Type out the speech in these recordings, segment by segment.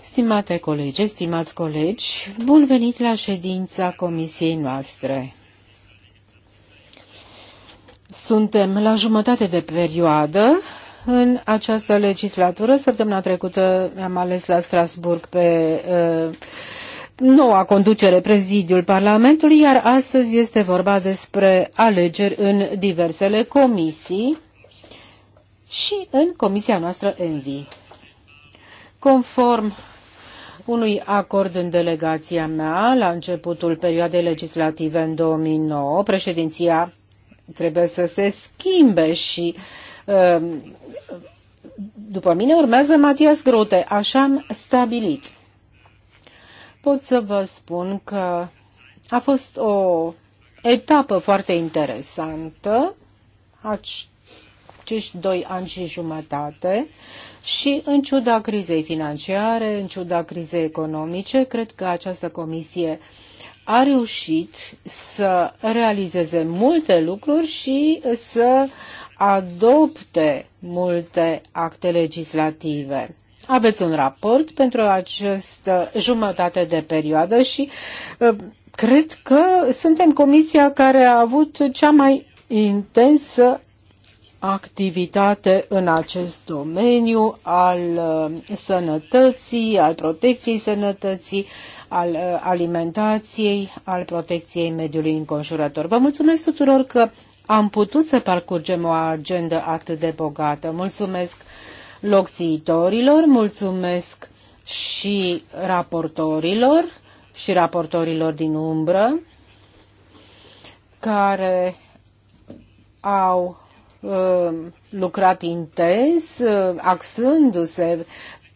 Stimate colegi, stimați colegi, bun venit la ședința comisiei noastre. Suntem la jumătate de perioadă în această legislatură. Săptămâna trecută am ales la Strasburg pe uh, noua conducere prezidiul Parlamentului, iar astăzi este vorba despre alegeri în diversele comisii și în comisia noastră ENVI. Conform unui acord în delegația mea la începutul perioadei legislative în 2009, președinția trebuie să se schimbe și um, după mine urmează Matias Grote. Așa am stabilit. Pot să vă spun că a fost o etapă foarte interesantă acești doi ani și jumătate și în ciuda crizei financiare, în ciuda crizei economice, cred că această comisie a reușit să realizeze multe lucruri și să adopte multe acte legislative. Aveți un raport pentru această jumătate de perioadă și uh, cred că suntem comisia care a avut cea mai intensă activitate în acest domeniu al uh, sănătății, al protecției sănătății, al uh, alimentației, al protecției mediului înconjurător. Vă mulțumesc tuturor că am putut să parcurgem o agendă atât de bogată. Mulțumesc locțiitorilor, mulțumesc și raportorilor și raportorilor din umbră care au Uh, lucrat intens, uh, axându-se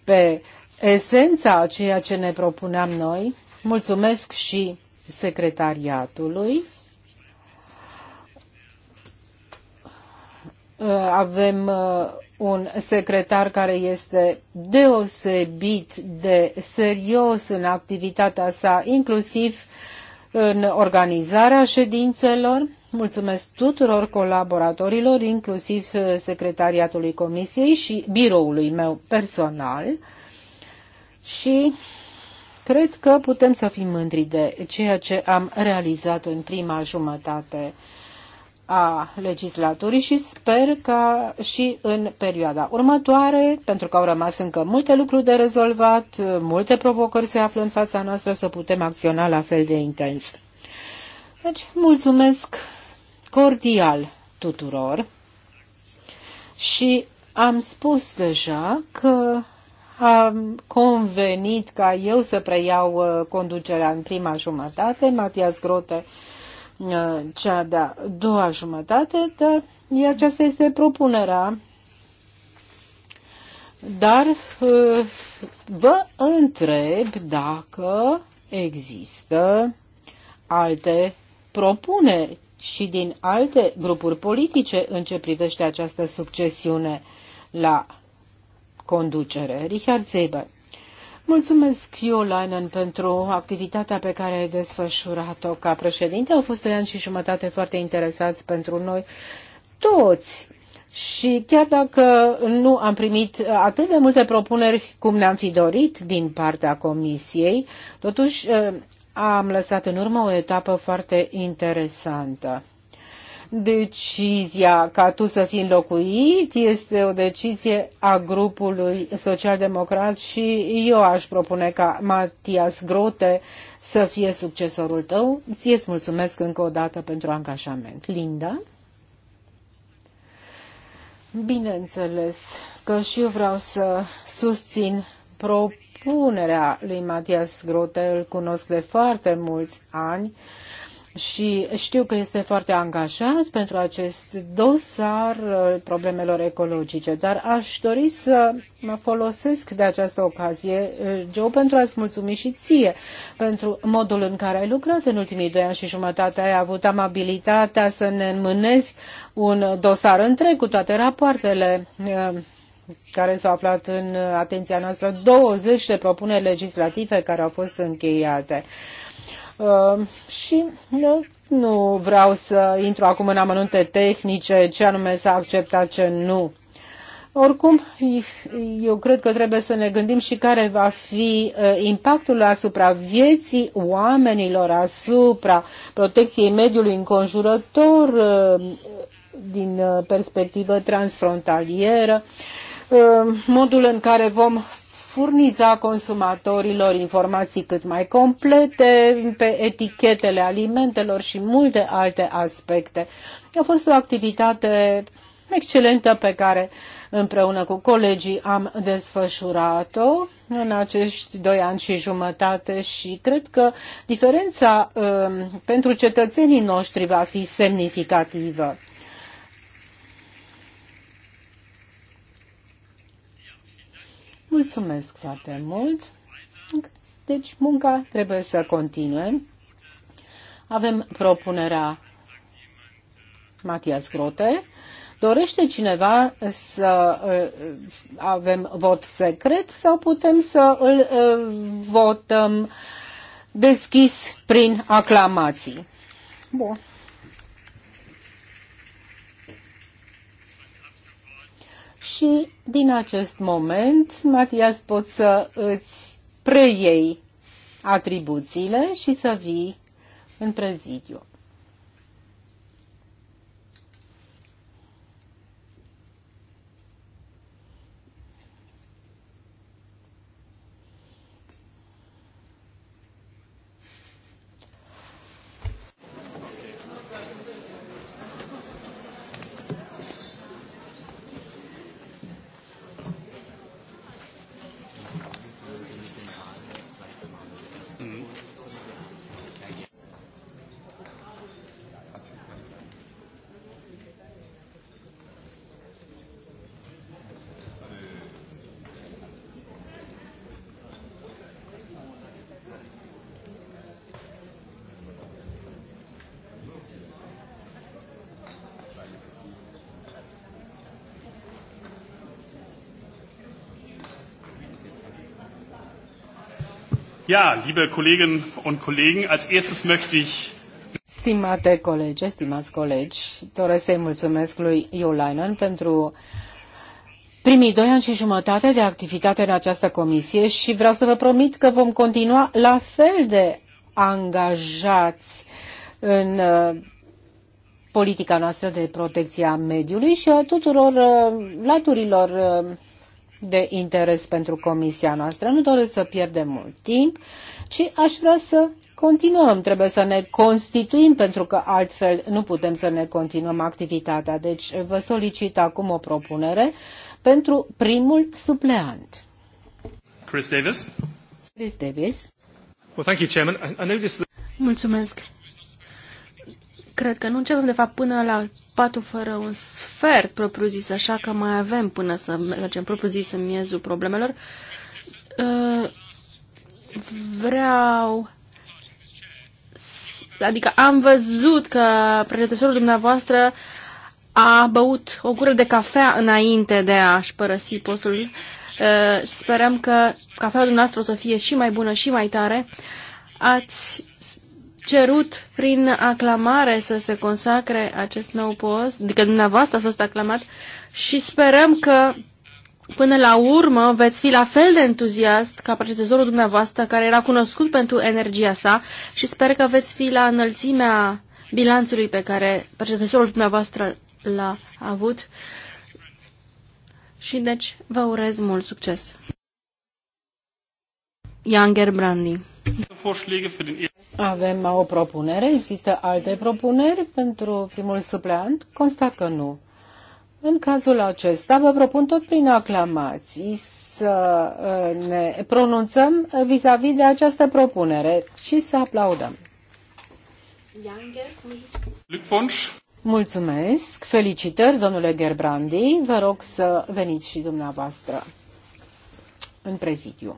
pe esența a ceea ce ne propuneam noi. Mulțumesc și secretariatului. Uh, avem un secretar care este deosebit de serios în activitatea sa, inclusiv în organizarea ședințelor. Mulțumesc tuturor colaboratorilor, inclusiv secretariatului comisiei și biroului meu personal și cred că putem să fim mândri de ceea ce am realizat în prima jumătate a legislaturii și sper că și în perioada următoare, pentru că au rămas încă multe lucruri de rezolvat, multe provocări se află în fața noastră, să putem acționa la fel de intens. Deci, mulțumesc cordial tuturor și am spus deja că am convenit ca eu să preiau uh, conducerea în prima jumătate, Matias Grote uh, cea de-a doua jumătate, dar aceasta este propunerea. Dar uh, vă întreb dacă există alte propuneri și din alte grupuri politice în ce privește această succesiune la conducere. Richard Zeber. Mulțumesc, Leinen, pentru activitatea pe care ai desfășurat-o ca președinte. Au fost doi ani și jumătate foarte interesați pentru noi toți. Și chiar dacă nu am primit atât de multe propuneri cum ne-am fi dorit din partea Comisiei, totuși am lăsat în urmă o etapă foarte interesantă. Decizia ca tu să fii înlocuit este o decizie a grupului social-democrat și eu aș propune ca Matias Grote să fie succesorul tău. Ție îți mulțumesc încă o dată pentru angajament. Linda? Bineînțeles că și eu vreau să susțin propunerea propunerea lui Matias Grote, îl cunosc de foarte mulți ani și știu că este foarte angajat pentru acest dosar problemelor ecologice, dar aș dori să mă folosesc de această ocazie, Joe, pentru a-ți mulțumi și ție pentru modul în care ai lucrat în ultimii doi ani și jumătate. Ai avut amabilitatea să ne înmânezi un dosar întreg cu toate rapoartele uh, care s-au aflat în atenția noastră, 20 de propuneri legislative care au fost încheiate. Uh, și nu, nu vreau să intru acum în amănunte tehnice, ce anume s-a acceptat, ce nu. Oricum, eu cred că trebuie să ne gândim și care va fi uh, impactul asupra vieții oamenilor, asupra protecției mediului înconjurător uh, din uh, perspectivă transfrontalieră. Uh, Uh, modul în care vom furniza consumatorilor informații cât mai complete pe etichetele alimentelor și multe alte aspecte. A fost o activitate excelentă pe care împreună cu colegii am desfășurat-o în acești doi ani și jumătate și cred că diferența uh, pentru cetățenii noștri va fi semnificativă. Mulțumesc foarte mult. Deci munca trebuie să continue. Avem propunerea Matias Grote. Dorește cineva să uh, avem vot secret sau putem să îl uh, votăm deschis prin aclamații? Bun. și din acest moment, Matias, poți să îți preiei atribuțiile și să vii în prezidiu. Ja, liebe Kolleginnen und Kollegen, als erstes möchte ich Stimate colegi, stimați colegi, doresc să-i mulțumesc lui Iolainen pentru primii doi ani și jumătate de activitate în această comisie și vreau să vă promit că vom continua la fel de angajați în uh, politica noastră de protecție a mediului și a tuturor uh, laturilor uh, de interes pentru comisia noastră. Nu doresc să pierdem mult timp, ci aș vrea să continuăm. Trebuie să ne constituim, pentru că altfel nu putem să ne continuăm activitatea. Deci vă solicit acum o propunere pentru primul supleant. Chris Davis. Chris Davis. Well, thank you, Chairman. I noticed that... Mulțumesc. Cred că nu începem, de fapt, până la patul fără un sfert propriu zis, așa că mai avem până să mergem propriu zis în miezul problemelor. Uh, vreau adică am văzut că predecesorul dumneavoastră a băut o gură de cafea înainte de a-și părăsi postul. Uh, sperăm că cafeaua dumneavoastră o să fie și mai bună și mai tare. Ați cerut prin aclamare să se consacre acest nou post, adică dumneavoastră a fost aclamat și sperăm că până la urmă veți fi la fel de entuziast ca predecesorul dumneavoastră care era cunoscut pentru energia sa și sper că veți fi la înălțimea bilanțului pe care predecesorul dumneavoastră l-a avut și deci vă urez mult succes. Younger Brandy avem o propunere, există alte propuneri pentru primul supleant? Constat că nu. În cazul acesta vă propun tot prin aclamații să uh, ne pronunțăm vis-a-vis -vis de această propunere și să aplaudăm. Mulțumesc, felicitări, domnule Gerbrandi, vă rog să veniți și dumneavoastră în prezidiu.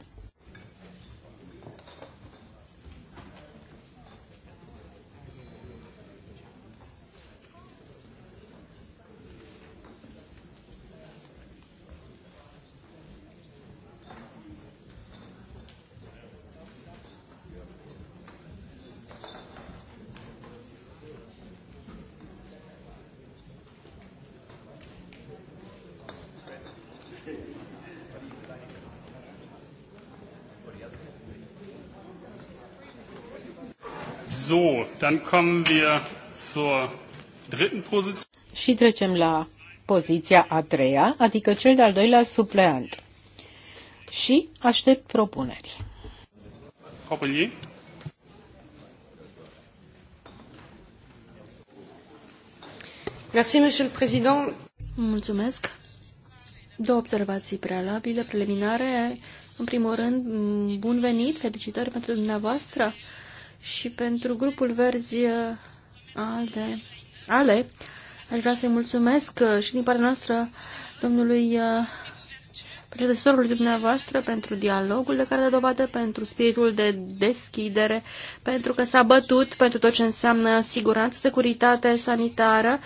So, dann kommen wir zur dritten Position. Și trecem la poziția a treia, adică cel de-al doilea supleant. Și aștept propuneri. Copilie. Merci, Monsieur le Président. Mulțumesc. Două observații prealabile, preliminare. În primul rând, bun venit, felicitări pentru dumneavoastră și pentru grupul verzi uh, ale, ale aș vrea să-i mulțumesc uh, și din partea noastră domnului uh, predecesorului dumneavoastră pentru dialogul de care de dovadă, pentru spiritul de deschidere, pentru că s-a bătut pentru tot ce înseamnă siguranță, securitate sanitară,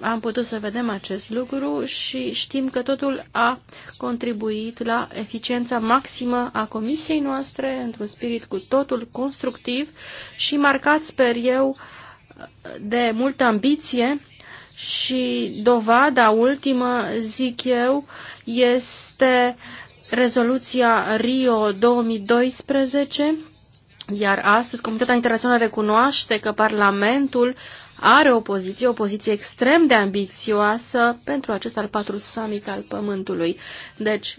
am putut să vedem acest lucru și știm că totul a contribuit la eficiența maximă a comisiei noastre într-un spirit cu totul constructiv și marcat, sper eu, de multă ambiție și dovada ultimă, zic eu, este rezoluția Rio 2012, iar astăzi Comunitatea Internațională recunoaște că Parlamentul are o poziție, o poziție extrem de ambițioasă pentru acest al patru summit al Pământului. Deci,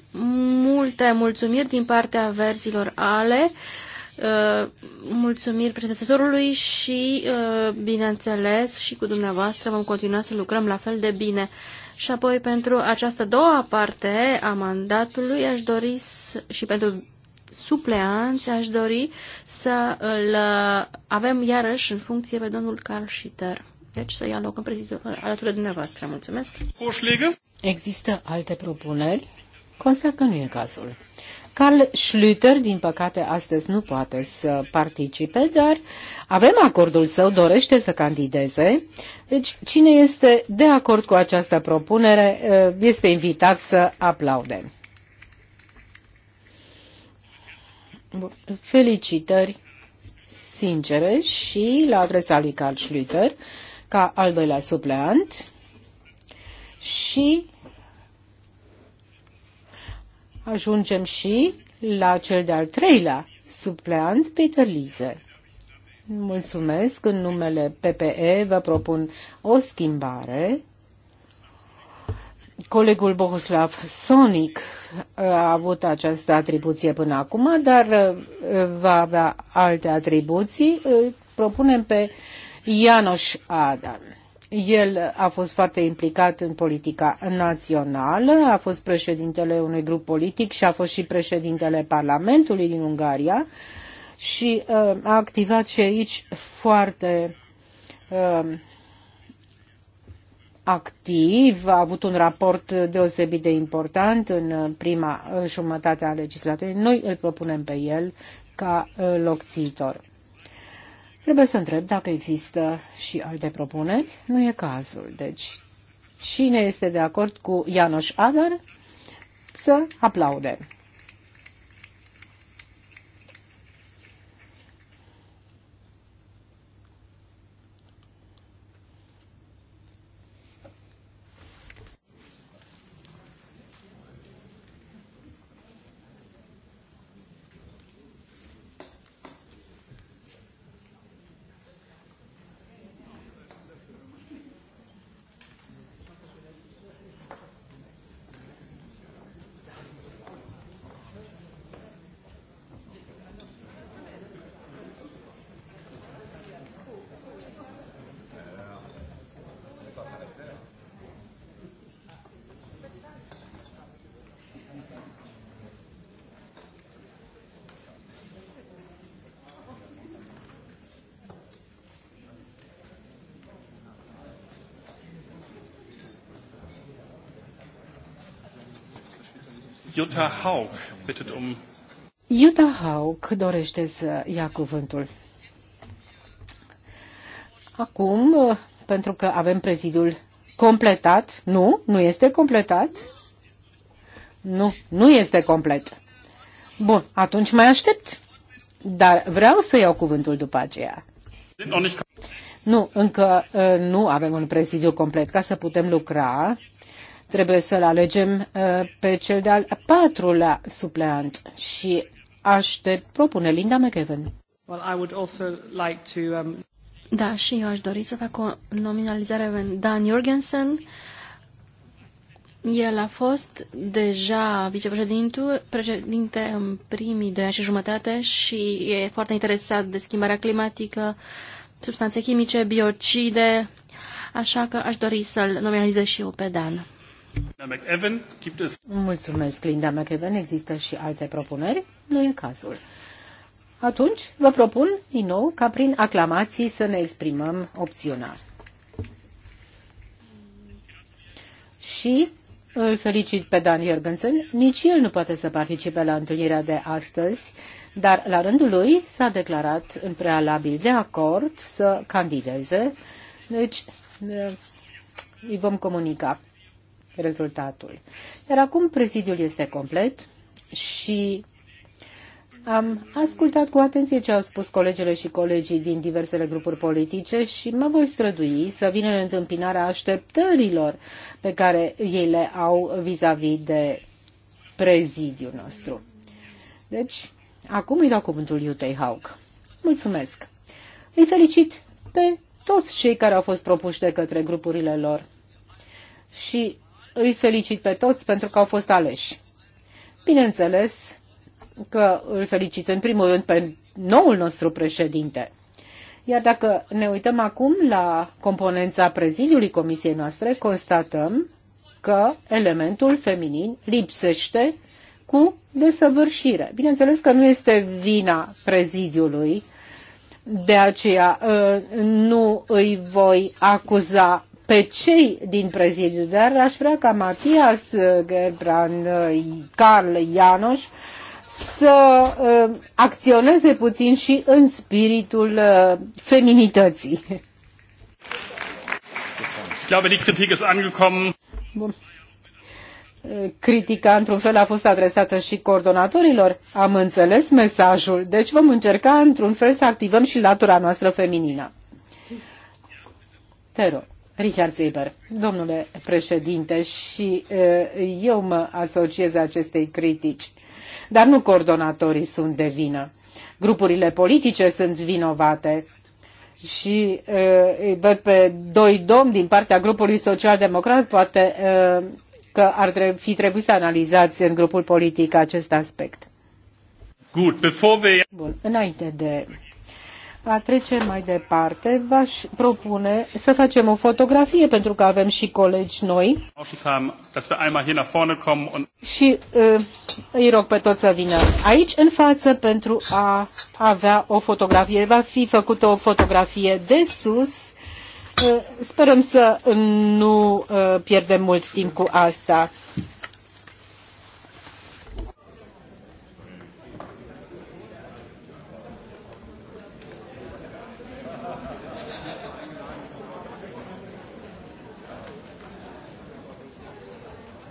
multe mulțumiri din partea verzilor ale, uh, mulțumiri predecesorului și, uh, bineînțeles, și cu dumneavoastră vom continua să lucrăm la fel de bine. Și apoi pentru această doua parte a mandatului aș dori să, și pentru supleanți, aș dori să îl uh, avem iarăși în funcție pe domnul Carl Schitter. Deci să ia loc în prezidiu alături de dumneavoastră. Mulțumesc. Există alte propuneri? Constat că nu e cazul. Carl Schlüter, din păcate, astăzi nu poate să participe, dar avem acordul său, dorește să candideze. Deci, cine este de acord cu această propunere uh, este invitat să aplaude. Felicitări sincere și la adresa lui Carl Schlüter ca al doilea supleant și ajungem și la cel de-al treilea supleant, Peter Lise. Mulțumesc. În numele PPE vă propun o schimbare. Colegul Bohuslav Sonic a avut această atribuție până acum, dar uh, va avea alte atribuții. Propunem pe Ianoș Adam. El a fost foarte implicat în politica națională, a fost președintele unui grup politic și a fost și președintele Parlamentului din Ungaria și uh, a activat și aici foarte uh, activ, a avut un raport deosebit de important în uh, prima uh, jumătate a legislaturii. Noi îl propunem pe el ca uh, locțitor. Trebuie să întreb dacă există și alte propuneri. Nu e cazul. Deci, cine este de acord cu Ianoș Adar să aplaude. Jutta Haug bittet um... Jutta Haug dorește să ia cuvântul. Acum, pentru că avem prezidiul completat, nu, nu este completat. Nu, nu este complet. Bun, atunci mai aștept. Dar vreau să iau cuvântul după aceea. Nu, încă uh, nu avem un prezidiu complet ca să putem lucra trebuie să-l alegem uh, pe cel de-al patrulea supleant și aștept propune Linda McEwen. Well, I would also like to, um... Da, și eu aș dori să fac o nominalizare Dan Jorgensen. El a fost deja vicepreședinte în primii doi ani și jumătate și e foarte interesat de schimbarea climatică, substanțe chimice, biocide, așa că aș dori să-l nominalizez și eu pe Dan. Mulțumesc, Linda McEwen. Există și alte propuneri? Nu e cazul. Atunci vă propun din nou ca prin aclamații să ne exprimăm opțional. Și îl felicit pe Dan Jorgensen. Nici el nu poate să participe la întâlnirea de astăzi, dar la rândul lui s-a declarat în prealabil de acord să candideze. Deci eh, îi vom comunica rezultatul. Iar acum prezidiul este complet și am ascultat cu atenție ce au spus colegele și colegii din diversele grupuri politice și mă voi strădui să vin în întâmpinarea așteptărilor pe care ei le au vis-a-vis -vis de prezidiul nostru. Deci, acum îi dau cuvântul Iutei Hauk. Mulțumesc! Îi felicit pe toți cei care au fost propuși de către grupurile lor și îi felicit pe toți pentru că au fost aleși. Bineînțeles că îl felicit în primul rând pe noul nostru președinte. Iar dacă ne uităm acum la componența prezidiului comisiei noastre, constatăm că elementul feminin lipsește cu desăvârșire. Bineînțeles că nu este vina prezidiului, de aceea uh, nu îi voi acuza pe cei din prezidiu, dar aș vrea ca Matias Gebran, Carl Ianoș să uh, acționeze puțin și în spiritul uh, feminității. Bun. Critica, într-un fel, a fost adresată și coordonatorilor. Am înțeles mesajul, deci vom încerca, într-un fel, să activăm și latura noastră feminină. Te rog. Richard Zeber. Domnule președinte, și eu mă asociez acestei critici, dar nu coordonatorii sunt de vină. Grupurile politice sunt vinovate și îi văd pe doi domni din partea grupului social-democrat, poate că ar fi trebuit să analizați în grupul politic acest aspect. Bun, înainte de a trece mai departe, v-aș propune să facem o fotografie, pentru că avem și colegi noi. Și uh, îi rog pe toți să vină aici, în față, pentru a avea o fotografie. Va fi făcută o fotografie de sus. Uh, sperăm să mm, nu uh, pierdem mult timp cu asta.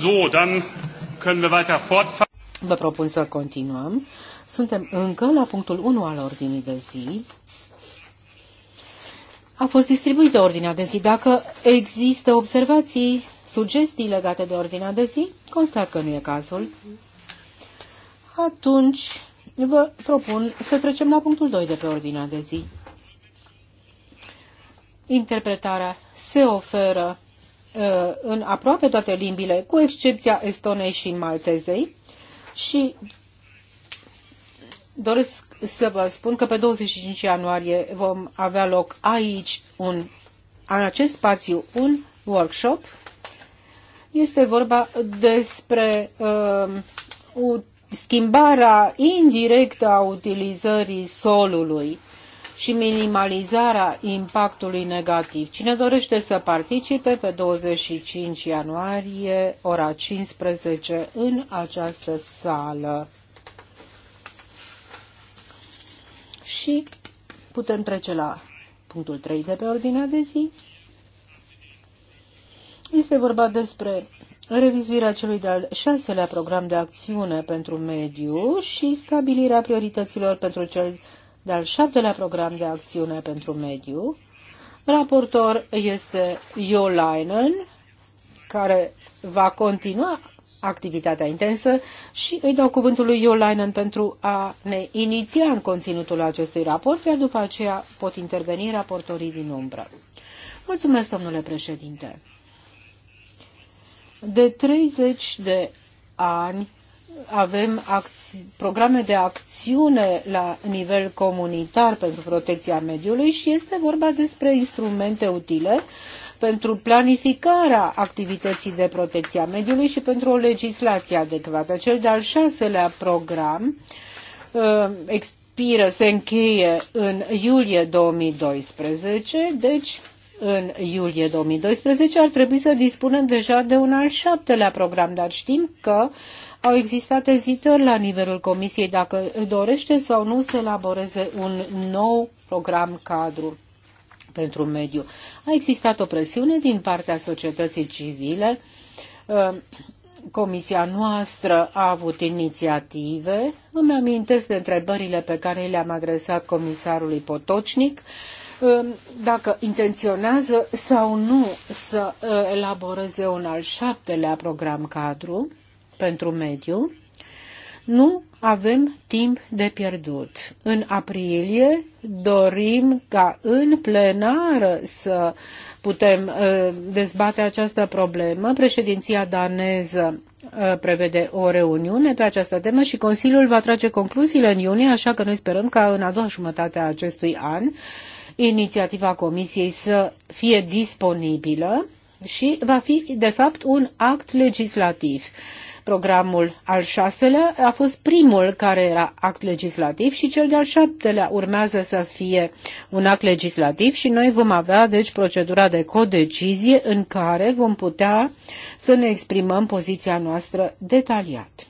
So, dann können wir weiter fortfahren. Vă propun să continuăm. Suntem încă la punctul 1 al ordinii de zi. A fost distribuită ordinea de zi. Dacă există observații, sugestii legate de ordinea de zi, constat că nu e cazul. Atunci vă propun să trecem la punctul 2 de pe ordinea de zi. Interpretarea se oferă Uh, în aproape toate limbile, cu excepția estonei și maltezei. Și doresc să vă spun că pe 25 ianuarie vom avea loc aici, un, în acest spațiu, un workshop. Este vorba despre uh, schimbarea indirectă a utilizării solului și minimalizarea impactului negativ. Cine dorește să participe pe 25 ianuarie, ora 15, în această sală. Și putem trece la punctul 3 de pe ordinea de zi. Este vorba despre revizuirea celui de-al șaselea program de acțiune pentru mediu și stabilirea priorităților pentru cel de-al șaptelea program de acțiune pentru mediu. Raportor este Jo Leinen, care va continua activitatea intensă și îi dau cuvântul lui Leinen, pentru a ne iniția în conținutul acestui raport, iar după aceea pot interveni raportorii din umbră. Mulțumesc, domnule președinte. De 30 de ani avem programe de acțiune la nivel comunitar pentru protecția mediului și este vorba despre instrumente utile pentru planificarea activității de protecție a mediului și pentru o legislație adecvată. Cel de-al șaselea program uh, expiră, se încheie în iulie 2012, deci în iulie 2012 ar trebui să dispunem deja de un al șaptelea program, dar știm că au existat ezitări la nivelul Comisiei dacă dorește sau nu să elaboreze un nou program cadru pentru mediu. A existat o presiune din partea societății civile. Ă, comisia noastră a avut inițiative. Îmi amintesc de întrebările pe care le-am adresat comisarului Potocnic ă, dacă intenționează sau nu să ă, elaboreze un al șaptelea program cadru pentru mediu, nu avem timp de pierdut. În aprilie dorim ca în plenară să putem uh, dezbate această problemă. Președinția daneză uh, prevede o reuniune pe această temă și Consiliul va trage concluziile în iunie, așa că noi sperăm ca în a doua jumătate a acestui an inițiativa Comisiei să fie disponibilă și va fi, de fapt, un act legislativ. Uh, Programul al șaselea a fost primul care era act legislativ și cel de-al șaptelea urmează să fie un act legislativ și noi vom avea deci procedura de codecizie în care vom putea să ne exprimăm poziția noastră detaliat.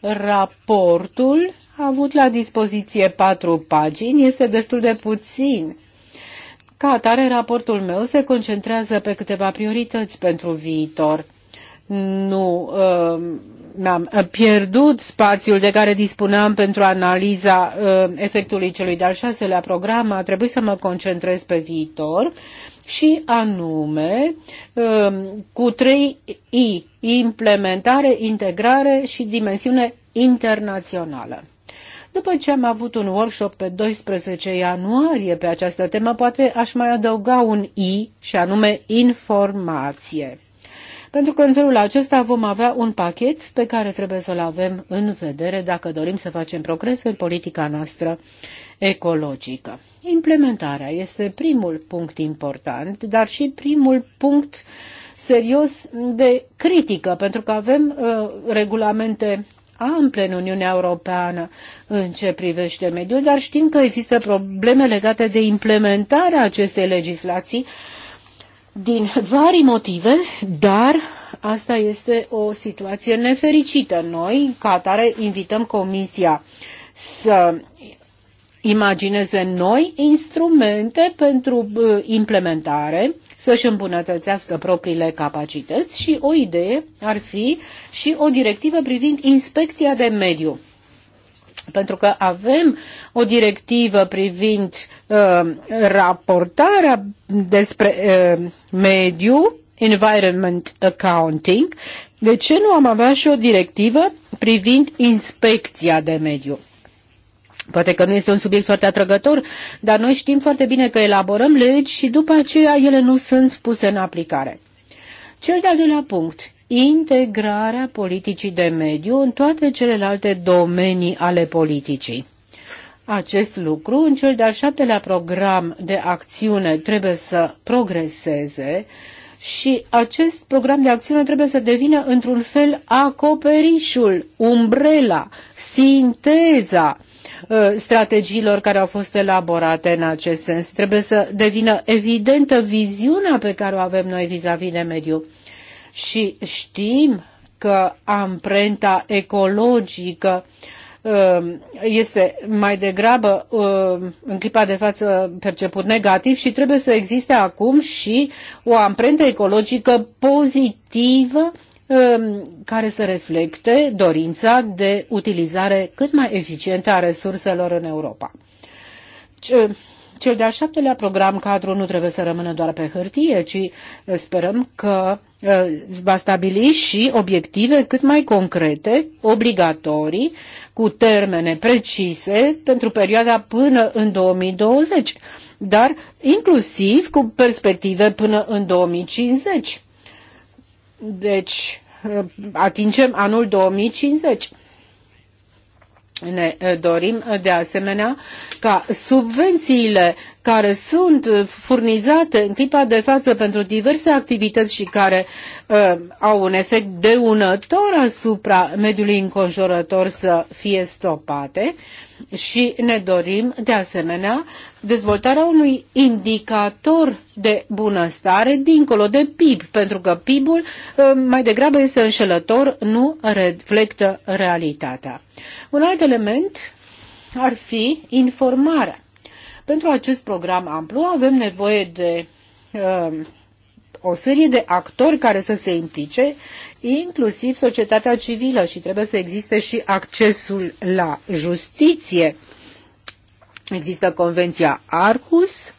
Raportul a avut la dispoziție patru pagini, este destul de puțin. Ca atare, raportul meu se concentrează pe câteva priorități pentru viitor nu uh, mi-am uh, pierdut spațiul de care dispuneam pentru analiza uh, efectului celui de-al șaselea program, a trebuit să mă concentrez pe viitor și anume cu trei I, implementare, integrare și dimensiune internațională. După ce am avut un workshop pe 12 ianuarie pe această temă, poate aș mai adăuga un I și anume informație pentru că în felul acesta vom avea un pachet pe care trebuie să-l avem în vedere dacă dorim să facem progres în politica noastră ecologică. Implementarea este primul punct important, dar și primul punct serios de critică, pentru că avem uh, regulamente ample în Uniunea Europeană în ce privește mediul, dar știm că există probleme legate de implementarea acestei legislații din vari motive, dar asta este o situație nefericită. Noi, ca atare, invităm Comisia să imagineze noi instrumente pentru uh, implementare, să-și îmbunătățească propriile capacități și o idee ar fi și o directivă privind inspecția de mediu pentru că avem o directivă privind uh, raportarea despre uh, mediu, Environment Accounting, de ce nu am avea și o directivă privind inspecția de mediu? Poate că nu este un subiect foarte atrăgător, dar noi știm foarte bine că elaborăm legi și după aceea ele nu sunt puse în aplicare. Cel de-al doilea punct integrarea politicii de mediu în toate celelalte domenii ale politicii. Acest lucru, în cel de-al șaptelea program de acțiune, trebuie să progreseze și acest program de acțiune trebuie să devină, într-un fel, acoperișul, umbrela, sinteza ă, strategiilor care au fost elaborate în acest sens. Trebuie să devină evidentă viziunea pe care o avem noi vis-a-vis -vis de mediu și știm că amprenta ecologică um, este mai degrabă um, în clipa de față perceput negativ și trebuie să existe acum și o amprentă ecologică pozitivă um, care să reflecte dorința de utilizare cât mai eficientă a resurselor în Europa. Cel de-al șaptelea program cadru nu trebuie să rămână doar pe hârtie, ci sperăm că Uh, va stabili și obiective cât mai concrete, obligatorii, cu termene precise pentru perioada până în 2020, dar inclusiv cu perspective până în 2050. Deci, uh, atingem anul 2050. Ne uh, dorim de asemenea ca subvențiile care sunt uh, furnizate în clipa de față pentru diverse activități și care uh, au un efect deunător asupra mediului înconjurător să fie stopate și ne dorim de asemenea dezvoltarea unui indicator de bunăstare dincolo de PIB, pentru că PIB-ul uh, mai degrabă este înșelător, nu reflectă realitatea. Un alt element ar fi informarea pentru acest program amplu avem nevoie de uh, o serie de actori care să se implice, inclusiv societatea civilă și trebuie să existe și accesul la justiție. Există Convenția Arcus.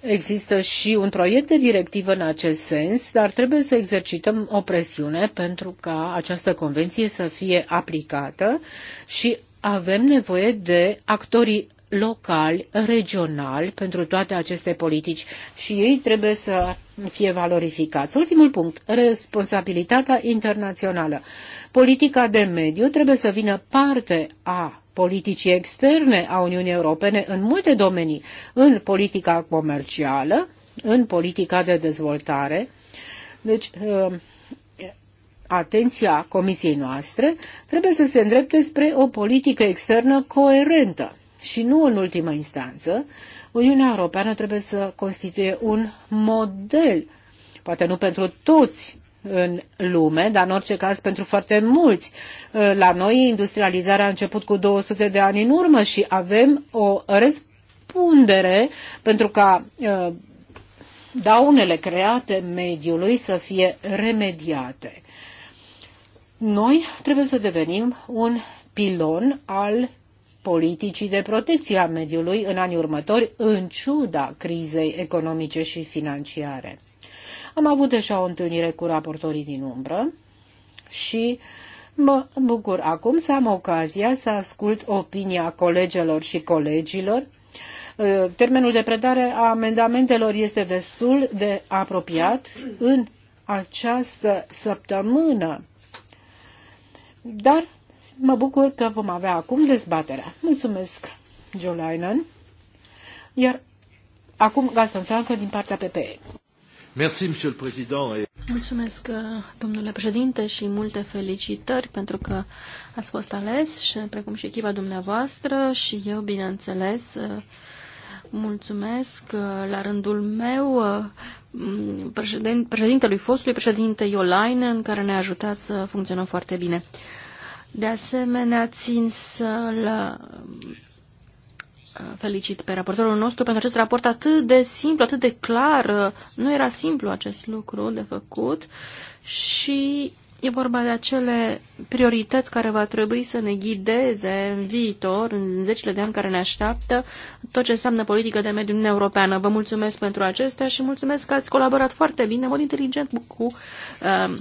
există și un proiect de directivă în acest sens, dar trebuie să exercităm o presiune pentru ca această convenție să fie aplicată și avem nevoie de actorii locali, regionali pentru toate aceste politici și ei trebuie să fie valorificați. Ultimul punct, responsabilitatea internațională. Politica de mediu trebuie să vină parte a politicii externe a Uniunii Europene în multe domenii, în politica comercială, în politica de dezvoltare. Deci, uh, atenția comisiei noastre trebuie să se îndrepte spre o politică externă coerentă. Și nu în ultimă instanță, Uniunea Europeană trebuie să constituie un model, poate nu pentru toți în lume, dar în orice caz pentru foarte mulți. La noi industrializarea a început cu 200 de ani în urmă și avem o răspundere pentru ca ă, daunele create mediului să fie remediate. Noi trebuie să devenim un pilon al politicii de protecție a mediului în anii următori, în ciuda crizei economice și financiare. Am avut deja o întâlnire cu raportorii din umbră și mă bucur acum să am ocazia să ascult opinia colegelor și colegilor. Ă, termenul de predare a amendamentelor este destul de apropiat în această săptămână. Dar Mă bucur că vom avea acum dezbaterea. Mulțumesc, Joe Jolainen. Iar acum Gaston Franco din partea PPE. Merci, Monsieur le Président. Mulțumesc, uh, domnule președinte, și multe felicitări pentru că ați fost ales, și, precum și echipa dumneavoastră și eu, bineînțeles, uh, mulțumesc uh, la rândul meu președintelui fostului președinte Iolainen, care ne-a ajutat să funcționăm foarte bine. De asemenea, țin să-l uh, felicit pe raportorul nostru pentru acest raport atât de simplu, atât de clar. Nu era simplu acest lucru de făcut și e vorba de acele priorități care va trebui să ne ghideze în viitor, în zecile de ani care ne așteaptă, tot ce înseamnă politică de mediu europeană. Vă mulțumesc pentru acestea și mulțumesc că ați colaborat foarte bine, în mod inteligent cu uh,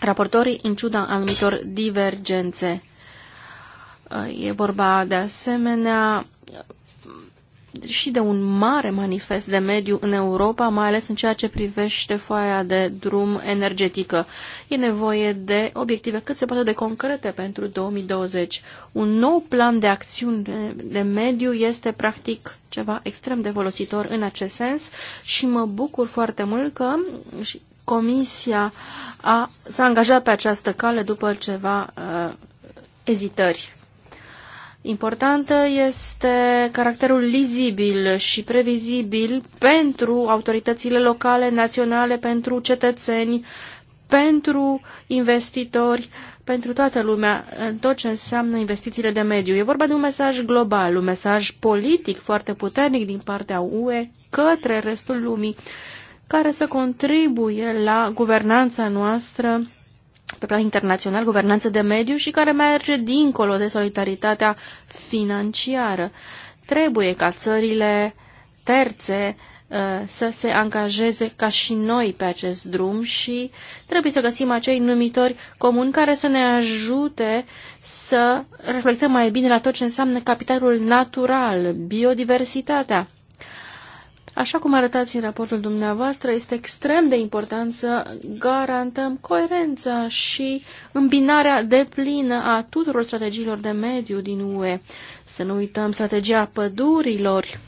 raportorii, în ciuda anumitor divergențe. E vorba de asemenea și de un mare manifest de mediu în Europa, mai ales în ceea ce privește foaia de drum energetică. E nevoie de obiective cât se poate de concrete pentru 2020. Un nou plan de acțiune de mediu este practic ceva extrem de folositor în acest sens și mă bucur foarte mult că Comisia a, s-a angajat pe această cale după ceva uh, ezitări. Importantă este caracterul lizibil și previzibil pentru autoritățile locale, naționale, pentru cetățeni, pentru investitori, pentru toată lumea, în tot ce înseamnă investițiile de mediu. E vorba de un mesaj global, un mesaj politic foarte puternic din partea UE către restul lumii care să contribuie la guvernanța noastră pe plan internațional, guvernanță de mediu și care merge dincolo de solidaritatea financiară. Trebuie ca țările terțe uh, să se angajeze ca și noi pe acest drum și trebuie să găsim acei numitori comuni care să ne ajute să reflectăm mai bine la tot ce înseamnă capitalul natural, biodiversitatea. Așa cum arătați în raportul dumneavoastră, este extrem de important să garantăm coerența și îmbinarea deplină a tuturor strategiilor de mediu din UE. Să nu uităm strategia pădurilor,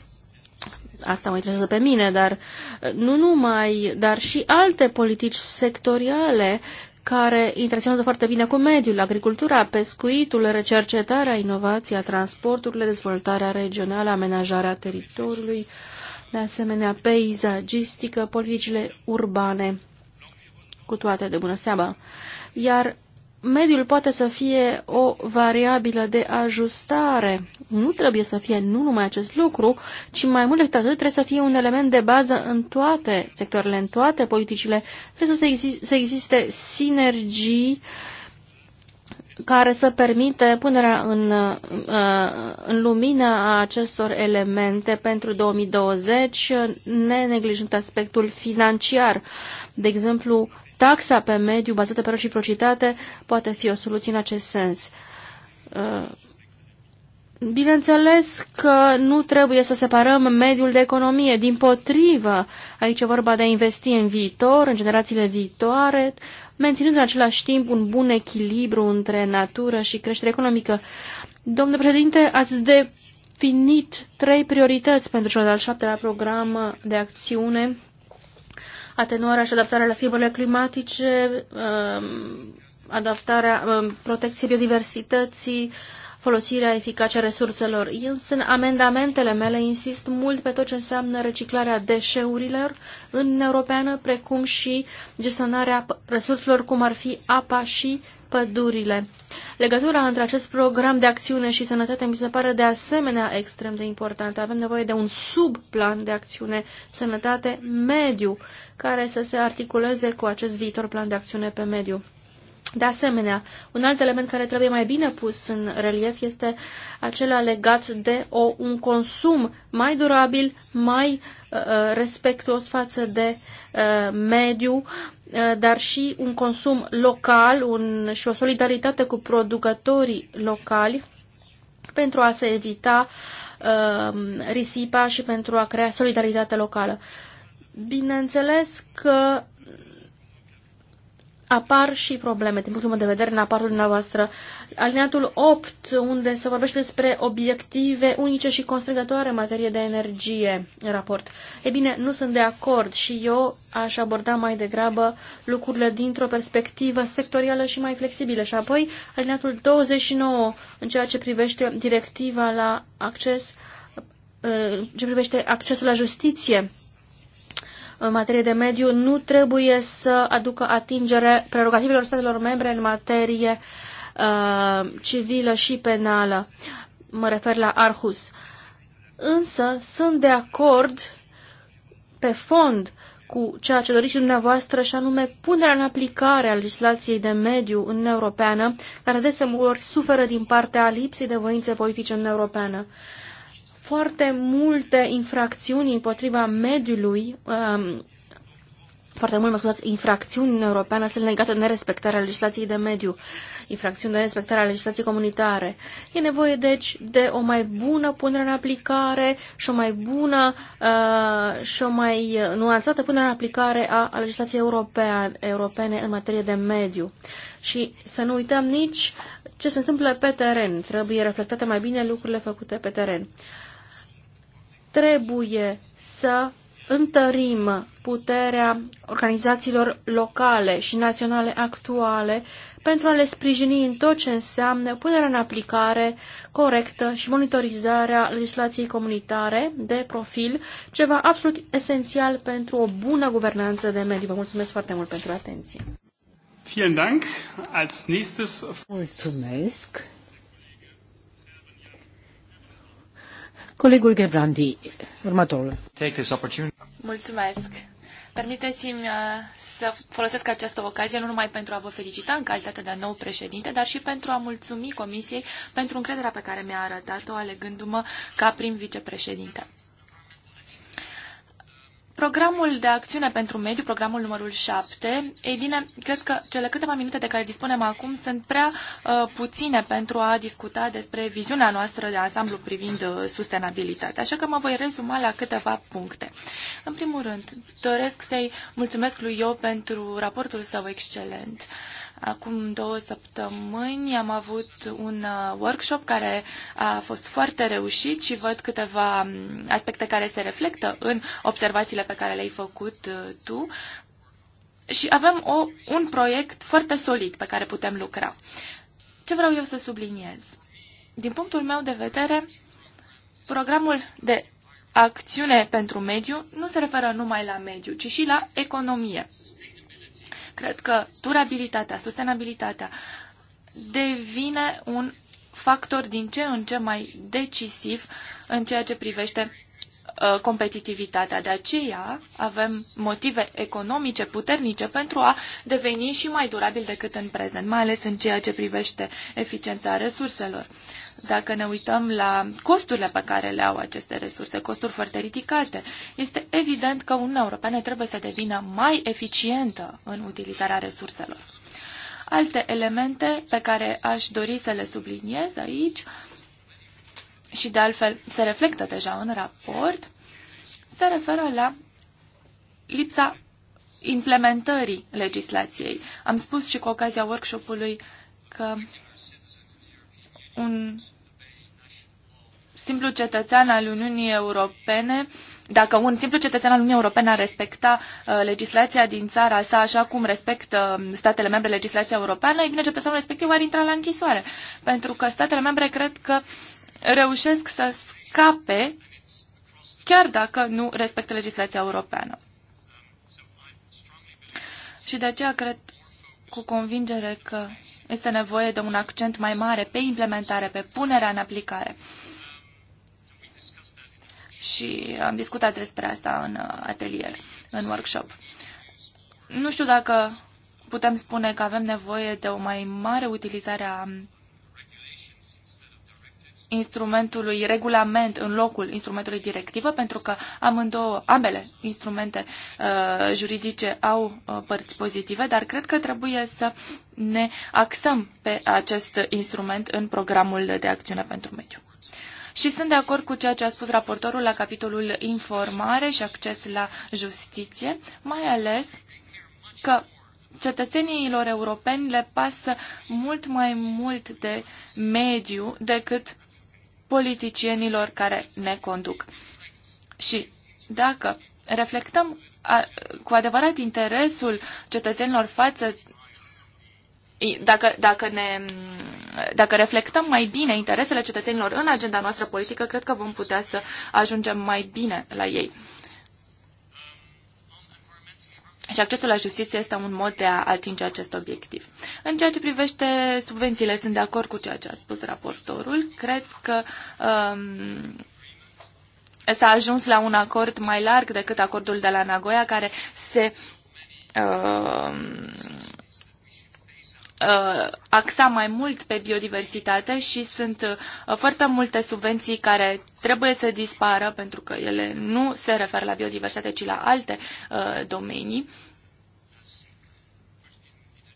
asta mă interesează pe mine, dar uh, nu numai, dar și alte politici sectoriale care interacționează foarte bine cu mediul, agricultura, pescuitul, recercetarea, inovația, transporturile, dezvoltarea regională, amenajarea teritoriului, de asemenea peizagistică, politicile urbane, cu toate de bună seamă. Iar mediul poate să fie o variabilă de ajustare. Nu trebuie să fie nu numai acest lucru, ci mai mult decât atât trebuie să fie un element de bază în toate sectoarele, în toate politicile. Trebuie să, să existe sinergii uh, care să permite punerea în, uh, în lumină a acestor elemente pentru 2020, ne neglijând aspectul financiar. De exemplu, taxa pe mediu bazată pe reciprocitate poate fi o soluție în acest sens uh, Bineînțeles că nu trebuie să separăm mediul de economie, din potrivă, aici e vorba de a investi în viitor, în generațiile viitoare, menținând în același timp un bun echilibru între natură și creștere economică. Domnule președinte, ați definit trei priorități pentru cel de-al șaptelea program de acțiune, atenuarea și adaptarea la schimbările climatice, um, adaptarea, um, protecție biodiversității, folosirea eficace a resurselor. însă în amendamentele mele insist mult pe tot ce înseamnă reciclarea deșeurilor în Europeană, precum și gestionarea resurselor, cum ar fi apa și pădurile. Legătura între acest program de acțiune și sănătate mi se pare de asemenea extrem de importantă. Avem nevoie de un subplan de acțiune sănătate-mediu care să se articuleze cu acest viitor plan de acțiune pe mediu. De asemenea, un alt element care trebuie mai bine pus în relief este acela legat de o, un consum mai durabil, mai uh, uh, respectuos față de uh, mediu, uh, dar și un consum local un, și o solidaritate cu producătorii locali pentru a se evita uh, risipa și pentru a crea solidaritate locală. Bineînțeles că apar și probleme, din punctul meu de vedere, în apartul dumneavoastră. Alineatul 8, unde se vorbește despre obiective unice și constrângătoare în materie de energie în raport. E bine, nu sunt de acord și eu aș aborda mai degrabă lucrurile dintr-o perspectivă sectorială și mai flexibilă. Și apoi, alineatul 29, în ceea ce privește directiva la acces, ce privește accesul la justiție în materie de mediu nu trebuie să aducă atingere prerogativelor statelor membre în materie uh, civilă și penală. Mă refer la Arhus. Însă sunt de acord pe fond cu ceea ce doriți dumneavoastră și anume punerea în aplicare a legislației de mediu în Europeană, care deseori suferă din partea lipsei de voințe politice în Europeană. Uh, foarte multe infracțiuni împotriva mediului, um, foarte mult, mă scuzați, infracțiuni în europeană sunt legate de nerespectarea legislației de mediu, infracțiuni de nerespectarea legislației comunitare. E nevoie, deci, de o mai bună punere în aplicare și o mai bună uh, și o mai nuanțată punere în aplicare a, a legislației europeane, europene în materie de mediu. Și să nu uităm nici ce se întâmplă pe teren. Trebuie reflectate mai bine lucrurile făcute pe teren. Uh, Trebuie să întărim puterea organizațiilor locale și naționale actuale pentru a le sprijini în tot ce înseamnă punerea în aplicare corectă și monitorizarea legislației comunitare de profil, ceva absolut esențial pentru o bună guvernanță de mediu. Vă mulțumesc foarte mult pentru atenție. Vielen Dank. Als nächstes... Mulțumesc. Colegul Gebrandi, următorul. Take this opportunity. Mulțumesc. Permiteți-mi uh, să folosesc această ocazie nu numai pentru a vă felicita în calitate de nou președinte, dar și pentru a mulțumi Comisiei pentru încrederea pe care mi-a arătat-o alegându-mă ca prim vicepreședinte. Programul de acțiune pentru mediu, programul numărul 7, ei bine, cred că cele câteva minute de care dispunem acum sunt prea uh, puține pentru a discuta despre viziunea noastră de ansamblu privind uh, sustenabilitatea, așa că mă voi rezuma la câteva puncte. În primul rând, doresc să-i mulțumesc lui eu pentru raportul său excelent. Uh, Acum două săptămâni am avut un uh, workshop care a fost foarte reușit și văd câteva um, aspecte care se reflectă în observațiile pe care le-ai făcut uh, tu. Și avem o, un proiect foarte solid pe care putem lucra. Ce vreau eu să subliniez? Din punctul meu de vedere, programul de acțiune pentru mediu nu se referă numai la mediu, ci și la economie. Cred că durabilitatea, sustenabilitatea devine un factor din ce în ce mai decisiv în ceea ce privește uh, competitivitatea. De aceea avem motive economice puternice pentru a deveni și mai durabil decât în prezent, mai ales în ceea ce privește eficiența resurselor dacă ne uităm la costurile pe care le au aceste resurse, costuri foarte ridicate, este evident că Uniunea Europeană trebuie să devină mai eficientă în utilizarea resurselor. Alte elemente pe care aș dori să le subliniez aici și de altfel se reflectă deja în raport, se referă la lipsa implementării legislației. Am spus și cu ocazia workshopului că un simplu cetățean al Uniunii Europene, dacă un simplu cetățean al Uniunii Europene ar respecta uh, legislația din țara sa așa cum respectă um, statele membre legislația europeană, e bine, cetățeanul respectiv ar intra la închisoare. Pentru că statele membre cred că reușesc să scape chiar dacă nu respectă legislația europeană. Și de aceea cred cu convingere că este nevoie de un accent mai mare pe implementare, pe punerea în aplicare. Și am discutat despre asta în atelier, în workshop. Nu știu dacă putem spune că avem nevoie de o mai mare utilizare a instrumentului regulament în locul instrumentului directivă, pentru că amândouă, ambele instrumente uh, juridice au uh, părți pozitive, dar cred că trebuie să ne axăm pe acest instrument în programul de acțiune pentru mediu. Și sunt de acord cu ceea ce a spus raportorul la capitolul informare și acces la justiție, mai ales că cetățenilor europeni le pasă mult mai mult de mediu decât politicienilor care ne conduc. Și dacă reflectăm cu adevărat interesul cetățenilor față dacă, dacă, ne, dacă reflectăm mai bine interesele cetățenilor în agenda noastră politică, cred că vom putea să ajungem mai bine la ei. Și accesul la justiție este un mod de a atinge acest obiectiv. În ceea ce privește subvențiile, sunt de acord cu ceea ce a spus raportorul. Cred că um, s-a ajuns la un acord mai larg decât acordul de la Nagoya, care se Um, Uh, axa mai mult pe biodiversitate și sunt uh, foarte multe subvenții care trebuie să dispară pentru că ele nu se referă la biodiversitate, ci la alte uh, domenii.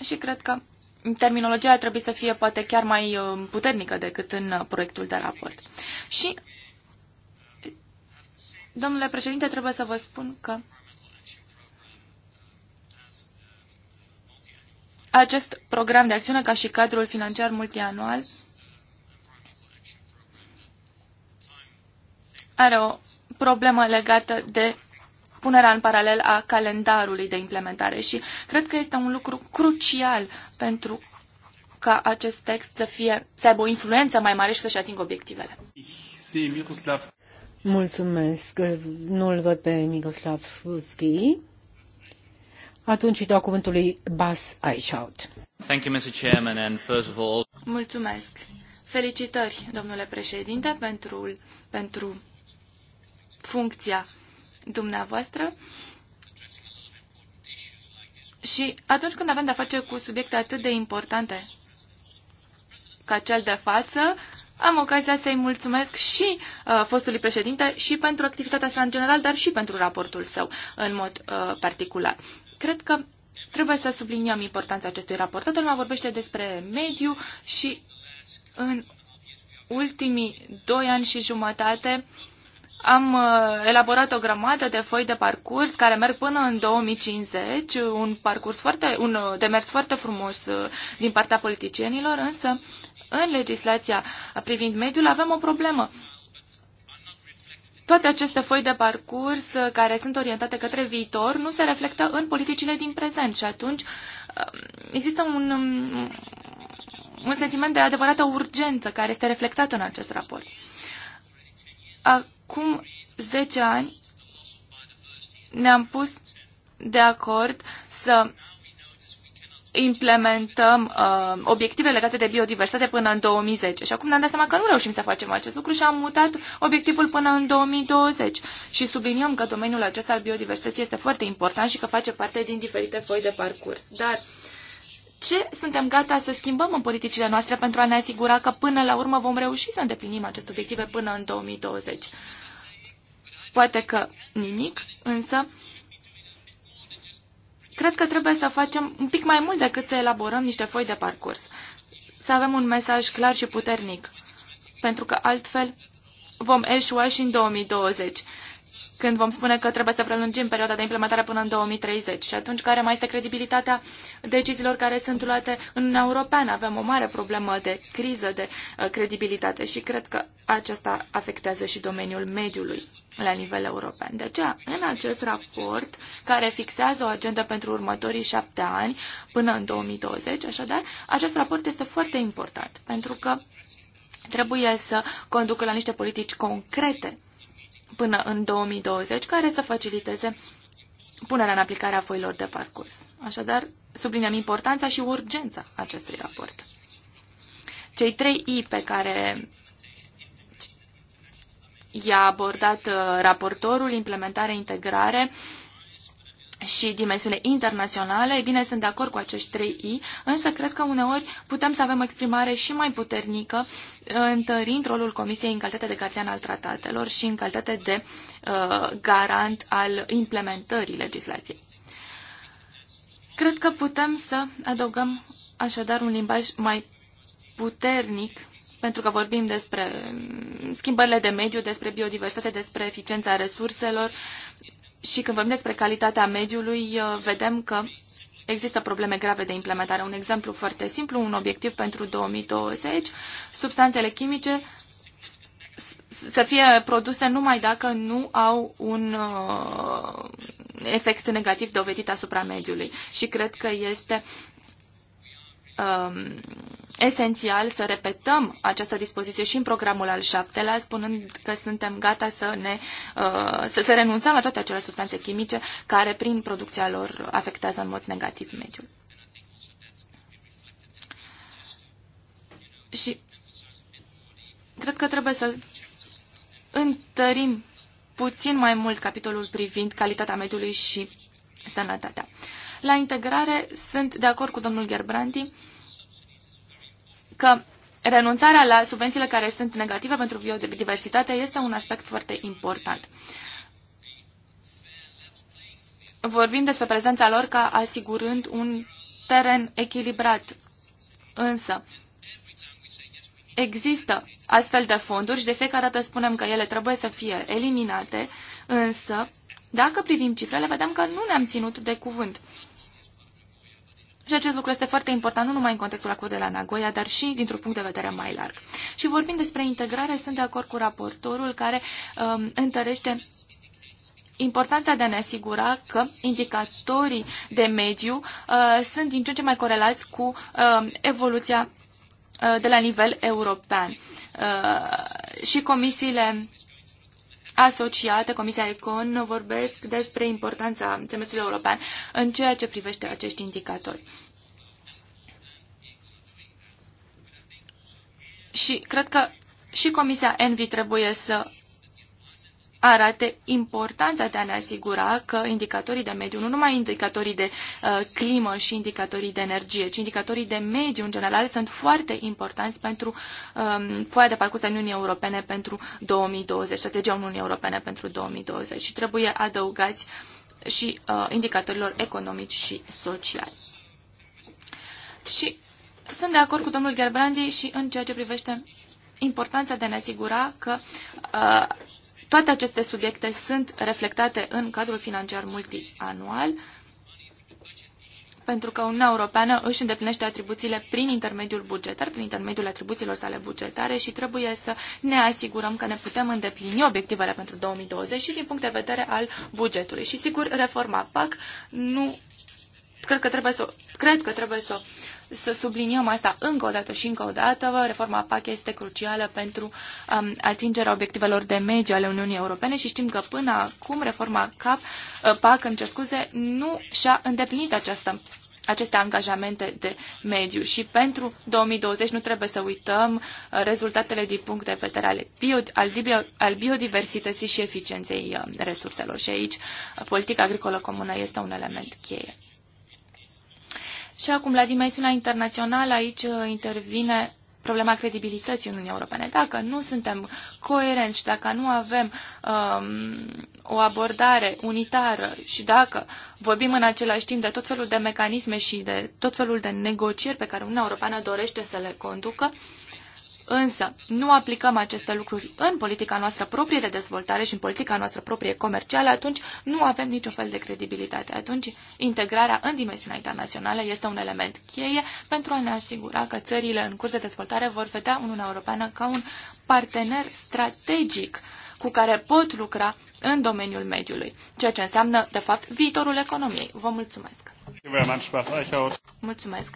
Și cred că terminologia trebuie să fie poate chiar mai puternică decât în proiectul de raport. Și, domnule președinte, trebuie să vă spun că acest program de acțiune, ca și cadrul financiar multianual, are o problemă legată de punerea în paralel a calendarului de implementare și cred că este un lucru crucial pentru ca acest text să, fie, să aibă o influență mai mare și să-și atingă obiectivele. Mulțumesc. Nu-l văd pe Miroslav Schi. Atunci îi dau cuvântul lui Bas Aichaut. Thank you, Mr. Chairman, and first of all... Mulțumesc. Felicitări, domnule președinte, pentru, pentru funcția dumneavoastră. Și atunci când avem de-a face cu subiecte atât de importante ca cel de față, am ocazia să-i mulțumesc și uh, fostului președinte și pentru activitatea sa în general, dar și pentru raportul său în mod uh, particular. Cred că trebuie să subliniem importanța acestui raport. Toată lumea vorbește despre mediu și în ultimii doi ani și jumătate am uh, elaborat o grămadă de foi de parcurs care merg până în 2050, un parcurs foarte, un uh, demers foarte frumos uh, din partea politicienilor, însă în legislația privind mediul avem o problemă toate aceste foi de parcurs uh, care sunt orientate către viitor nu se reflectă în politicile din prezent și atunci um, există un, um, un sentiment de adevărată urgență care este reflectat în acest raport. Acum 10 ani ne-am pus de acord să implementăm uh, obiective legate de biodiversitate până în 2010. Și acum ne-am dat seama că nu reușim să facem acest lucru și am mutat obiectivul până în 2020. Și subliniem că domeniul acesta al biodiversității este foarte important și că face parte din diferite foi de parcurs. Dar ce suntem gata să schimbăm în politicile noastre pentru a ne asigura că până la urmă vom reuși să îndeplinim aceste obiective până în 2020? Poate că nimic, însă Cred că trebuie să facem un pic mai mult decât să elaborăm niște foi de parcurs. Să avem un mesaj clar și puternic, pentru că altfel vom eșua și în 2020 când vom spune că trebuie să prelungim perioada de implementare până în 2030. Și atunci, care mai este credibilitatea deciziilor care sunt luate în Uniunea Europeană? Avem o mare problemă de criză de uh, credibilitate și cred că aceasta afectează și domeniul mediului la nivel european. De aceea, în acest raport, care fixează o agendă pentru următorii șapte ani până în 2020, așadar, acest raport este foarte important, pentru că trebuie să conducă la niște politici concrete până în 2020, care să faciliteze punerea în aplicare a foilor de parcurs. Așadar, subliniem importanța și urgența acestui raport. Cei trei I pe care i-a abordat uh, raportorul, implementare, integrare și dimensiune internaționale e bine, sunt de acord cu acești trei I, însă cred că uneori putem să avem o exprimare și mai puternică, întărind rolul Comisiei în calitate de gardian al tratatelor și în calitate de uh, garant al implementării legislației. Cred că putem să adăugăm așadar un limbaj mai puternic pentru că vorbim despre mm, schimbările de mediu, despre biodiversitate, despre eficiența resurselor și când vorbim despre calitatea mediului, uh, vedem că există probleme grave de implementare. Un exemplu foarte simplu, un obiectiv pentru 2020, substanțele chimice să fie produse numai dacă nu au un uh, efect negativ dovedit asupra mediului. Și cred că este um, esențial să repetăm această dispoziție și în programul al șaptelea, spunând că suntem gata să, ne, uh, să, să renunțăm la toate acele substanțe chimice care, prin producția lor, afectează în mod negativ mediul. Și cred că trebuie să întărim puțin mai mult capitolul privind calitatea mediului și sănătatea. La integrare sunt de acord cu domnul Gerbrandi că renunțarea la subvențiile care sunt negative pentru biodiversitate este un aspect foarte important. Vorbim despre prezența lor ca asigurând un teren echilibrat, însă există astfel de fonduri și de fiecare dată spunem că ele trebuie să fie eliminate, însă dacă privim cifrele vedem că nu ne-am ținut de cuvânt. Și acest lucru este foarte important, nu numai în contextul acordului de la Nagoya, dar și dintr-un punct de vedere mai larg. Și vorbind despre integrare, sunt de acord cu raportorul care um, întărește importanța de a ne asigura că indicatorii de mediu uh, sunt din ce în ce mai corelați cu uh, evoluția uh, de la nivel european. Uh, și comisiile uh, asociate, Comisia Econ, vorbesc despre importanța semestrului european în ceea ce privește acești indicatori. Și cred că și Comisia Envi trebuie să arate importanța de a ne asigura că indicatorii de mediu, nu numai indicatorii de uh, climă și indicatorii de energie, ci indicatorii de mediu în general sunt foarte importanți pentru um, foaia de parcurs a Uniunii Europene pentru 2020, strategia Uniunii Europene pentru 2020 și trebuie adăugați și uh, indicatorilor economici și sociali. Și sunt de acord cu domnul Gerbrandi și în ceea ce privește importanța de a ne asigura că uh, toate aceste subiecte sunt reflectate în cadrul financiar multianual, pentru că Uniunea Europeană își îndeplinește atribuțiile prin intermediul bugetar, prin intermediul atribuțiilor sale bugetare și trebuie să ne asigurăm că ne putem îndeplini obiectivele pentru 2020 și din punct de vedere al bugetului. Și sigur, reforma PAC nu cred că trebuie să, cred că trebuie să să subliniem asta încă o dată și încă o dată. Reforma PAC este crucială pentru um, atingerea obiectivelor de mediu ale Uniunii Europene și știm că până acum reforma CAP, uh, PAC, îmi cer scuze, nu și-a îndeplinit această aceste angajamente de mediu. Și pentru 2020 nu trebuie să uităm uh, rezultatele din punct de vedere ale bio, al, bio, al biodiversității și eficienței uh, resurselor. Și aici politica agricolă comună este un element cheie. Și acum, la dimensiunea internațională, aici uh, intervine problema credibilității în Uniunea Europeană. Dacă nu suntem coerenți și dacă nu avem um, o abordare unitară și dacă vorbim în același timp de tot felul de mecanisme și de tot felul de negocieri pe care Uniunea Europeană dorește să le conducă, uh, Însă, nu aplicăm aceste lucruri în politica noastră proprie de dezvoltare și în politica noastră proprie comercială, atunci nu avem niciun fel de credibilitate. Atunci, integrarea în dimensiunea internațională este un element cheie pentru a ne asigura că țările în curs de dezvoltare vor vedea Uniunea Europeană ca un partener strategic cu care pot lucra în domeniul mediului, ceea ce înseamnă, de fapt, viitorul economiei. Vă mulțumesc! Mulțumesc!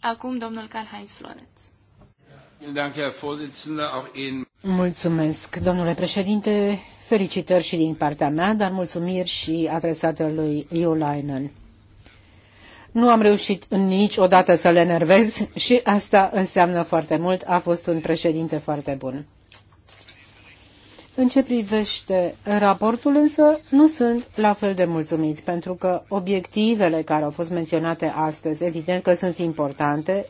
Acum domnul Karl-Heinz Florenz. Mulțumesc, domnule președinte. Felicitări și din partea mea, dar mulțumiri și adresate lui Iulainen. Nu am reușit niciodată să le enervez și asta înseamnă foarte mult. A fost un președinte foarte bun. În ce privește raportul însă, nu sunt la fel de mulțumit, pentru că obiectivele care au fost menționate astăzi, evident că sunt importante,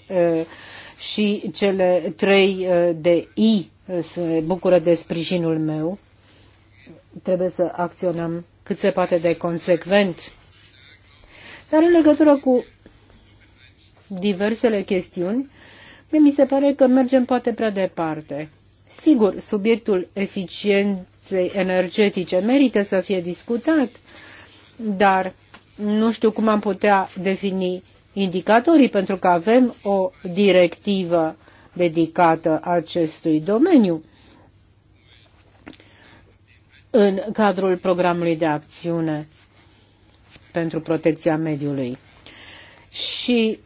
și cele trei uh, de I uh, se bucură de sprijinul meu. Trebuie să acționăm cât se poate de consecvent. Dar în legătură cu diversele chestiuni, mi se pare că mergem poate prea departe. Sigur, subiectul eficienței energetice merită să fie discutat, dar nu știu cum am putea defini indicatorii, pentru că avem o directivă dedicată acestui domeniu. În cadrul programului de acțiune pentru protecția mediului. Și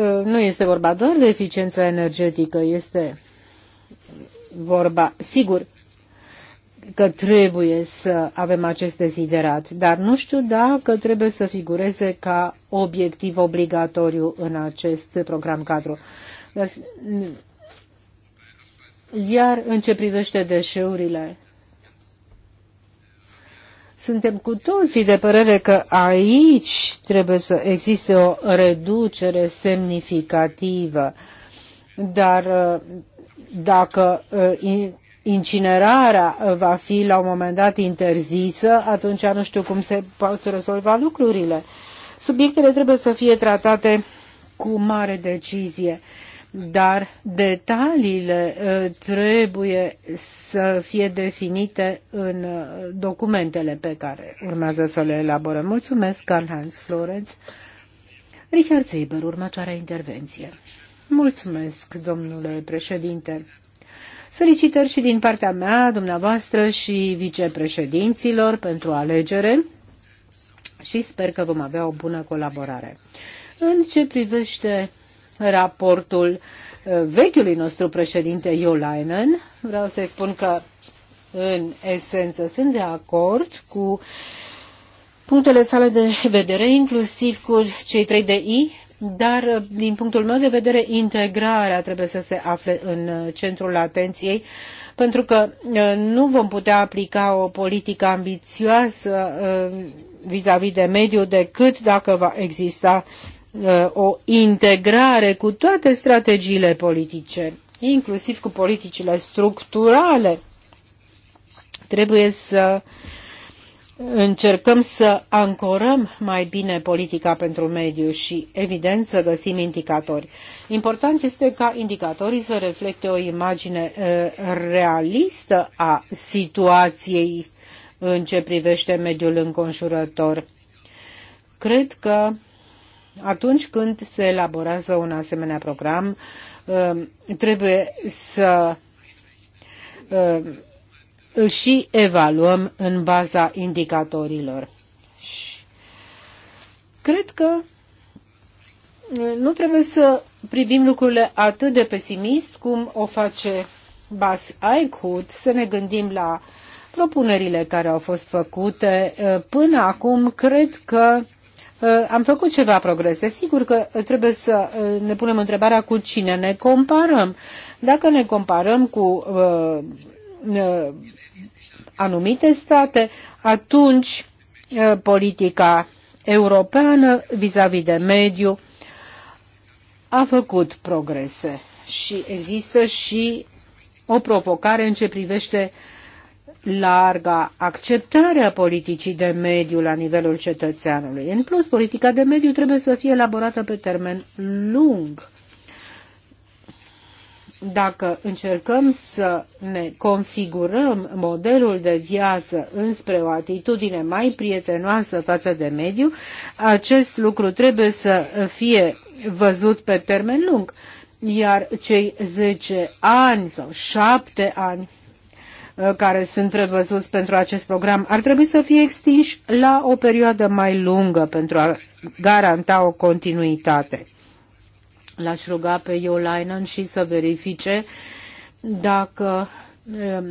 ă, nu este vorba doar de eficiența energetică, este vorba, sigur, că trebuie să avem acest deziderat, dar nu știu dacă trebuie să figureze ca obiectiv obligatoriu în acest program cadru. Mm, iar în ce privește deșeurile, suntem cu toții de părere că aici trebuie să existe o reducere semnificativă, dar uh, dacă uh, incinerarea va fi la un moment dat interzisă, atunci nu știu cum se pot rezolva lucrurile. Subiectele trebuie să fie tratate cu mare decizie, dar detaliile ă, trebuie să fie definite în ă, documentele pe care urmează să le elaborăm. Mulțumesc, carl heinz Florenz. Richard Seiber, următoarea intervenție. Mulțumesc, domnule președinte. Felicitări și din partea mea, dumneavoastră și vicepreședinților pentru alegere și sper că vom avea o bună colaborare. În ce privește raportul uh, vechiului nostru președinte Iolainen, vreau să-i spun că în esență sunt de acord cu punctele sale de vedere, inclusiv cu cei trei de I dar uh, din punctul meu de vedere integrarea trebuie să se afle în uh, centrul atenției pentru că uh, nu vom putea aplica o politică ambițioasă vis-a-vis -vis de mediu decât dacă va exista o integrare cu toate strategiile politice, inclusiv cu politicile structurale. Trebuie să uh, încercăm să ancorăm mai bine politica pentru mediu și, evident, să găsim indicatori. Important este ca indicatorii să reflecte o imagine uh, realistă a situației în ce privește mediul înconjurător. Cred că atunci când se elaborează un asemenea program, uh, trebuie să uh, îl și evaluăm în baza indicatorilor. cred că eh, nu trebuie să privim lucrurile atât de pesimist cum o face Bas Aichhut, să ne gândim la propunerile care au fost făcute eh, până acum. Cred că eh, am făcut ceva progrese. Sigur că trebuie să ne punem întrebarea cu cine ne comparăm. Dacă ne comparăm cu anumite state, atunci politica europeană vis-a-vis -vis de mediu a făcut progrese și există și o provocare în ce privește larga acceptare a politicii de mediu la nivelul cetățeanului. În plus, politica de mediu trebuie să fie elaborată pe termen lung dacă încercăm să ne configurăm modelul de viață înspre o atitudine mai prietenoasă față de mediu, acest lucru trebuie să fie văzut pe termen lung. Iar cei 10 ani sau 7 ani uh, care sunt prevăzuți pentru acest program ar trebui să fie extinși la o perioadă mai lungă pentru a garanta o continuitate. L-aș ruga pe Iolainen și să verifice dacă um,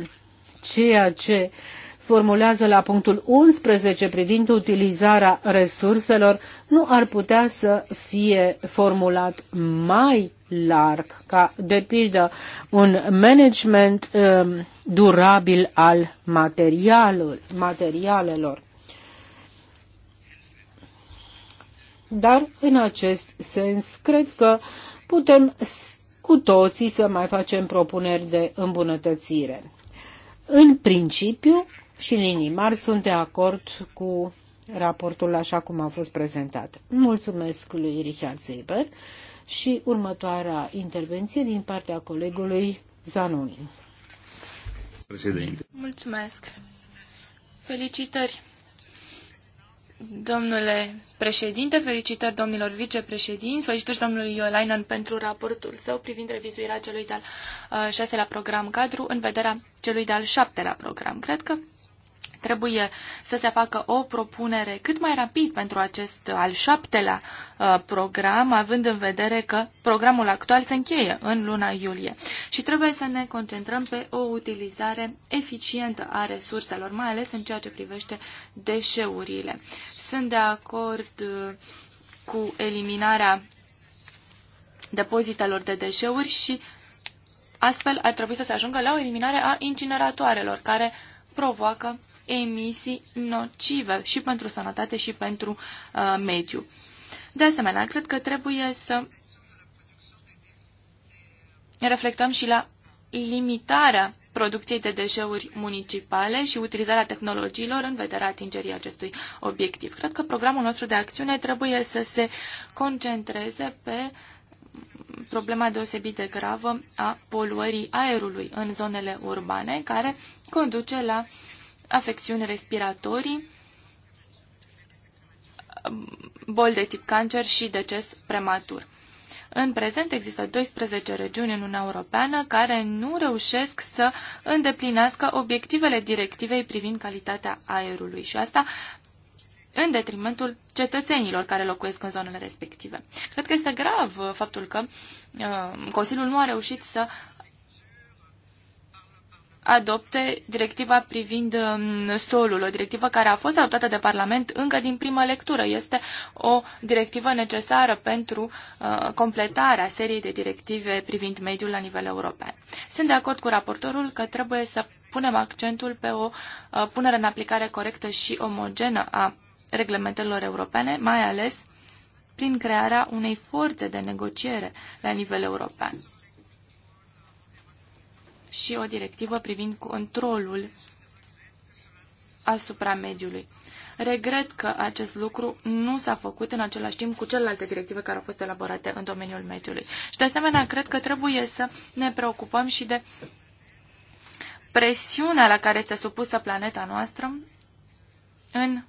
ceea ce formulează la punctul 11 privind utilizarea resurselor nu ar putea să fie formulat mai larg, ca de pildă un management um, durabil al materialelor. Dar, în acest sens, cred că putem cu toții să mai facem propuneri de îmbunătățire. În principiu și în linii mari sunt de acord cu raportul așa cum a fost prezentat. Mulțumesc lui Richard Zeber și următoarea intervenție din partea colegului Zanoni. Președinte. Mulțumesc. Felicitări Domnule președinte, felicitări domnilor vicepreședinți, felicitări domnului Iolainan pentru raportul său privind revizuirea celui de-al uh, șaselea program cadru în vederea celui de-al șaptelea program. Cred că Trebuie să se facă o propunere cât mai rapid pentru acest al șaptelea uh, program, având în vedere că programul actual se încheie în luna iulie. Și trebuie să ne concentrăm pe o utilizare eficientă a resurselor, mai ales în ceea ce privește deșeurile. Sunt de acord uh, cu eliminarea depozitelor de deșeuri și astfel ar trebui să se ajungă la o eliminare a incineratoarelor, care provoacă emisii nocive și pentru sănătate și pentru uh, mediu. De asemenea, cred că trebuie să reflectăm și la limitarea producției de deșeuri municipale și utilizarea tehnologiilor în vederea atingerii acestui obiectiv. Cred că programul nostru de acțiune trebuie să se concentreze pe problema deosebit de gravă a poluării aerului în zonele urbane, care conduce la uh, afecțiuni respiratorii, boli de tip cancer și deces prematur. În prezent există 12 regiuni în Uniunea Europeană care nu reușesc să îndeplinească obiectivele directivei privind calitatea aerului și asta în detrimentul cetățenilor care locuiesc în zonele respective. Cred că este grav faptul că uh, Consiliul nu a reușit să adopte directiva privind um, solul, o directivă care a fost adoptată de Parlament încă din prima lectură. Este o directivă necesară pentru uh, completarea seriei de directive privind mediul la nivel european. Sunt de acord cu raportorul că trebuie să punem accentul pe o uh, punere în aplicare corectă și omogenă a reglementărilor europene, mai ales prin crearea unei forțe de negociere la nivel european și o directivă privind controlul asupra mediului. Regret că acest lucru nu s-a făcut în același timp cu celelalte directive care au fost elaborate în domeniul mediului. Și de asemenea, cred că trebuie să ne preocupăm și de presiunea la care este supusă planeta noastră în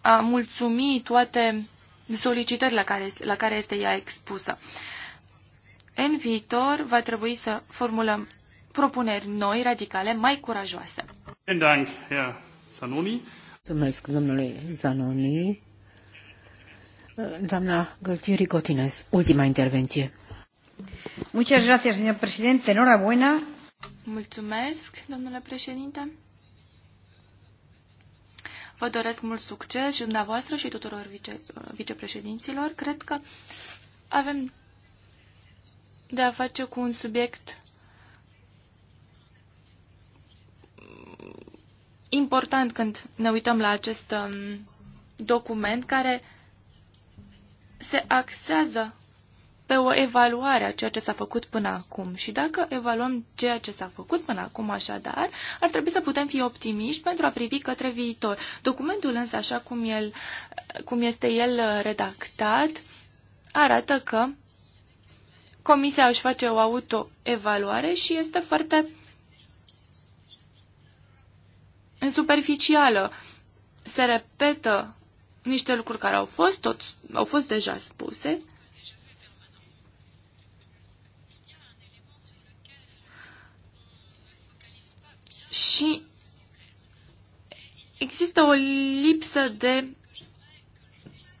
a mulțumi toate solicitările la care, la care este ea expusă. Uh, în viitor va trebui să formulăm propuneri noi, radicale, mai curajoase. Mulțumesc, domnule Zanoni. Doamna Gălțiri Cotines, ultima intervenție. Muchas gracias, señor presidente. Enhorabuena. Mulțumesc, domnule președinte. Vă doresc mult succes și dumneavoastră și tuturor vice, vicepreședinților. Cred că avem de a face cu un subiect important când ne uităm la acest um, document care se axează pe o evaluare a ceea ce s-a făcut până acum. Și dacă evaluăm ceea ce s-a făcut până acum, așadar, ar trebui să putem fi optimiști pentru a privi către viitor. Documentul însă, așa cum, el, cum este el redactat, arată că Comisia își face o autoevaluare și este foarte superficială. Se repetă niște lucruri care au fost, tot, au fost deja spuse. Și există o lipsă de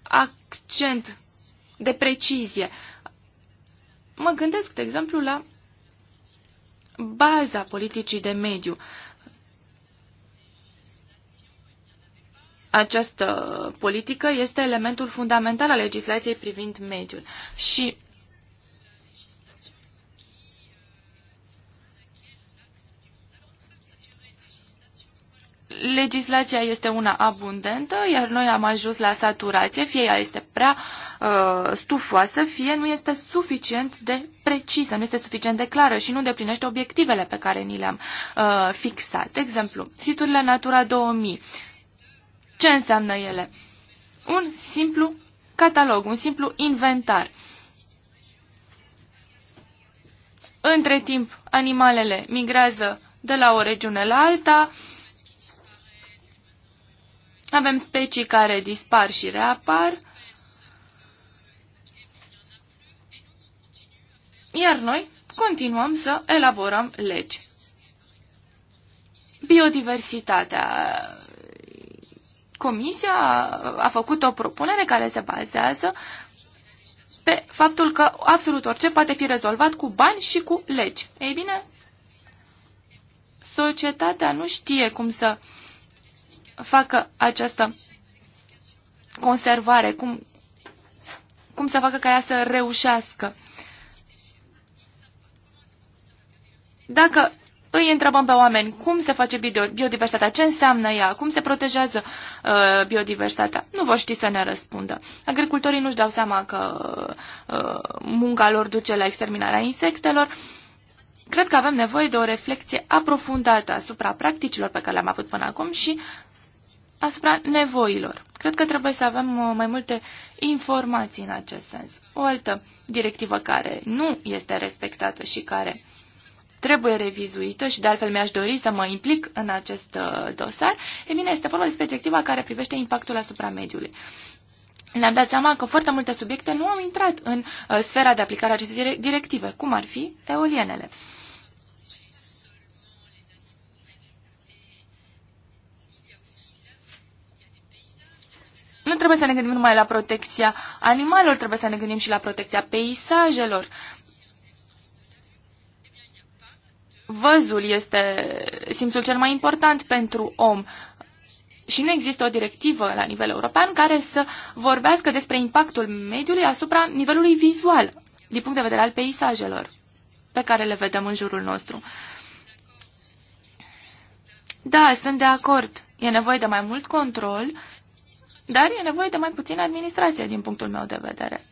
accent, de precizie. Uh, Mă gândesc, de exemplu, la baza politicii de mediu. Această politică este elementul fundamental al legislației privind mediul și legislația este una abundentă, iar noi am ajuns la saturație, fie ea este prea uh, stufoasă, fie nu este suficient de precisă, nu este suficient de clară și nu deplinește obiectivele pe care ni le-am uh, fixat. De exemplu, siturile Natura 2000. Ce înseamnă ele? Un simplu catalog, un simplu inventar. Între timp, animalele migrează de la o regiune la alta, uh, avem specii care dispar și reapar, iar noi continuăm să elaborăm legi. Biodiversitatea. Comisia a făcut o propunere care se bazează pe faptul că absolut orice poate fi rezolvat cu bani și cu legi. Ei bine, societatea nu știe cum să uh, facă această conservare, cum, cum să facă ca ea să reușească. Dacă îi întrebăm pe oameni cum se face biodiversitatea, ce înseamnă ea, cum se protejează uh, biodiversitatea. Nu vor ști să ne răspundă. Agricultorii nu-și dau seama că uh, munca lor duce la exterminarea insectelor. Cred că avem nevoie de o reflexie aprofundată asupra practicilor pe care le-am avut până acum și asupra nevoilor. Cred că trebuie să avem uh, mai multe informații în acest sens. O altă directivă care nu este respectată și care trebuie revizuită și de altfel mi-aș dori să mă implic în acest uh, dosar, e bine, este vorba despre directiva care privește impactul asupra mediului. Ne-am dat seama că foarte multe subiecte nu au intrat în uh, sfera de aplicare a acestei directive, cum ar fi eolienele. Nu trebuie să ne gândim numai la protecția animalelor, trebuie să ne gândim și la protecția peisajelor. Văzul este simțul cel mai important pentru om și nu există o directivă la nivel european care să vorbească despre impactul mediului asupra nivelului vizual, din punct de vedere al peisajelor pe care le vedem în jurul nostru. Da, sunt de acord. E nevoie de mai mult control dar e nevoie de mai puțină administrație din punctul meu de vedere.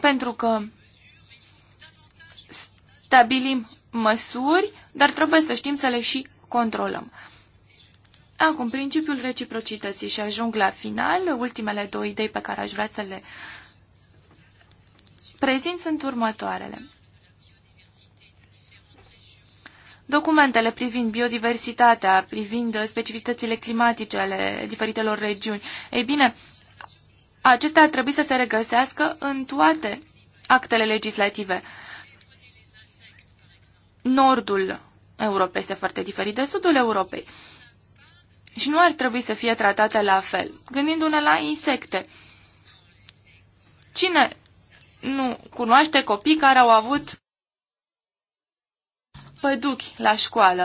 Pentru că stabilim măsuri, dar trebuie să știm să le și controlăm. Acum, principiul reciprocității și ajung la final. Ultimele două idei pe care aș vrea să le prezint sunt următoarele. documentele privind biodiversitatea, privind specificitățile climatice ale diferitelor regiuni. Ei bine, acestea ar trebui să se regăsească în toate actele legislative. Nordul Europei este foarte diferit de sudul Europei și nu ar trebui să fie tratate la fel. Gândindu-ne la insecte, cine nu cunoaște copii care au avut păduchi la școală.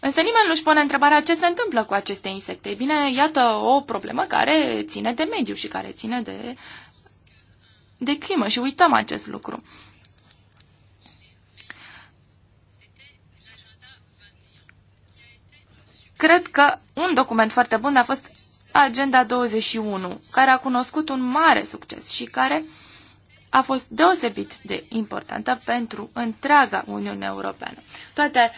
Însă nimeni nu-și pune întrebarea ce se întâmplă cu aceste insecte. Ei bine, iată o problemă care ține de mediu și care ține de, de climă și uităm acest lucru. Cred că un document foarte bun a fost Agenda 21, care a cunoscut un mare succes și care uh, a fost deosebit de importantă pentru întreaga Uniune Europeană. Toate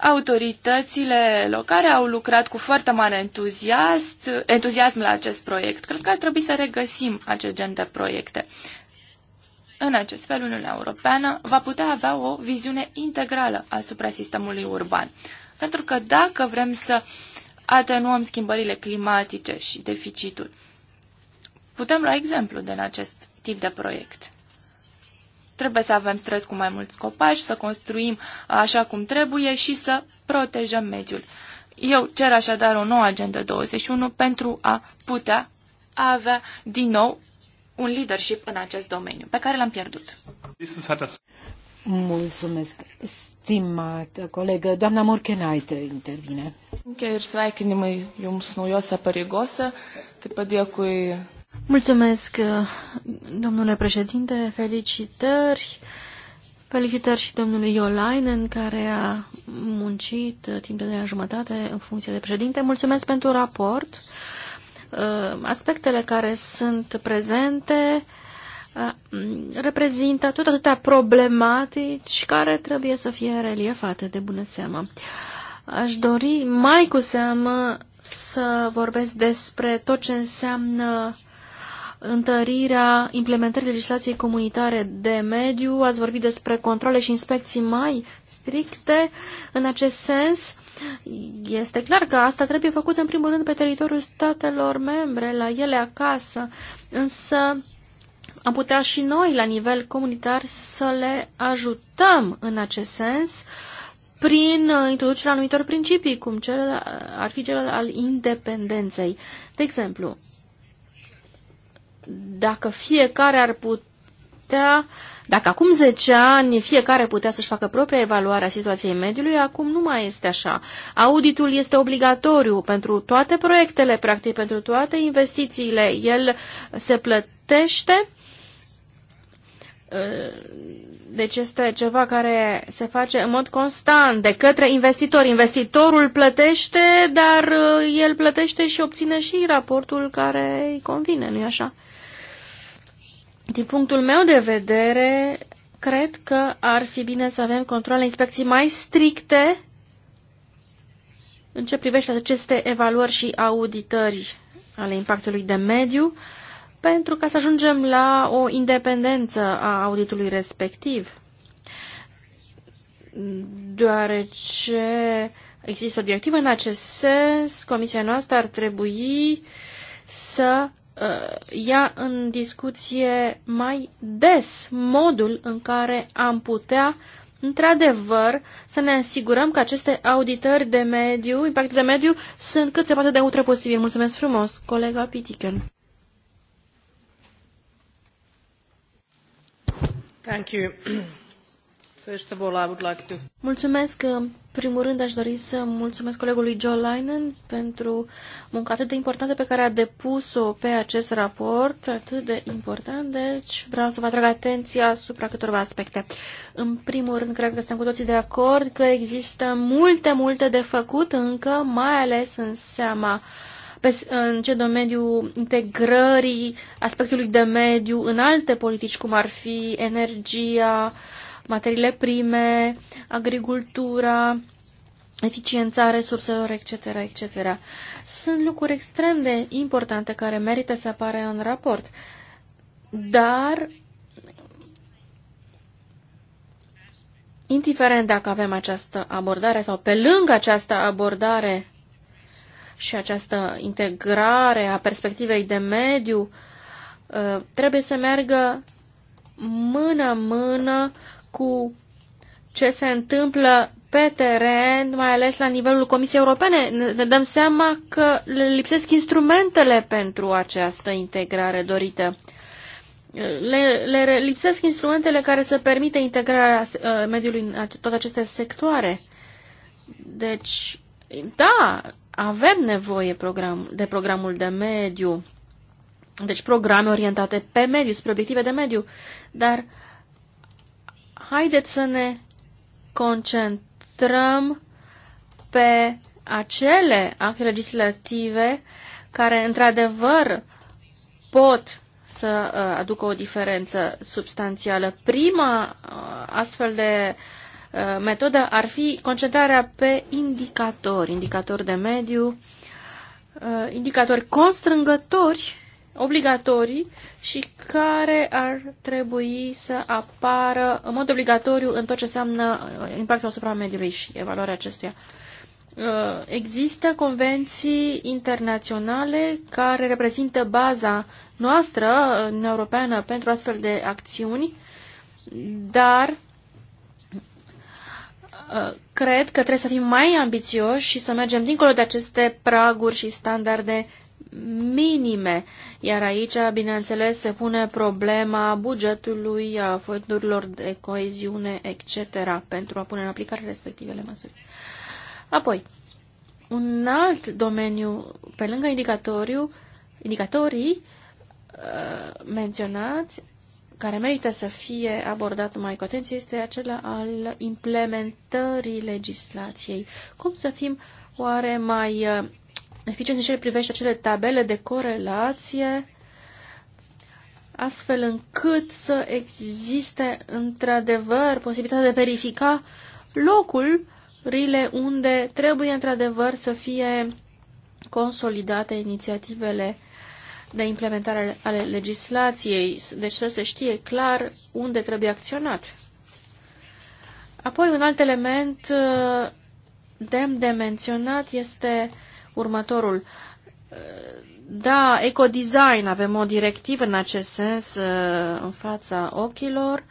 autoritățile locale au lucrat cu foarte mare entuziasm, entuziasm la acest proiect. Cred că ar trebui să regăsim acest gen de proiecte. În acest fel, Uniunea Europeană va putea avea o viziune integrală asupra sistemului urban. Pentru că dacă vrem să atenuăm schimbările climatice și deficitul, putem lua exemplu din acest tip de proiect. Trebuie să avem străzi cu mai mulți copaci, să construim așa cum trebuie și să protejăm mediul. Eu cer așadar o nouă agenda 21 pentru a putea avea din nou un leadership în acest domeniu, pe care l-am pierdut. Mulțumesc, stimată colegă. Doamna Morkenaite intervine. Sveikini jums naujose pareigose, taip pat dėkui Mulțumesc, uh, domnule președinte, felicitări. Felicitări și domnului Iolainen, care a muncit uh, timp de doi jumătate în funcție de președinte. Mulțumesc pentru raport. Uh, aspectele care sunt prezente reprezintă tot atâtea problematici care trebuie să fie reliefate de bună seamă. Aș dori mai cu seamă să vorbesc despre tot ce înseamnă uh, întărirea implementării legislației comunitare de mediu, ați vorbit despre controle și inspecții mai stricte în acest sens. Este clar că asta trebuie făcut în primul rând pe teritoriul statelor membre, la ele acasă, însă am putea și noi, la nivel comunitar, să le ajutăm în acest sens prin introducerea anumitor principii, cum cel ar fi cel al independenței. De exemplu, dacă fiecare ar putea, dacă acum 10 ani fiecare putea să-și facă propria evaluare a situației mediului, acum nu mai este așa. Auditul este obligatoriu pentru toate proiectele, practic pentru toate investițiile. El se plătește ă, deci este ceva care se face în mod constant de către investitor. Investitorul plătește, dar ă, el plătește și obține și raportul care îi convine, nu-i așa? Din punctul meu de vedere, cred că ar fi bine să avem controle inspecții mai stricte în ce privește aceste evaluări și auditări ale impactului de mediu, pentru ca să ajungem la o independență a auditului respectiv. Deoarece există o directivă în acest sens, comisia noastră ar trebui să Uh, ia în discuție mai des modul în care am putea Într-adevăr, să ne asigurăm că aceste auditări de mediu, impact de mediu, sunt cât se poate de neutre posibil. Mulțumesc frumos, colega Pitiken. Thank you. First of all, I would like to... Mulțumesc. Uh, primul rând aș dori să mulțumesc colegului Joe Linen pentru munca atât de importantă pe care a depus-o pe acest raport, atât de important, deci vreau să vă atrag atenția asupra câtorva aspecte. În primul rând, cred că suntem cu toții de acord că există multe, multe de făcut încă, mai ales în seama pe, în ce domeniu integrării aspectului de mediu în alte politici, cum ar fi energia, uh, materiile prime, agricultura, eficiența resurselor, etc., etc. Sunt lucruri extrem de importante care merită să apară în raport, dar indiferent dacă avem această abordare sau pe lângă această abordare și această integrare a perspectivei de mediu, ă, trebuie să meargă mână-mână cu ce se întâmplă pe teren, mai ales la nivelul Comisiei Europene. Ne dăm seama că le lipsesc instrumentele pentru această integrare dorită. Le, le lipsesc instrumentele care să permită integrarea uh, mediului în toate aceste sectoare. Deci, da, avem nevoie program, de programul de mediu, deci programe orientate pe mediu, spre obiective de mediu, dar uh, haideți să ne concentrăm pe acele acte legislative care, într-adevăr, pot să uh, aducă o diferență substanțială. Prima uh, astfel de uh, metodă ar fi concentrarea pe indicatori, indicatori de mediu, indicatori constrângători obligatorii și care ar trebui să apară în mod obligatoriu în tot ce înseamnă uh, impactul asupra mediului și evaluarea acestuia. Uh, există convenții internaționale care reprezintă baza noastră în europeană pentru astfel de acțiuni, dar uh, cred că trebuie să fim mai ambițioși și să mergem dincolo de aceste praguri și standarde minime. Iar aici, bineînțeles, se pune problema bugetului, a fondurilor de coeziune, etc., pentru a pune în aplicare respectivele măsuri. Apoi, un alt domeniu, pe lângă indicatoriu, indicatorii uh, menționați, care merită să fie abordat mai cu atenție, este acela al implementării legislației. Cum să fim oare mai uh, eficienței ce privește acele tabele de corelație, astfel încât să existe într-adevăr posibilitatea de a verifica locul rile unde trebuie într-adevăr să fie consolidate inițiativele de implementare ale legislației, deci să se știe clar unde trebuie acționat. Apoi, un alt element uh, demn de menționat este uh, următorul. Da, ecodesign, avem o directivă în acest sens uh, în fața ochilor,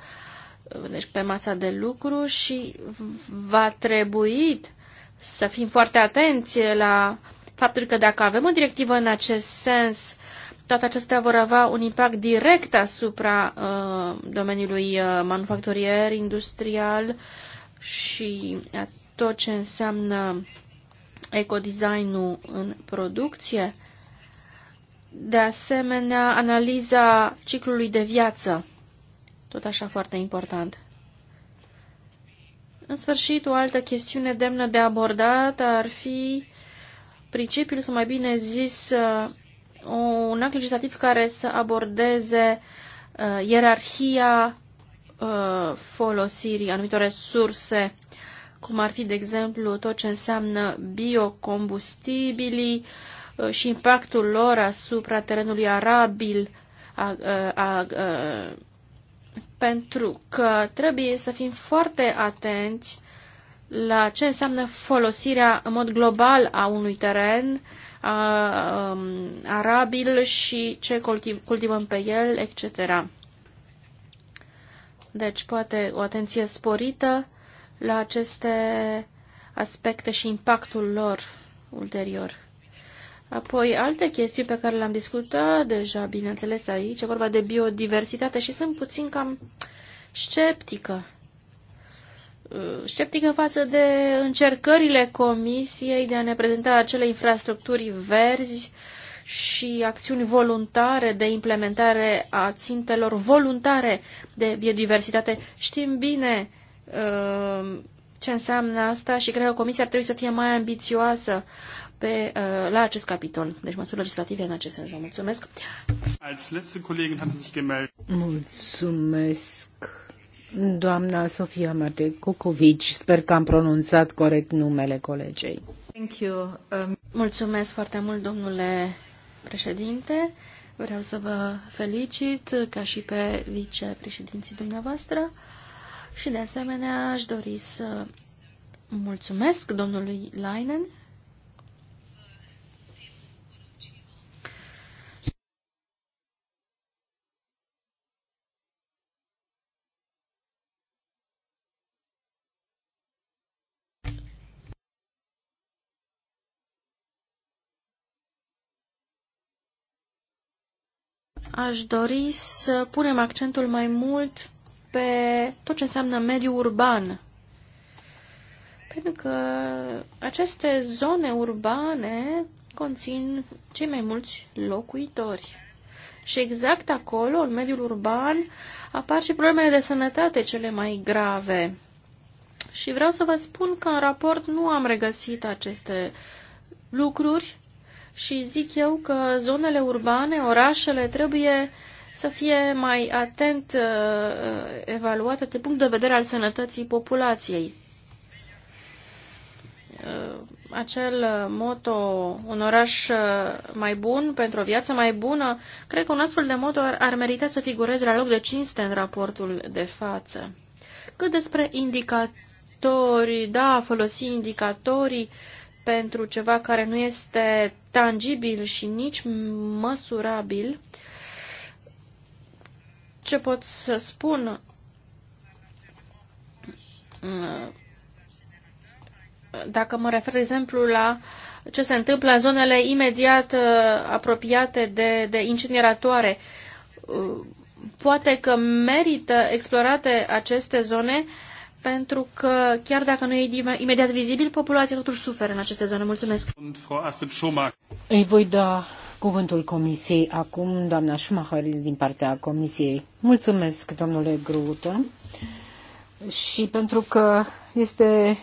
uh, deci pe masa de lucru și va trebui să fim foarte atenți la faptul că dacă avem o directivă în acest sens, toate acestea vor avea un impact direct asupra uh, domeniului uh, manufacturier, industrial și tot ce înseamnă uh, ecodesignul în producție, de asemenea analiza ciclului de viață, tot așa foarte important. În sfârșit, o altă chestiune demnă de abordat ar fi principiul, sau mai bine zis, uh, un act legislativ care să abordeze uh, ierarhia uh, folosirii anumitor resurse uh, cum ar fi, de exemplu, tot ce înseamnă biocombustibilii uh, și impactul lor asupra terenului arabil, a, a, a, pentru că trebuie să fim foarte atenți la ce înseamnă folosirea în mod global a unui teren a, a, um, arabil și ce cultiv, cultivăm pe el, etc. Deci poate o atenție sporită la aceste aspecte și impactul lor ulterior. Apoi, alte chestii pe care le-am discutat deja, bineînțeles, aici, e vorba de biodiversitate și sunt puțin cam sceptică. Uh, sceptică față de încercările Comisiei de a ne prezenta acele infrastructuri verzi și acțiuni voluntare de implementare a țintelor voluntare de biodiversitate. Știm bine Uh, ce înseamnă asta și cred că Comisia ar trebui să fie mai ambițioasă pe, uh, la acest capitol. Deci măsuri legislative în acest sens. Vă mulțumesc. Mulțumesc. Doamna Sofia Marte Cucovici, sper că am pronunțat corect numele colegei. Thank you. Um... Mulțumesc foarte mult, domnule președinte. Vreau să vă felicit ca și pe vicepreședinții dumneavoastră. Și de asemenea aș dori să mulțumesc domnului Leinen aș dori să punem accentul mai mult pe tot ce înseamnă mediul urban. Pentru că aceste zone urbane conțin cei mai mulți locuitori. Și exact acolo, în mediul urban, apar și problemele de sănătate cele mai grave. Și vreau să vă spun că în raport nu am regăsit aceste lucruri și zic eu că zonele urbane, orașele trebuie uh, să fie mai atent uh, uh, evaluată de punct de vedere al sănătății populației. Uh, acel moto, un oraș mai bun pentru o viață mai bună, cred că un astfel de moto ar, ar merita să figureze la loc de cinste în raportul de față. Cât despre indicatori, da, folosi indicatorii pentru ceva care nu este tangibil și nici măsurabil, uh, ce pot să spun? Dacă mă refer, de exemplu, la ce se întâmplă în zonele imediat uh, apropiate de, de incineratoare, uh, poate că merită explorate aceste zone pentru că chiar dacă nu e imediat vizibil, populația totuși suferă în aceste zone. Mulțumesc! Îi voi da cuvântul Comisiei acum, doamna Schumacher, din partea Comisiei. Mulțumesc, domnule Grută, și pentru că este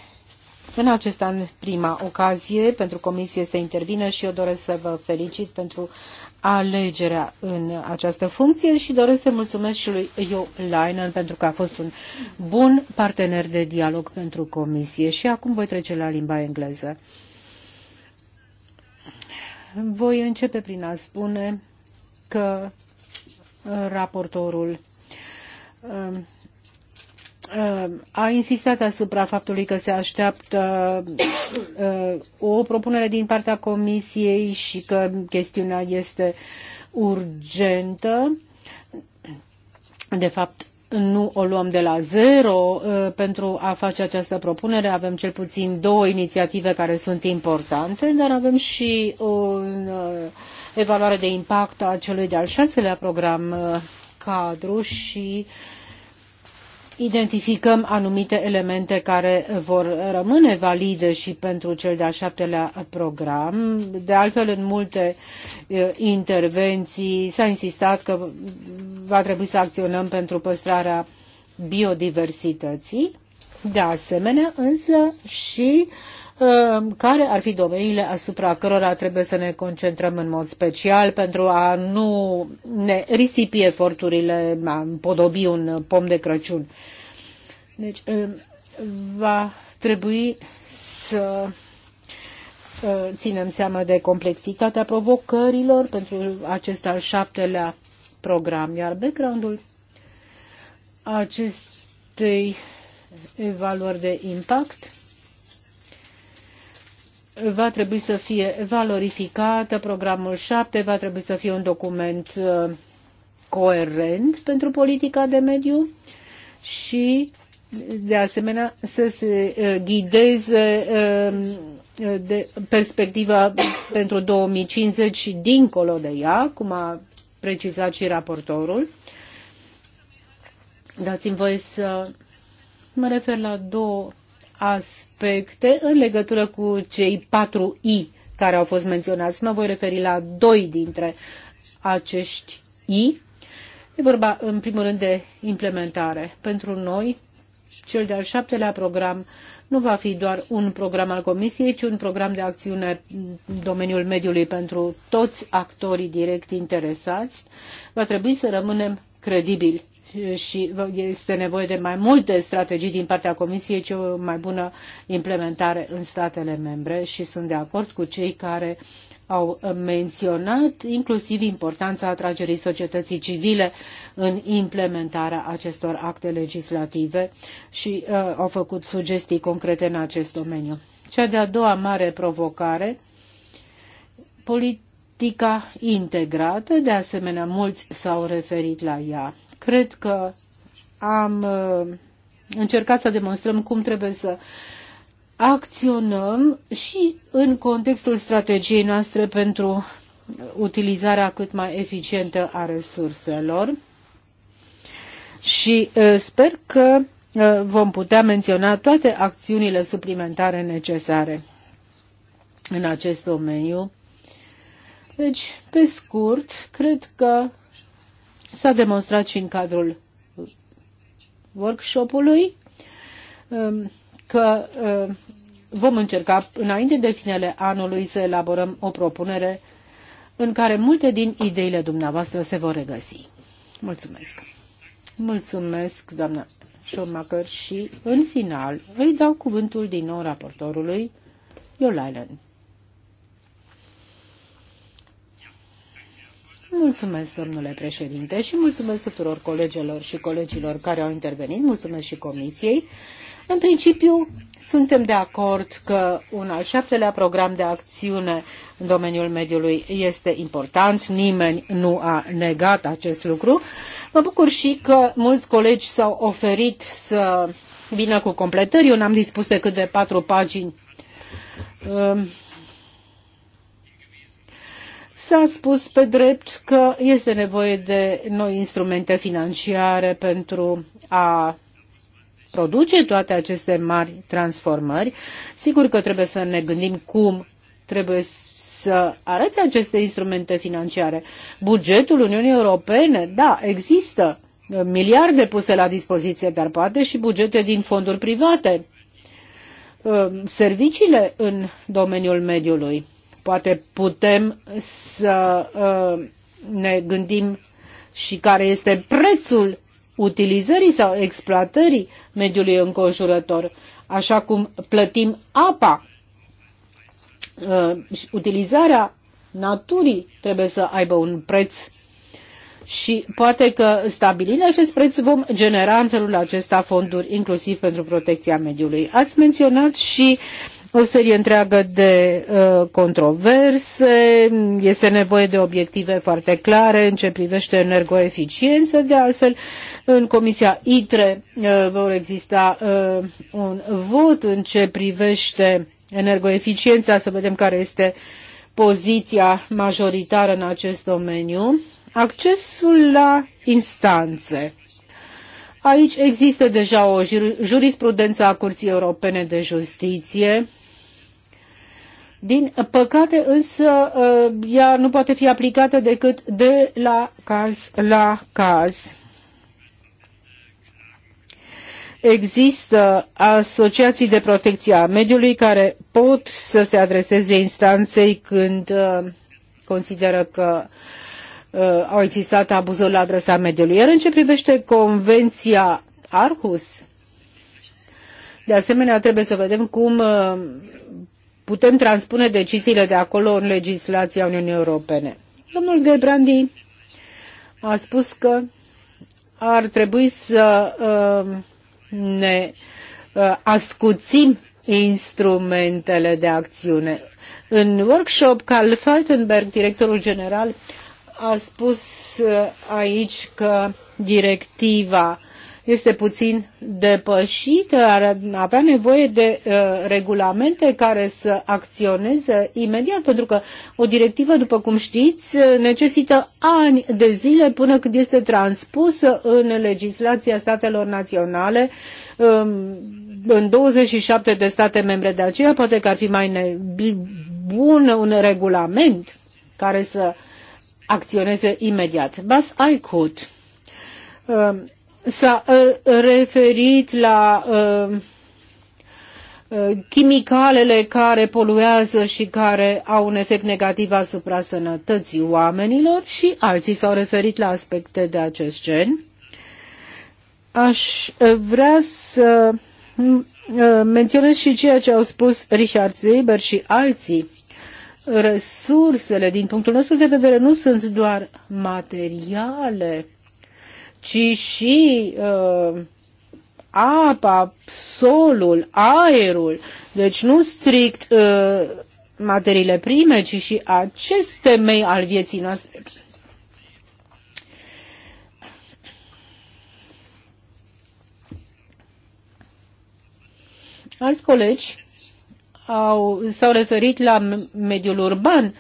în acest an prima ocazie pentru Comisie să intervină și eu doresc să vă felicit pentru alegerea în această funcție și doresc să mulțumesc și lui Io Leinen pentru că a fost un bun partener de dialog pentru Comisie. Și acum voi trece la limba engleză. Voi începe prin a spune că uh, raportorul uh, uh, a insistat asupra faptului că se așteaptă o propunere din partea Comisiei și că chestiunea este urgentă. De fapt, nu o luăm de la zero uh, pentru a face această propunere. Avem cel puțin două inițiative care sunt importante, dar avem și o uh, evaluare de impact a celui de-al șaselea program uh, cadru și uh, identificăm anumite elemente care vor rămâne valide și pentru cel de-al șaptelea program. De altfel, în multe intervenții s-a insistat că va trebui să acționăm pentru păstrarea biodiversității. De asemenea, însă și uh, Ehm, care ar fi domeniile asupra cărora trebuie să ne concentrăm în mod special pentru a nu ne risipi eforturile, a podobi un pom de Crăciun. Deci ehm, va trebui să ehm, ținem seama de complexitatea provocărilor pentru acest al șaptelea program, iar background-ul acestei evaluări de impact va trebui să fie valorificată, programul 7 va trebui să fie un document uh, coerent pentru politica de mediu și de asemenea să se uh, ghideze uh, de perspectiva pentru 2050 și dincolo de ea, cum a precizat și raportorul. Dați-mi voie să mă refer la două aspecte în legătură cu cei patru I care au fost menționați. Mă voi referi la doi dintre acești I. E vorba, în primul rând, de implementare. Pentru noi, cel de-al șaptelea program nu va fi doar un program al Comisiei, ci un program de acțiune în domeniul mediului pentru toți actorii direct interesați. Va trebui să rămânem credibili și este nevoie de mai multe strategii din partea Comisiei, ci o mai bună implementare în statele membre și sunt de acord cu cei care au menționat inclusiv importanța atragerii societății civile în implementarea acestor acte legislative și uh, au făcut sugestii concrete în acest domeniu. Cea de-a doua mare provocare, politica integrată, de asemenea mulți s-au referit la ea. Cred că am uh, încercat să demonstrăm cum trebuie să acționăm și în contextul strategiei noastre pentru utilizarea cât mai eficientă a resurselor și uh, sper că uh, vom putea menționa toate acțiunile suplimentare necesare în acest domeniu. Deci, pe scurt, cred că S-a demonstrat și în cadrul workshopului um, că um, vom încerca înainte de finele anului să elaborăm o propunere în care multe din ideile dumneavoastră se vor regăsi. Mulțumesc! Mulțumesc, doamna Schumacher, și în final îi dau cuvântul din nou raportorului Iolainen. Mulțumesc, domnule președinte, și mulțumesc tuturor colegelor și colegilor care au intervenit, mulțumesc și comisiei. În principiu, suntem de acord că un al șaptelea program de acțiune în domeniul mediului este important. Nimeni nu a negat acest lucru. Mă bucur și că mulți colegi s-au oferit să vină cu completări. Eu n-am dispus decât de patru pagini ehm, S-a spus pe drept că este nevoie de noi instrumente financiare pentru a produce toate aceste mari transformări. Sigur că trebuie să ne gândim cum trebuie să arate aceste instrumente financiare. Bugetul Uniunii Europene, da, există uh, miliarde puse la dispoziție, dar poate și bugete din fonduri private. Uh, serviciile în domeniul mediului Poate putem să uh, ne gândim și care este prețul utilizării sau exploatării mediului înconjurător, așa cum plătim apa. Uh, utilizarea naturii trebuie să aibă un preț și poate că stabilind acest preț vom genera în felul acesta fonduri inclusiv pentru protecția mediului. Ați menționat și uh, o serie întreagă de uh, controverse, este nevoie de obiective foarte clare în ce privește energoeficiență, de altfel în Comisia ITRE uh, vor exista uh, un vot în ce privește energoeficiența, să vedem care este poziția majoritară în acest domeniu. Accesul la instanțe. Aici există deja o jurisprudență a Curții Europene de Justiție din păcate însă uh, ea nu poate fi aplicată decât de la caz la caz. Există asociații de protecție a mediului care pot să se adreseze instanței când uh, consideră că uh, au existat abuzuri la adresa mediului. Iar în ce privește convenția Arhus, de asemenea, trebuie să vedem cum putem transpune deciziile de acolo în legislația Uniunii Europene. Domnul Gebrandi a spus că ar trebui să uh, ne uh, ascuțim instrumentele de acțiune. În workshop, Carl Faltenberg, directorul general, a spus uh, aici că directiva este puțin depășită, ar avea nevoie de uh, regulamente care să acționeze imediat, pentru că o directivă, după cum știți, uh, necesită ani de zile până când este transpusă în legislația statelor naționale. Um, în 27 de state membre. De aceea poate că ar fi mai bun un regulament care să acționeze imediat. Bas Aicut um, s-a uh, referit la uh, uh, chimicalele care poluează și care au un efect negativ asupra sănătății oamenilor și alții s-au referit la aspecte de acest gen. Aș vrea să mm, menționez și ceea ce au spus Richard Zeber și alții. Resursele, din punctul nostru de vedere, nu sunt doar materiale, ci și uh, apa, solul, aerul, deci nu strict uh, materiile prime, ci și acest temei al vieții noastre. Alți colegi au, s-au referit la mediul urban,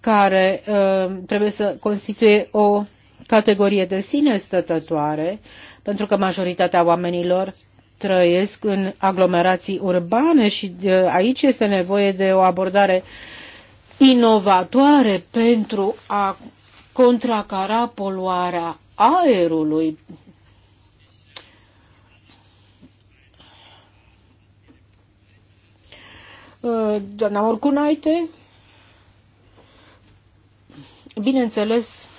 care uh, trebuie să constituie o categorie de sine stătătoare, pentru că majoritatea oamenilor trăiesc în aglomerații urbane și aici este nevoie de o abordare inovatoare pentru a contracara poluarea aerului. Doamna Orcunaite, bineînțeles,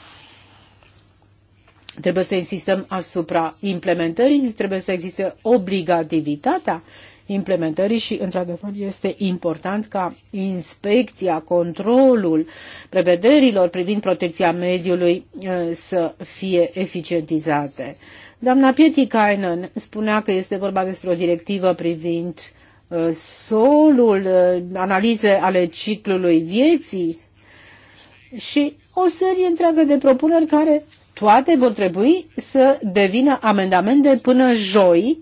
Trebuie să insistăm asupra implementării, trebuie să existe obligativitatea implementării și, într-adevăr, este important ca inspecția, controlul prevederilor privind protecția mediului eh, să fie eficientizate. Doamna Pietikainen spunea că este vorba despre o directivă privind eh, solul, eh, analize ale ciclului vieții și o serie întreagă de propuneri care toate vor trebui să devină amendamente până joi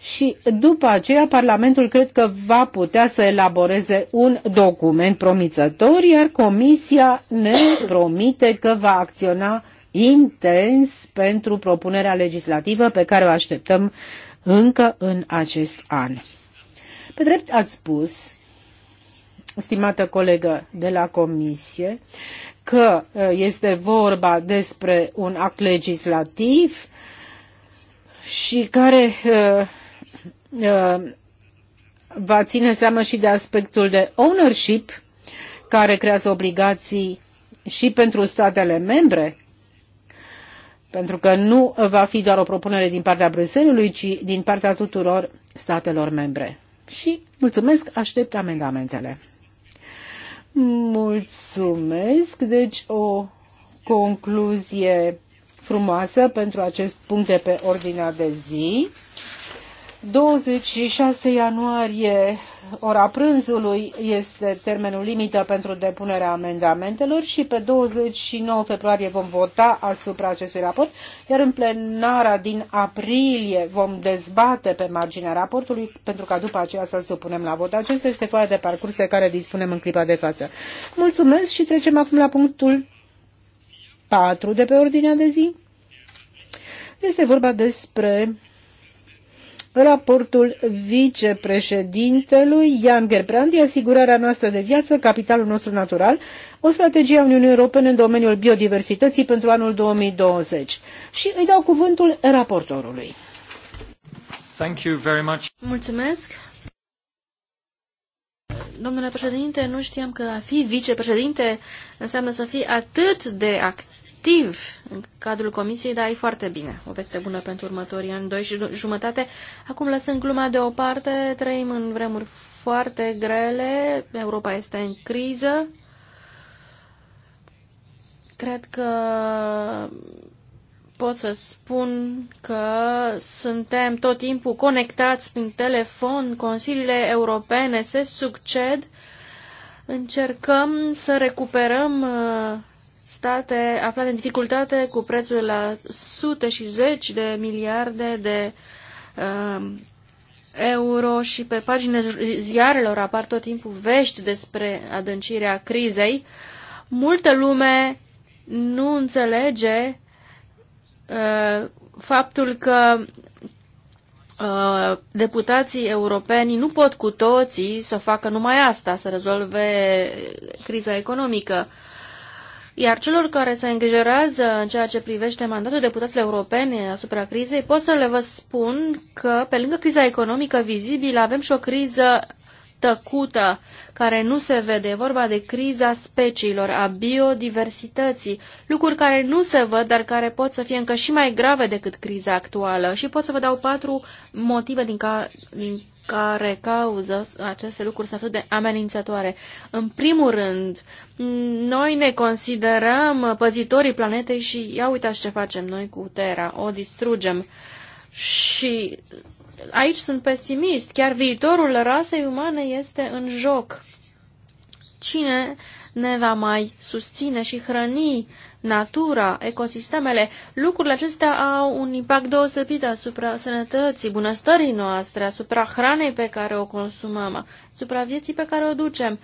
și după aceea Parlamentul cred că va putea să elaboreze un document promițător, iar Comisia ne promite că va acționa intens pentru propunerea legislativă pe care o așteptăm încă în acest an. Pe drept ați spus, stimată colegă de la Comisie, că uh, este vorba despre un act legislativ și care uh, uh, va ține seama și de aspectul de ownership care creează obligații și pentru statele membre pentru că nu va fi doar o propunere din partea Bruselului, ci din partea tuturor statelor membre. Și mulțumesc, aștept amendamentele. Mulțumesc. Deci o concluzie frumoasă pentru acest punct de pe ordinea de zi. 26 ianuarie ora prânzului este termenul limită pentru depunerea amendamentelor și pe 29 februarie vom vota asupra acestui raport, iar în plenara din aprilie vom dezbate pe marginea raportului pentru ca după aceea să-l supunem la vot. Acesta este foaia de parcurs de care dispunem în clipa de față. Mulțumesc și trecem acum la punctul 4 de pe ordinea de zi. Este vorba despre raportul vicepreședintelui Jan Gerbrandi, asigurarea noastră de viață, capitalul nostru natural, o strategie a Uniunii Europene în domeniul biodiversității pentru anul 2020. Și îi dau cuvântul raportorului. Thank you very much. Mulțumesc. Domnule președinte, nu știam că a fi vicepreședinte înseamnă să fii atât de activ activ în cadrul comisiei, dar e foarte bine. O veste bună pentru următorii ani, doi și jumătate. Acum, lăsând gluma deoparte, trăim în vremuri foarte grele, Europa este în criză. Cred că pot să spun că suntem tot timpul conectați prin telefon, consiliile europene se succed, încercăm să recuperăm uh, state aflate în dificultate cu prețul la sute și zeci de miliarde de uh, euro și pe pagine ziarelor apar tot timpul vești despre adâncirea crizei. Multă lume nu înțelege uh, faptul că uh, deputații europeni nu pot cu toții să facă numai asta, să rezolve criza economică. Uh, iar celor care se îngrijorează în ceea ce privește mandatul deputaților europene asupra crizei, pot să le vă spun că, pe lângă criza economică vizibilă, avem și o criză tăcută, care nu se vede. E vorba de criza speciilor, a biodiversității, lucruri care nu se văd, dar care pot să fie încă și mai grave decât criza actuală. Și pot să vă dau patru motive din, ca, din care cauză aceste lucruri sunt atât de amenințătoare. În primul rând, noi ne considerăm păzitorii planetei și ia uitați ce facem noi cu Terra, o distrugem. Și aici sunt pesimist, chiar viitorul rasei umane este în joc. Cine uh, ne va mai susține și hrăni natura, ecosistemele. Lucrurile acestea au un impact deosebit asupra sănătății, bunăstării noastre, asupra hranei pe care o consumăm, asupra vieții pe care o ducem.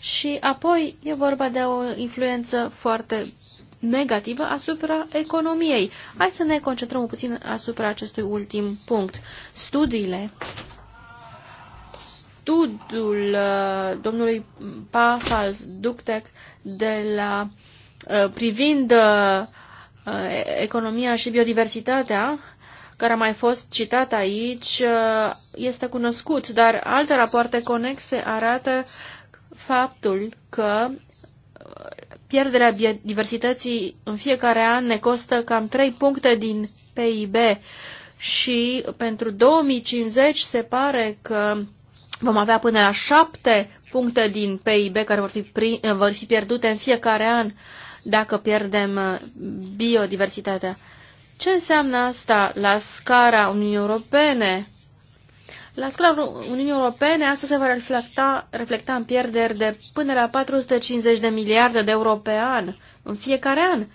Și apoi e vorba de o influență foarte negativă asupra economiei. Hai să ne concentrăm puțin asupra acestui ultim punct. Studiile studiul uh, domnului Pafal Ductec de la uh, privind uh, economia și biodiversitatea, care a mai fost citat aici, este cunoscut, dar alte rapoarte conexe arată faptul că pierderea biodiversității în fiecare an ne costă cam 3 puncte din PIB și pentru 2050 se pare că Vom avea până la șapte puncte din PIB care vor fi, vor fi pierdute în fiecare an dacă pierdem uh, biodiversitatea. Ce înseamnă asta la scara Uniunii Europene? La scara Uniunii Europene asta se va reflecta, reflecta în pierderi de până la 450 de miliarde de euro pe an, în fiecare an.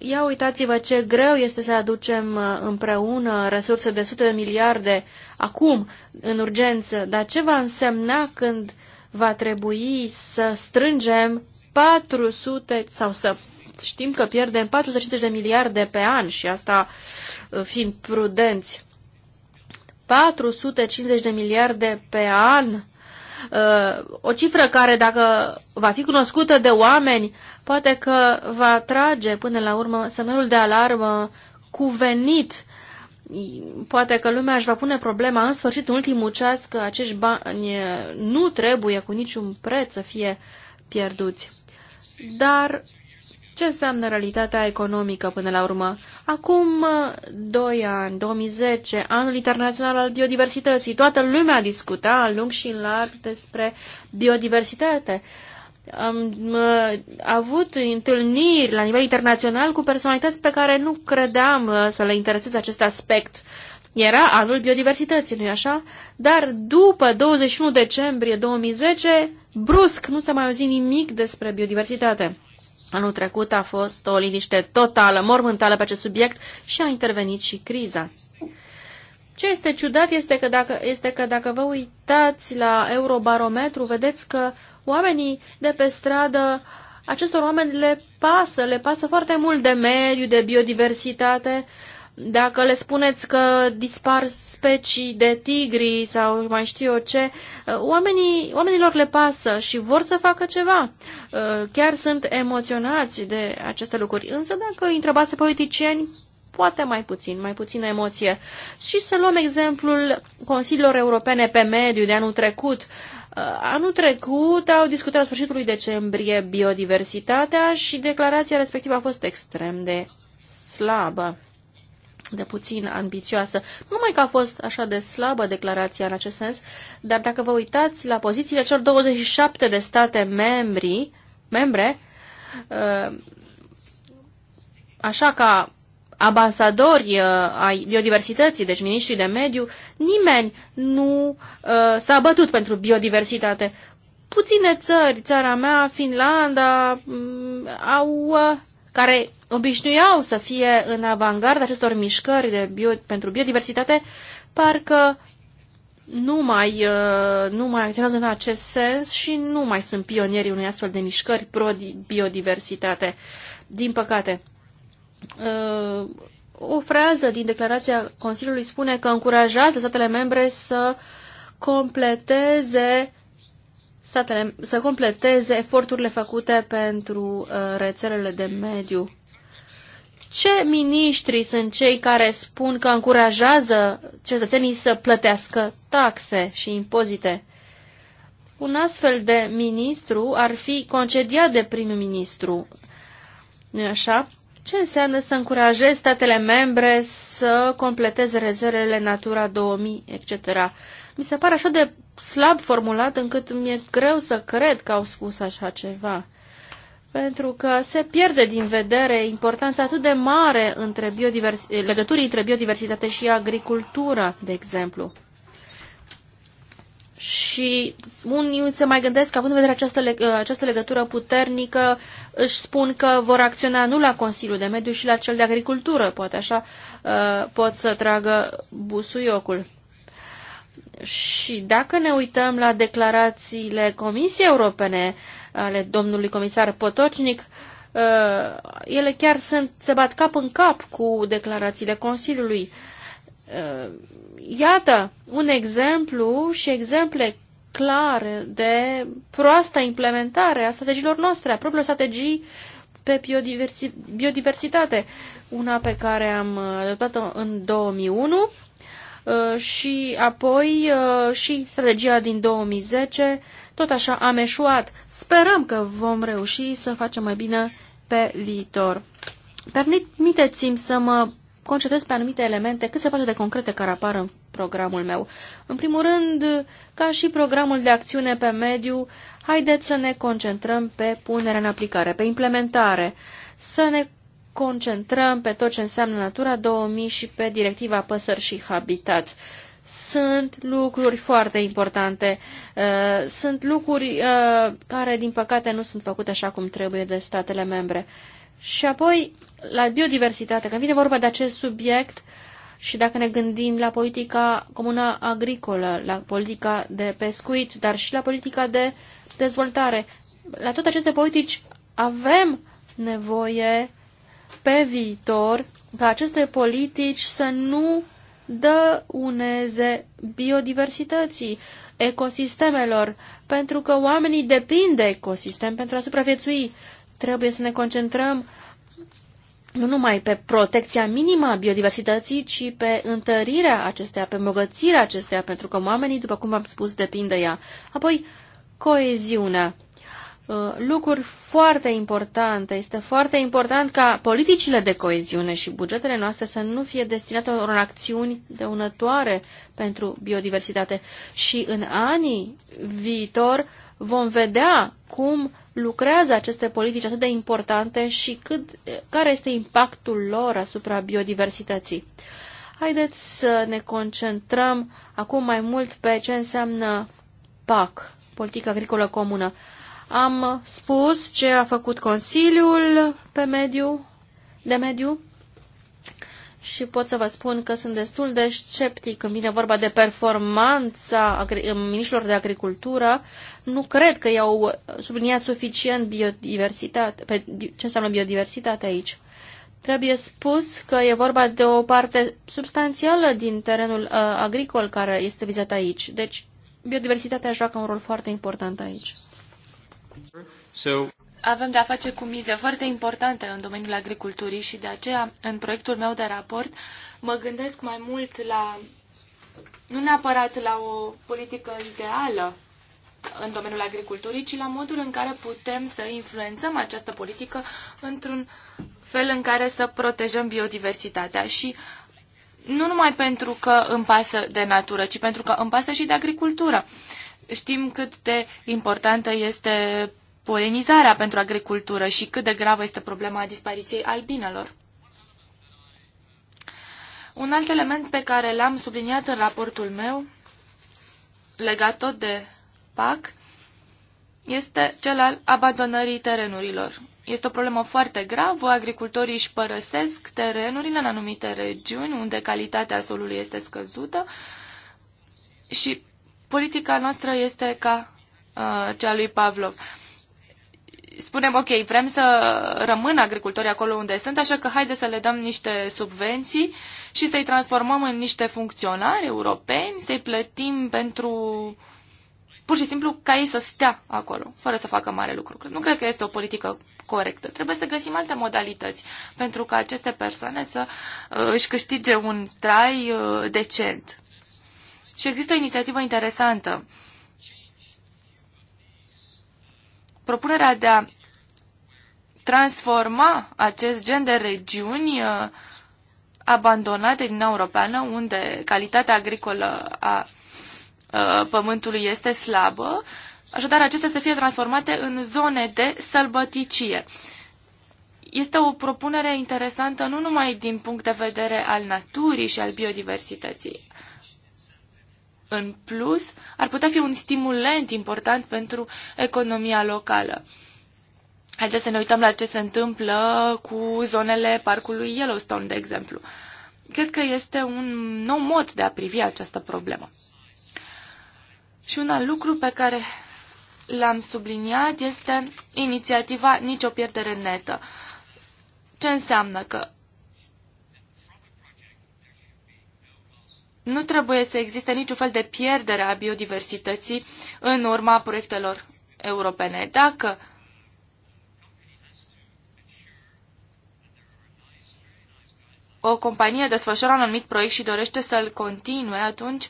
Ia uitați-vă ce greu este să aducem uh, împreună resurse de sute de miliarde acum, în urgență, dar ce va însemna când va trebui să strângem 400 sau să știm că pierdem 450 de miliarde pe an și asta uh, fiind prudenți. 450 de miliarde pe an Uh, o cifră care, dacă va fi cunoscută de oameni, poate că va trage până la urmă semnalul de alarmă cuvenit. Poate că lumea își va pune problema în sfârșit, în ultimul ceas, că acești bani nu trebuie cu niciun preț să fie pierduți. Dar ce înseamnă realitatea economică până la urmă. Acum uh, doi ani, 2010, anul internațional al biodiversității, toată lumea discuta în lung și în larg despre biodiversitate. Am uh, avut întâlniri la nivel internațional cu personalități pe care nu credeam uh, să le intereseze acest aspect. Era anul biodiversității, nu-i așa? Dar după 21 decembrie 2010, brusc nu s-a mai auzit nimic despre biodiversitate. Anul trecut a fost o liniște totală, mormântală pe acest subiect și a intervenit și criza. Ce este ciudat este că dacă, este că dacă vă uitați la Eurobarometru, vedeți că oamenii de pe stradă, acestor oameni le pasă, le pasă foarte mult de mediu, de biodiversitate dacă le spuneți că dispar specii de tigri sau mai știu eu ce, uh, oamenii, oamenilor le pasă și vor să facă ceva. Uh, chiar sunt emoționați de aceste lucruri. Însă dacă îi întrebați politicieni, poate mai puțin, mai puțină emoție. Și să luăm exemplul Consiliilor Europene pe mediu de anul trecut. Uh, anul trecut au discutat la sfârșitul lui decembrie biodiversitatea și declarația respectivă a fost extrem de slabă de puțin ambițioasă. Numai că a fost așa de slabă declarația în acest sens, dar dacă vă uitați la pozițiile celor 27 de state membri, membre, uh, așa ca ambasadori uh, ai biodiversității, deci miniștrii de mediu, nimeni nu uh, s-a bătut pentru biodiversitate. Puține țări, țara mea, Finlanda, mm, au care obișnuiau să fie în avangarda acestor mișcări de bio, pentru biodiversitate, parcă nu mai, uh, nu mai acționează în acest sens și nu mai sunt pionierii unei astfel de mișcări pro-biodiversitate. Din păcate, uh, o frază din declarația Consiliului spune că încurajează statele membre să completeze statele, să completeze eforturile făcute pentru uh, rețelele de mediu. Ce miniștri sunt cei care spun că încurajează cetățenii să plătească taxe și impozite? Un astfel de ministru ar fi concediat de prim-ministru. nu așa? Ce înseamnă să încurajezi statele membre să completeze rezervele Natura 2000, etc. Mi se pare așa de slab formulat încât mi-e greu să cred că au spus așa ceva. Pentru că se pierde din vedere importanța atât de mare între biodivers- legăturii între biodiversitate și agricultură, de exemplu. Și unii se mai gândesc, având în vedere această, leg- această legătură puternică, își spun că vor acționa nu la Consiliul de Mediu și la cel de Agricultură. Poate așa uh, pot să tragă busuiocul. Și dacă ne uităm la declarațiile Comisiei Europene ale domnului comisar Potocnic, uh, ele chiar sunt, se bat cap în cap cu declarațiile Consiliului. Uh, iată un exemplu și exemple clare de proasta implementare a strategiilor noastre, a propriilor strategii pe biodiversitate, una pe care am adoptat-o în 2001 Uh, și apoi uh, și strategia din 2010 tot așa am eșuat. Sperăm că vom reuși să facem mai bine pe viitor. Permiteți-mi să mă concentrez pe anumite elemente cât se poate de concrete care apar în programul meu. În primul rând, ca și programul de acțiune pe mediu, haideți să ne concentrăm pe punerea în aplicare, pe implementare, să ne concentrăm pe tot ce înseamnă Natura 2000 și pe directiva păsări și habitat. Sunt lucruri foarte importante, uh, sunt lucruri uh, care, din păcate, nu sunt făcute așa cum trebuie de statele membre. Și apoi, la biodiversitate, când vine vorba de acest subiect și dacă ne gândim la politica comună agricolă, la politica de pescuit, dar și la politica de dezvoltare, la toate aceste politici avem nevoie pe viitor ca aceste politici să nu dăuneze biodiversității, ecosistemelor, pentru că oamenii depind de ecosistem pentru a supraviețui. Trebuie să ne concentrăm nu numai pe protecția minimă a biodiversității, ci pe întărirea acesteia, pe îmbogățirea acesteia, pentru că oamenii, după cum v-am spus, depind de ea. Apoi, coeziunea. Uh, lucruri foarte importante. Este foarte important ca politicile de coeziune și bugetele noastre să nu fie destinate unor acțiuni dăunătoare pentru biodiversitate. Și în anii viitor vom vedea cum lucrează aceste politici atât de importante și cât, care este impactul lor asupra biodiversității. Haideți să ne concentrăm acum mai mult pe ce înseamnă PAC, Politica Agricolă Comună. Am spus ce a făcut Consiliul pe mediu, de mediu și pot să vă spun că sunt destul de sceptic când vine vorba de performanța ministrilor de agricultură. Nu cred că i-au subliniat suficient biodiversitate, pe ce înseamnă biodiversitate aici. Trebuie spus că e vorba de o parte substanțială din terenul uh, agricol care este vizat aici. Deci, biodiversitatea joacă un rol foarte important aici. So... Avem de-a face cu mize foarte importante în domeniul agriculturii și de aceea, în proiectul meu de raport, mă gândesc mai mult la, nu neapărat la o politică ideală în domeniul agriculturii, ci la modul în care putem să influențăm această politică într-un fel în care să protejăm biodiversitatea. Și nu numai pentru că îmi pasă de natură, ci pentru că îmi pasă și de agricultură. Știm cât de importantă este polenizarea pentru agricultură și cât de gravă este problema dispariției albinelor. Un alt element pe care l-am subliniat în raportul meu, legat tot de PAC, este cel al abandonării terenurilor. Este o problemă foarte gravă, agricultorii își părăsesc terenurile în anumite regiuni unde calitatea solului este scăzută și politica noastră este ca uh, cea lui Pavlov. Uh, spunem, ok, vrem să rămână agricultorii acolo unde sunt, așa că haide să le dăm niște subvenții și să-i transformăm în niște funcționari europeni, să-i plătim pentru pur și simplu ca ei să stea acolo, fără să facă mare lucru. Nu cred că este o politică corectă. Trebuie să găsim alte modalități pentru ca aceste persoane să uh, își câștige un trai uh, decent. Și există o inițiativă interesantă uh, propunerea de a transforma acest gen de regiuni uh, abandonate din Europeană, unde calitatea agricolă a uh, pământului este slabă, așadar acestea să fie transformate în zone de sălbăticie. Este o propunere interesantă nu numai din punct de vedere al naturii și al biodiversității, în plus ar putea fi un stimulent important pentru economia locală. Haideți să ne uităm la ce se întâmplă cu zonele parcului Yellowstone, de exemplu. Cred că este un nou mod de a privi această problemă. Și un alt lucru pe care l-am subliniat este inițiativa Nici o pierdere netă. Ce înseamnă că Nu trebuie să existe niciun fel de pierdere a biodiversității în urma proiectelor europene. Dacă o companie desfășoară un anumit proiect și dorește să-l continue, atunci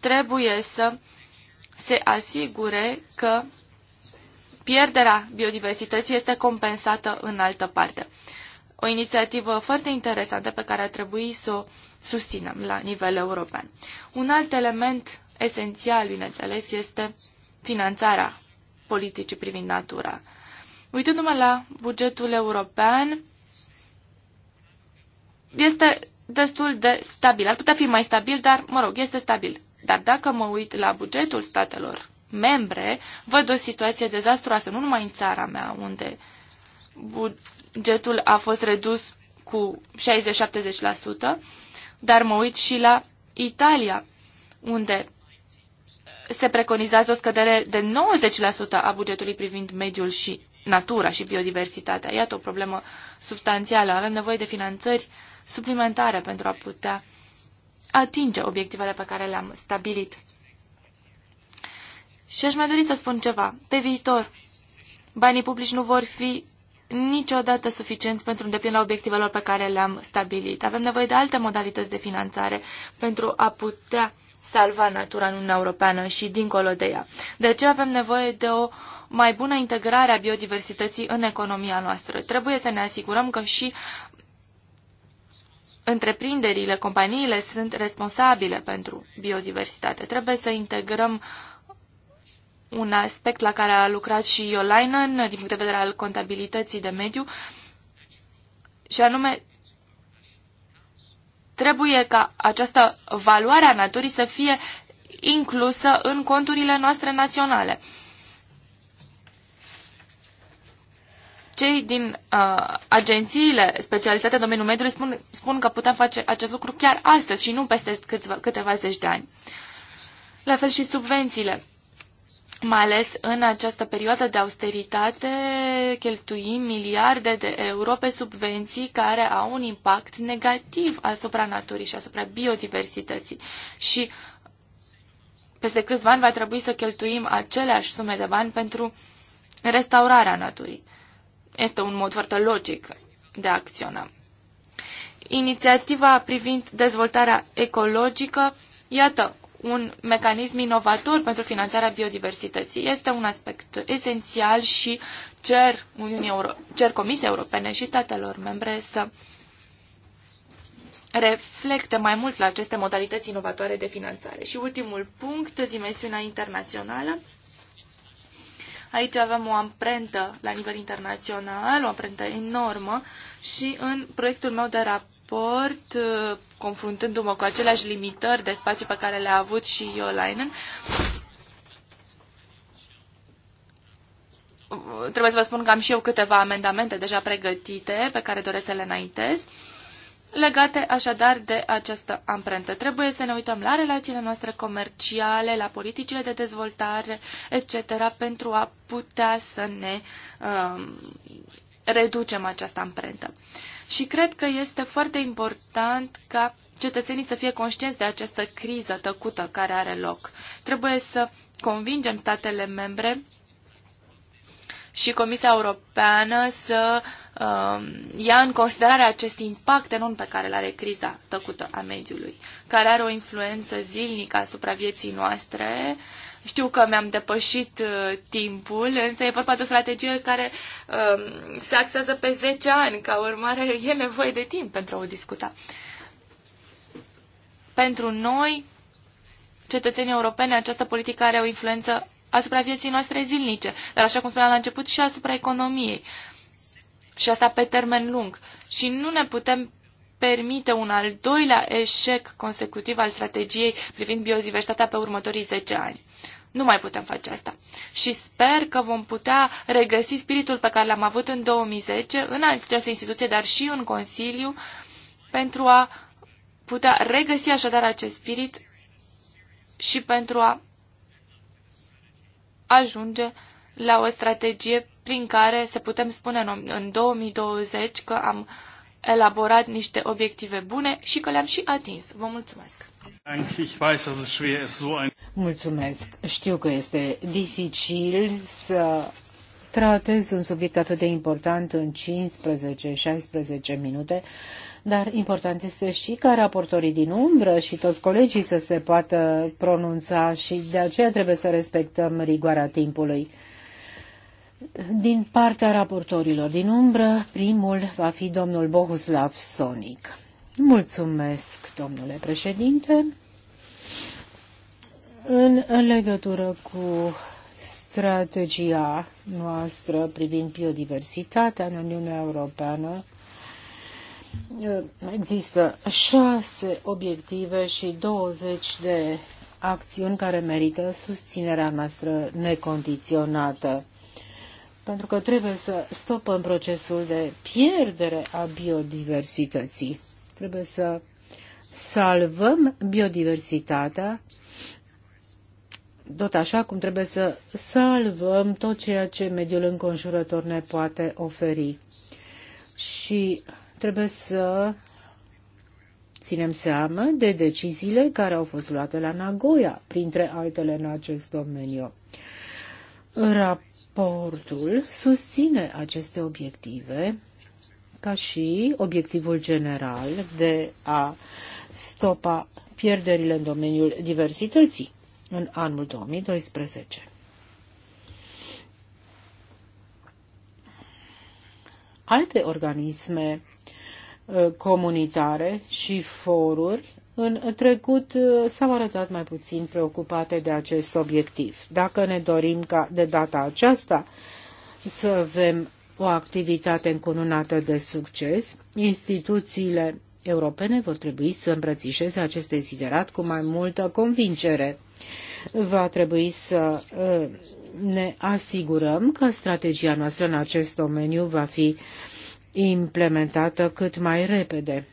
trebuie să se asigure că pierderea biodiversității este compensată în altă parte o inițiativă foarte interesantă pe care ar trebui să o susținem la nivel european. Un alt element esențial, bineînțeles, este finanțarea politicii privind natura. Uitându-mă la bugetul european, este destul de stabil. Ar putea fi mai stabil, dar, mă rog, este stabil. Dar dacă mă uit la bugetul statelor membre, văd o situație dezastruoasă, nu numai în țara mea, unde bugetul a fost redus cu 60-70%, dar mă uit și la Italia, unde se preconizează o scădere de 90% a bugetului privind mediul și natura și biodiversitatea. Iată o problemă substanțială. Avem nevoie de finanțări suplimentare pentru a putea atinge obiectivele pe care le-am stabilit. Și aș mai dori să spun ceva. Pe viitor, banii publici nu vor fi niciodată suficienți pentru îndeplinirea obiectivelor pe care le-am stabilit. Avem nevoie de alte modalități de finanțare pentru a putea salva natura în Uniunea Europeană și dincolo de ea. De aceea avem nevoie de o mai bună integrare a biodiversității în economia noastră. Trebuie să ne asigurăm că și întreprinderile, companiile sunt responsabile pentru biodiversitate. Trebuie să integrăm uh, un aspect la care a lucrat și Iolainen din punct de vedere al contabilității de mediu, și anume trebuie ca această valoare a naturii să fie inclusă în conturile noastre naționale. Cei din uh, agențiile specializate în domeniul mediului spun, spun că putem face acest lucru chiar astăzi și nu peste câțiva, câteva zeci de ani. La fel și subvențiile mai ales în această perioadă de austeritate, cheltuim miliarde de euro pe subvenții care au un impact negativ asupra naturii și asupra biodiversității. Și peste câțiva ani va trebui să cheltuim aceleași sume de bani pentru restaurarea naturii. Este un mod foarte logic de a acționa. Inițiativa privind dezvoltarea ecologică, iată, un mecanism inovator pentru finanțarea biodiversității. Este un aspect esențial și cer, Euro- cer Comisiei Europene și statelor membre să reflecte mai mult la aceste modalități inovatoare de finanțare. Și ultimul punct, dimensiunea internațională. Aici avem o amprentă la nivel internațional, o amprentă enormă și în proiectul meu de raport sport, uh, confruntându-mă cu aceleași limitări de spațiu pe care le-a avut și Iolainen, uh, trebuie să vă spun că am și eu câteva amendamente deja pregătite pe care doresc să le înaintez, legate așadar de această amprentă. Trebuie să ne uităm la relațiile noastre comerciale, la politicile de dezvoltare, etc., pentru a putea să ne um, reducem această amprentă. Și cred că este foarte important ca cetățenii să fie conștienți de această criză tăcută care are loc. Trebuie să convingem statele membre și Comisia Europeană să uh, ia în considerare acest impact enorm pe care îl are criza tăcută a mediului, care are o influență zilnică asupra vieții noastre, uh, știu că mi-am depășit uh, timpul, însă e vorba de o strategie care uh, se axează pe 10 ani. Ca urmare, e nevoie de timp pentru a o discuta. Pentru noi, cetățenii europene, această politică are o influență asupra vieții noastre zilnice, dar așa cum spuneam la început, și asupra economiei. Și asta pe termen lung. Și nu ne putem permite un al doilea eșec consecutiv al strategiei privind biodiversitatea pe următorii 10 ani. Nu mai putem face asta. Și sper că vom putea regăsi spiritul pe care l-am avut în 2010 în această instituție, dar și în Consiliu, pentru a putea regăsi așadar acest spirit și pentru a ajunge la o strategie prin care să putem spune în 2020 că am elaborat niște obiective bune și că le-am și atins. Vă mulțumesc! Mulțumesc. Știu că este dificil să tratez un subiect atât de important în 15-16 minute, dar important este și ca raportorii din umbră și toți colegii să se poată pronunța și de aceea trebuie să respectăm rigoarea timpului. Din partea raportorilor din umbră, primul va fi domnul Bohuslav Sonic. Mulțumesc, domnule președinte. În legătură cu strategia noastră privind biodiversitatea în Uniunea Europeană, există șase obiective și 20 de acțiuni care merită susținerea noastră necondiționată pentru că trebuie să stopăm procesul de pierdere a biodiversității. Trebuie să salvăm biodiversitatea, tot așa cum trebuie să salvăm tot ceea ce mediul înconjurător ne poate oferi. Și trebuie să ținem seamă de deciziile care au fost luate la Nagoya, printre altele în acest domeniu. Rap raportul susține aceste obiective ca și obiectivul general de a stopa pierderile în domeniul diversității în anul 2012. Alte organisme uh, comunitare și foruri în trecut uh, s-au arătat mai puțin preocupate de acest obiectiv. Dacă ne dorim ca de data aceasta să avem o activitate încununată de succes, instituțiile europene vor trebui să îmbrățișeze acest desiderat cu mai multă convingere. Va trebui să uh, ne asigurăm că strategia noastră în acest domeniu va fi implementată cât mai repede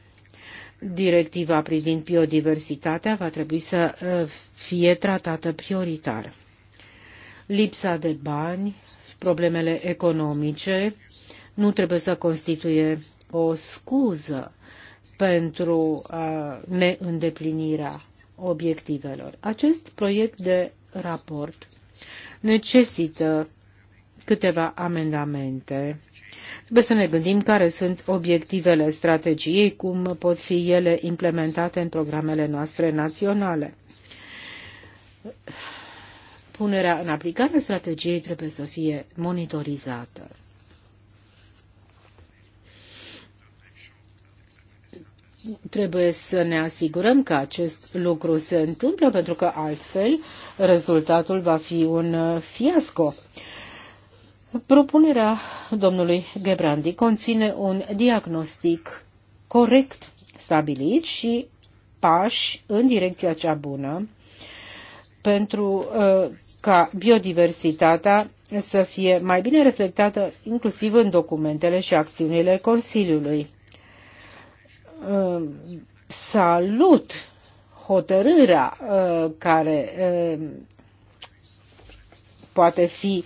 directiva privind biodiversitatea va trebui să uh, fie tratată prioritar. Lipsa de bani, problemele economice nu trebuie să constituie o scuză pentru uh, neîndeplinirea obiectivelor. Acest proiect de raport necesită câteva amendamente Trebuie să ne gândim care sunt obiectivele strategiei, cum pot fi ele implementate în programele noastre naționale. Punerea în aplicare strategiei trebuie să fie monitorizată. trebuie să ne asigurăm că acest lucru se întâmplă, pentru că altfel rezultatul va fi un fiasco. Propunerea domnului Gebrandi conține un diagnostic corect stabilit și pași în direcția cea bună pentru uh, ca biodiversitatea să fie mai bine reflectată inclusiv în documentele și acțiunile Consiliului. Uh, salut hotărârea uh, care poate fi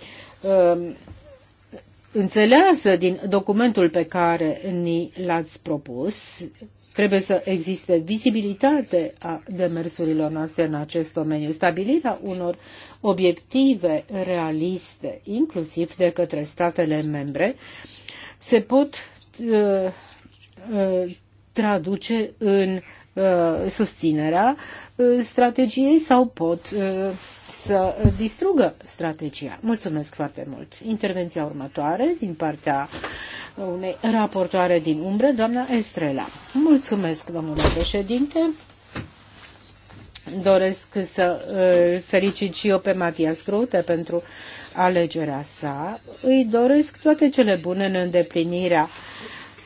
înțeleasă din documentul pe care ni l-ați propus. Trebuie să existe vizibilitate a demersurilor noastre în acest domeniu, stabilirea unor obiective realiste, inclusiv de către statele membre, se pot uh, uh, traduce în uh, susținerea Uh, strategiei sau pot uh, să distrugă strategia. Mulțumesc foarte mult. Intervenția următoare din partea unei raportoare din umbră, doamna Estrela. Mulțumesc, domnule președinte. Doresc să îl uh, felicit și eu pe Matias Grote pentru alegerea sa. Îi doresc toate cele bune în îndeplinirea uh,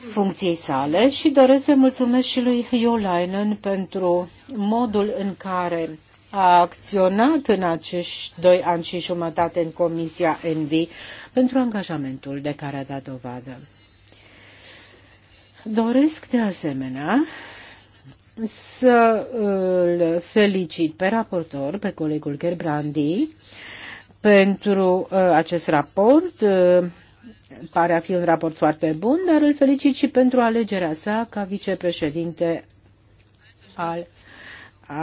funcției sale și doresc să mulțumesc și lui Iolainen pentru modul în care a acționat în acești doi ani și jumătate în Comisia Envi pentru angajamentul de care a dat dovadă. Doresc de asemenea să îl felicit pe raportor, pe colegul Gerbrandi, pentru uh, acest raport. Uh, pare a fi un raport foarte bun, dar îl felicit și pentru alegerea sa ca vicepreședinte al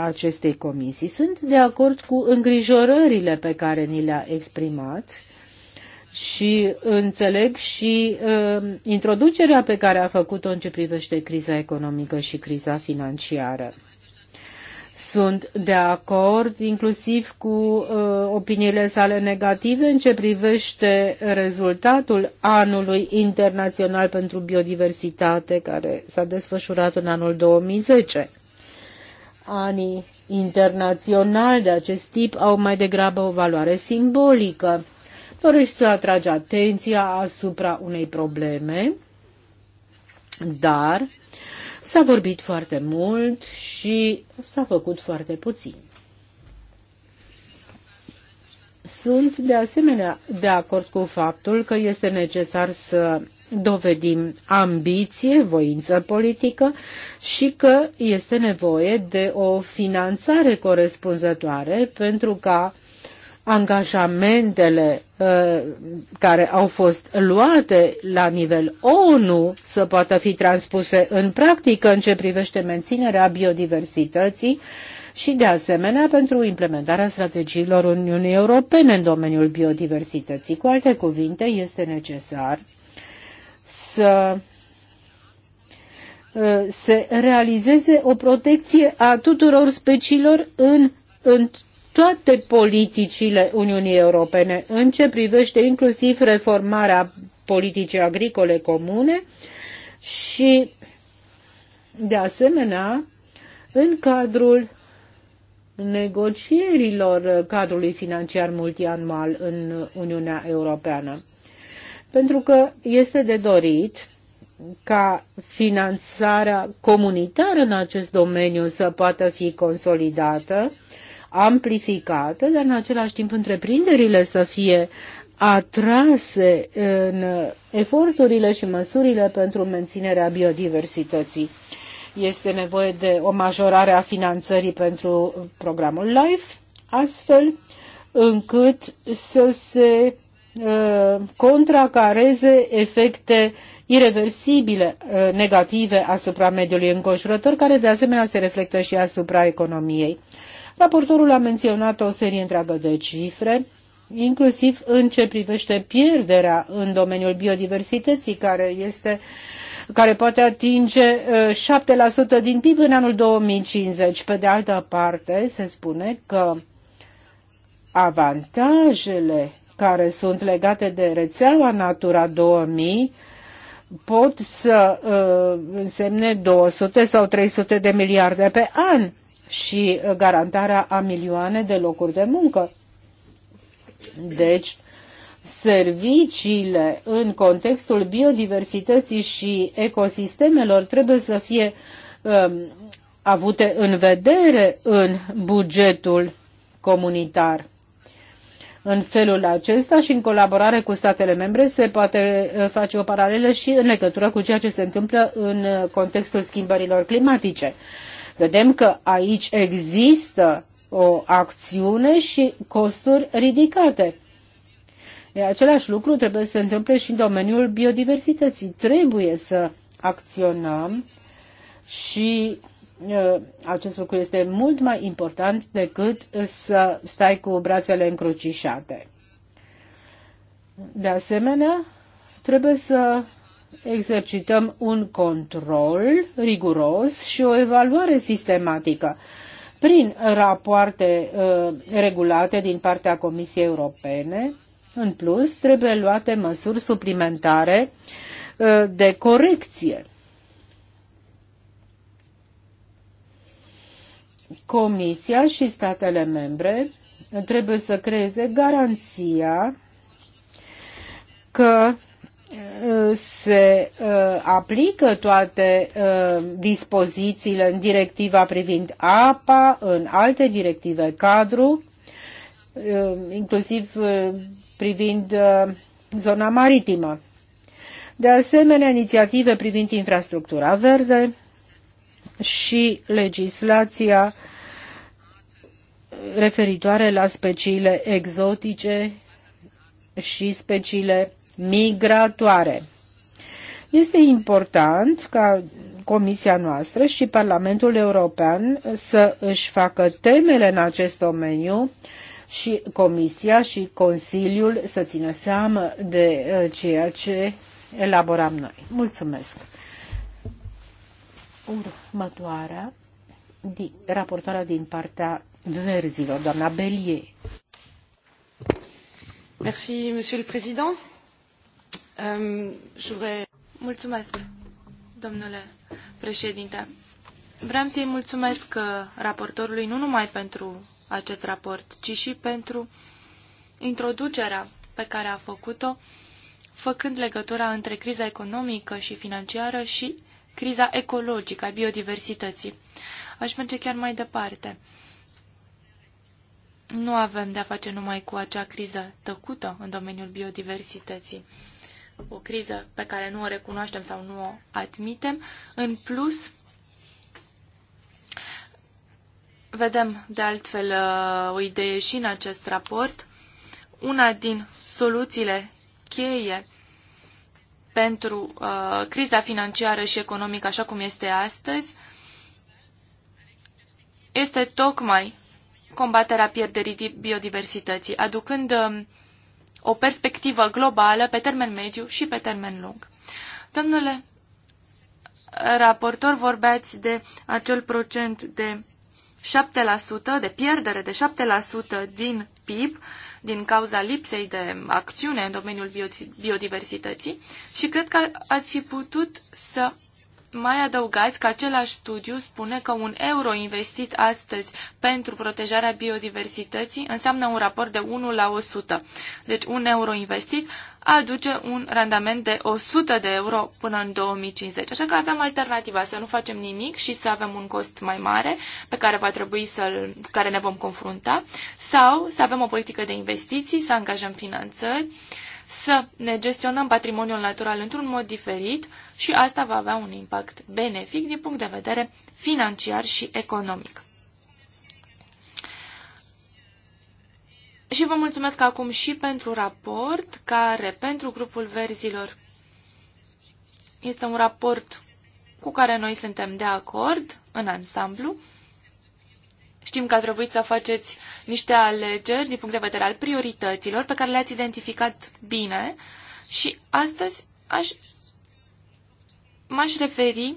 acestei comisii. Sunt de acord cu îngrijorările pe care ni le-a exprimat și înțeleg și uh, introducerea pe care a făcut-o în ce privește criza economică și criza financiară. Sunt de acord inclusiv cu uh, opiniile sale negative în ce privește rezultatul anului internațional pentru biodiversitate care s-a desfășurat în anul 2010. Anii internaționali de acest tip au mai degrabă o valoare simbolică. Dorești să atragi atenția asupra unei probleme, dar S-a vorbit foarte mult și s-a făcut foarte puțin. Sunt de asemenea de acord cu faptul că este necesar să dovedim ambiție, voință politică și că este nevoie de o finanțare corespunzătoare pentru ca angajamentele uh, care au fost luate la nivel ONU să poată fi transpuse în practică în ce privește menținerea biodiversității și, de asemenea, pentru implementarea strategiilor Uniunii Europene în domeniul biodiversității. Cu alte cuvinte, este necesar să uh, se realizeze o protecție a tuturor speciilor în, în toate politicile Uniunii Europene, în ce privește inclusiv reformarea politicii agricole comune și, de asemenea, în cadrul negocierilor cadrului financiar multianual în Uniunea Europeană. Pentru că este de dorit ca finanțarea comunitară în acest domeniu să poată fi consolidată amplificată, dar în același timp întreprinderile să fie atrase în eforturile și măsurile pentru menținerea biodiversității. Este nevoie de o majorare a finanțării pentru programul LIFE, astfel încât să se uh, contracareze efecte irreversibile uh, negative asupra mediului înconjurător, care de asemenea se reflectă și asupra economiei. Raportorul a menționat o serie întreagă de cifre, inclusiv în ce privește pierderea în domeniul biodiversității, care este care poate atinge 7% din PIB în anul 2050. Pe de altă parte, se spune că avantajele care sunt legate de rețeaua Natura 2000 pot să uh, însemne 200 sau 300 de miliarde pe an și uh, garantarea a milioane de locuri de muncă. Deci, serviciile în contextul biodiversității și ecosistemelor trebuie să fie um, avute în vedere în bugetul comunitar. În felul acesta și în colaborare cu statele membre se poate uh, face o paralelă și în legătură cu ceea ce se întâmplă în uh, contextul schimbărilor climatice. Uh, Vedem că aici există o acțiune și costuri ridicate. E același lucru trebuie să se întâmple și în domeniul biodiversității. Trebuie să acționăm și acest lucru este mult mai important decât să stai cu brațele încrucișate. De asemenea, trebuie să exercităm un control riguros și o evaluare sistematică prin rapoarte uh, regulate din partea Comisiei Europene. În plus, trebuie luate măsuri suplimentare uh, de corecție. Comisia și statele membre trebuie să creeze garanția că se uh, aplică toate uh, dispozițiile în directiva privind apa, în alte directive cadru, uh, inclusiv privind zona maritimă. De asemenea, inițiative privind infrastructura verde și legislația referitoare la speciile exotice și speciile migratoare. Este important ca Comisia noastră și Parlamentul European să își facă temele în acest domeniu și Comisia și Consiliul să țină seamă de uh, ceea ce elaborăm noi. Mulțumesc! Următoarea, din, raportoarea din partea verzilor, doamna Belie. Merci, Monsieur le Président. Mulțumesc, domnule președinte. Vreau să-i mulțumesc uh, raportorului nu numai pentru acest raport, ci și pentru introducerea pe care a făcut-o, făcând legătura între criza economică și financiară și criza ecologică a biodiversității. Aș merge chiar mai departe. Nu avem de-a face numai cu acea criză tăcută în domeniul biodiversității o criză pe care nu o recunoaștem sau nu o admitem. În plus, vedem de altfel uh, o idee și în acest raport. Una din soluțiile cheie pentru uh, criza financiară și economică așa cum este astăzi este tocmai combaterea pierderii biodiversității, aducând uh, o perspectivă globală pe termen mediu și pe termen lung. Domnule raportor, vorbeați de acel procent de 7%, de pierdere de 7% din PIB din cauza lipsei de acțiune în domeniul biodiversității și cred că ați fi putut să mai adăugați că același studiu spune că un euro investit astăzi pentru protejarea biodiversității înseamnă un raport de 1 la 100. Deci un euro investit aduce un randament de 100 de euro până în 2050. Așa că avem alternativa să nu facem nimic și să avem un cost mai mare pe care va trebui să care ne vom confrunta sau să avem o politică de investiții, să angajăm finanțări, să ne gestionăm patrimoniul natural într-un mod diferit și asta va avea un impact benefic din punct de vedere financiar și economic. Și vă mulțumesc acum și pentru raport, care pentru grupul verzilor este un raport cu care noi suntem de acord în ansamblu. Știm că a trebuit să faceți niște alegeri din punct de vedere al priorităților pe care le-ați identificat bine și astăzi aș, m-aș referi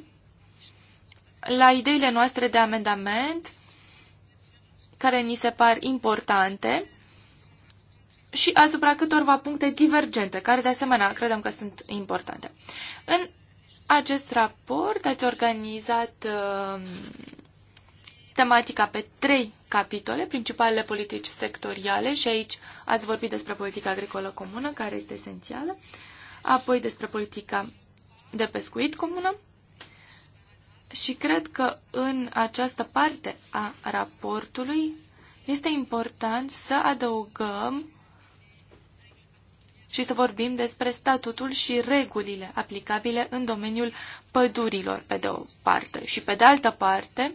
la ideile noastre de amendament care ni se par importante și asupra câtorva puncte divergente, care de asemenea credem că sunt importante. În acest raport ați organizat uh, tematica pe trei capitole, principalele politici sectoriale și aici ați vorbit despre politica agricolă comună, care este esențială, apoi despre politica de pescuit comună și cred că în această parte a raportului este important să adăugăm și să vorbim despre statutul și regulile aplicabile în domeniul pădurilor, pe de o parte. Și pe de altă parte,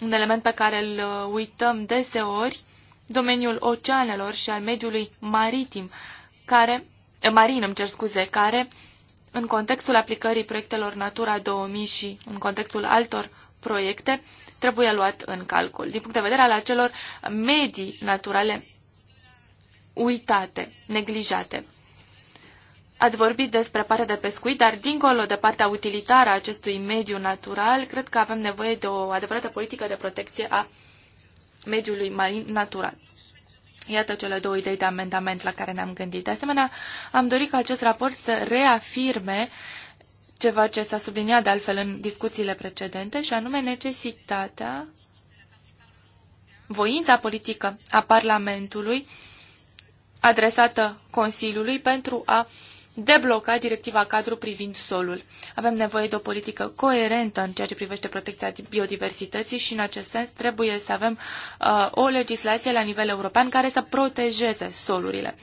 un element pe care îl uh, uităm deseori, domeniul oceanelor și al mediului maritim, care, eh, marin, îmi cer scuze, care, în contextul aplicării proiectelor Natura 2000 și în contextul altor proiecte, trebuie luat în calcul, din punct de vedere al acelor medii naturale uitate, neglijate. Ați vorbit despre partea de pescuit, dar dincolo de partea utilitară a acestui mediu natural, cred că avem nevoie de o adevărată politică de protecție a mediului marin natural. Iată cele două idei de amendament la care ne-am gândit. De asemenea, am dorit ca acest raport să reafirme ceva ce s-a subliniat de altfel în discuțiile precedente, și anume necesitatea, voința politică a Parlamentului adresată Consiliului pentru a debloca directiva cadru privind solul. Avem nevoie de o politică coerentă în ceea ce privește protecția biodiversității și în acest sens trebuie să avem uh, o legislație la nivel european care să protejeze solurile.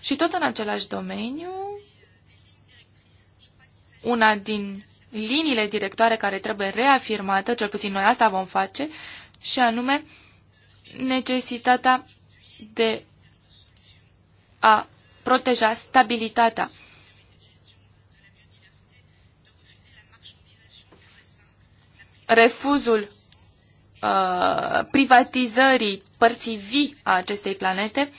Și tot în același domeniu, una din liniile directoare care trebuie reafirmată, cel puțin noi asta vom face, și anume necesitatea de a proteja stabilitatea. Refuzul uh, privatizării părții vii a acestei planete,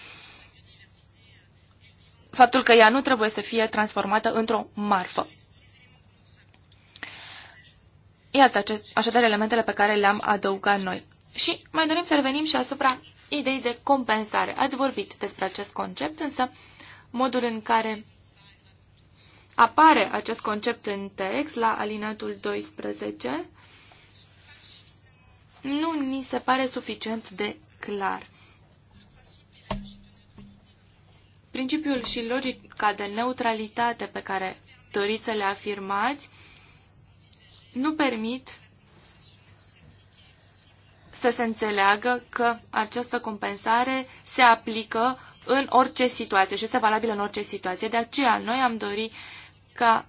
faptul că ea nu trebuie să fie transformată într-o marfă. Iată așadar elementele pe care le-am adăugat noi. Și mai dorim să revenim și asupra idei de compensare. Ați vorbit despre acest concept, însă modul în care apare acest concept în text, la alinatul 12, nu ni se pare suficient de clar. Principiul și logica de neutralitate pe care doriți să le afirmați nu permit să se înțeleagă că această compensare se aplică în orice situație și este valabilă în orice situație. De aceea noi am dorit ca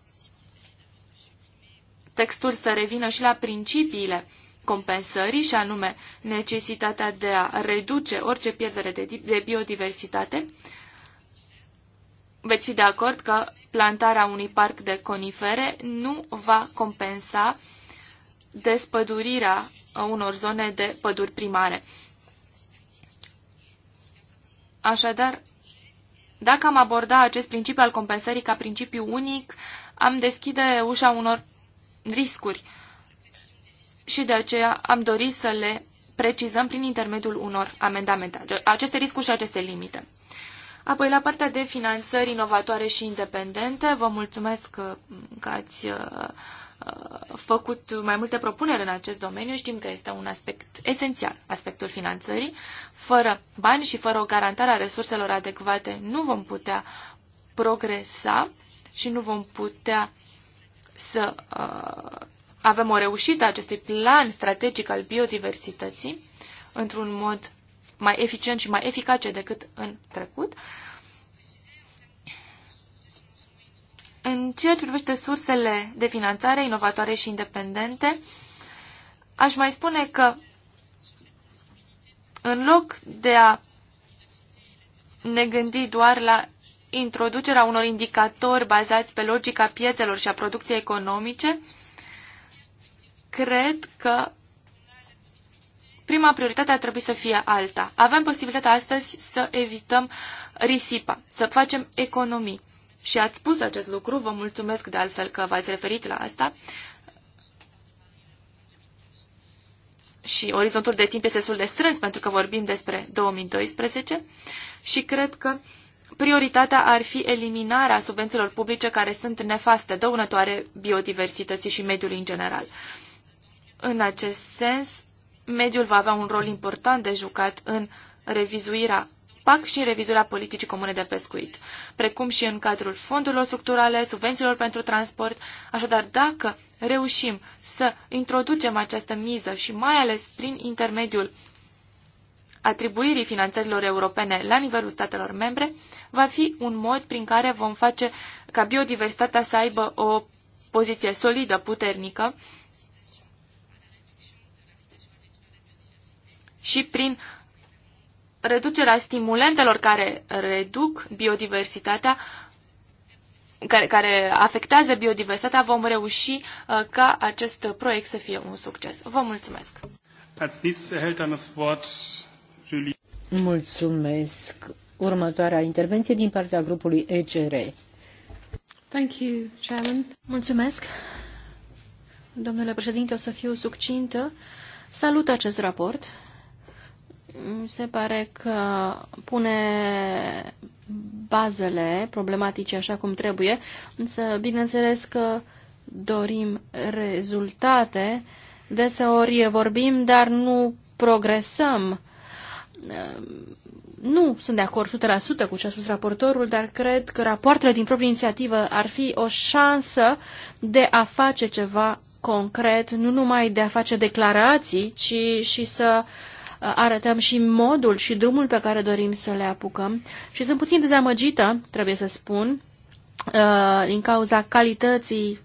textul să revină și la principiile compensării, și anume necesitatea de a reduce orice pierdere de, de biodiversitate. Veți fi de acord că plantarea unui parc de conifere nu va compensa despădurirea unor zone de păduri primare. Așadar, dacă am aborda acest principiu al compensării ca principiu unic, am deschide ușa unor riscuri și de aceea am dorit să le precizăm prin intermediul unor amendamente, aceste riscuri și aceste limite. Apoi, la partea de finanțări inovatoare și independente, vă mulțumesc că, uh, că ați uh, uh, făcut mai multe propuneri în acest domeniu. Știm că este un aspect esențial, aspectul finanțării. Fără bani și fără o garantare a resurselor adecvate nu vom putea progresa și nu vom putea să uh, avem o reușită a acestui plan strategic al biodiversității într-un mod mai eficient și mai eficace decât în trecut. În ceea ce privește sursele de finanțare inovatoare și independente, aș mai spune că în loc de a ne gândi doar la introducerea unor indicatori bazați pe logica piețelor și a producției economice, cred că prima prioritate ar trebui să fie alta. Avem posibilitatea astăzi să evităm risipa, să facem economii. Și ați spus acest lucru, vă mulțumesc de altfel că v-ați referit la asta. Uh, și orizontul de timp este destul de strâns pentru că vorbim despre 2012 și cred că prioritatea ar fi eliminarea subvențiilor publice care sunt nefaste, dăunătoare biodiversității și mediului în general. În acest sens, mediul va avea un rol important de jucat în revizuirea PAC și revizuirea politicii comune de pescuit, precum și în cadrul fondurilor structurale, subvențiilor pentru transport. Așadar, dacă reușim să introducem această miză și mai ales prin intermediul atribuirii finanțărilor europene la nivelul statelor membre, va fi un mod prin care vom face ca biodiversitatea să aibă o poziție solidă, puternică, și prin reducerea stimulentelor care reduc biodiversitatea, care, care afectează biodiversitatea, vom reuși uh, ca acest proiect să fie un succes. Vă mulțumesc! Mulțumesc! Următoarea intervenție din partea grupului ECR. Thank you, Chairman. Mulțumesc! Domnule președinte, o să fiu succintă. Salut acest raport mi se pare că pune bazele problematice așa cum trebuie, însă bineînțeles că dorim rezultate. Deseori vorbim, dar nu progresăm. Nu sunt de acord 100% cu ce a spus raportorul, dar cred că rapoartele din proprie inițiativă ar fi o șansă de a face ceva concret, nu numai de a face declarații, ci și să uh, Uh, arătăm și modul și drumul pe care dorim să le apucăm și sunt puțin dezamăgită, trebuie să spun, uh, din cauza calității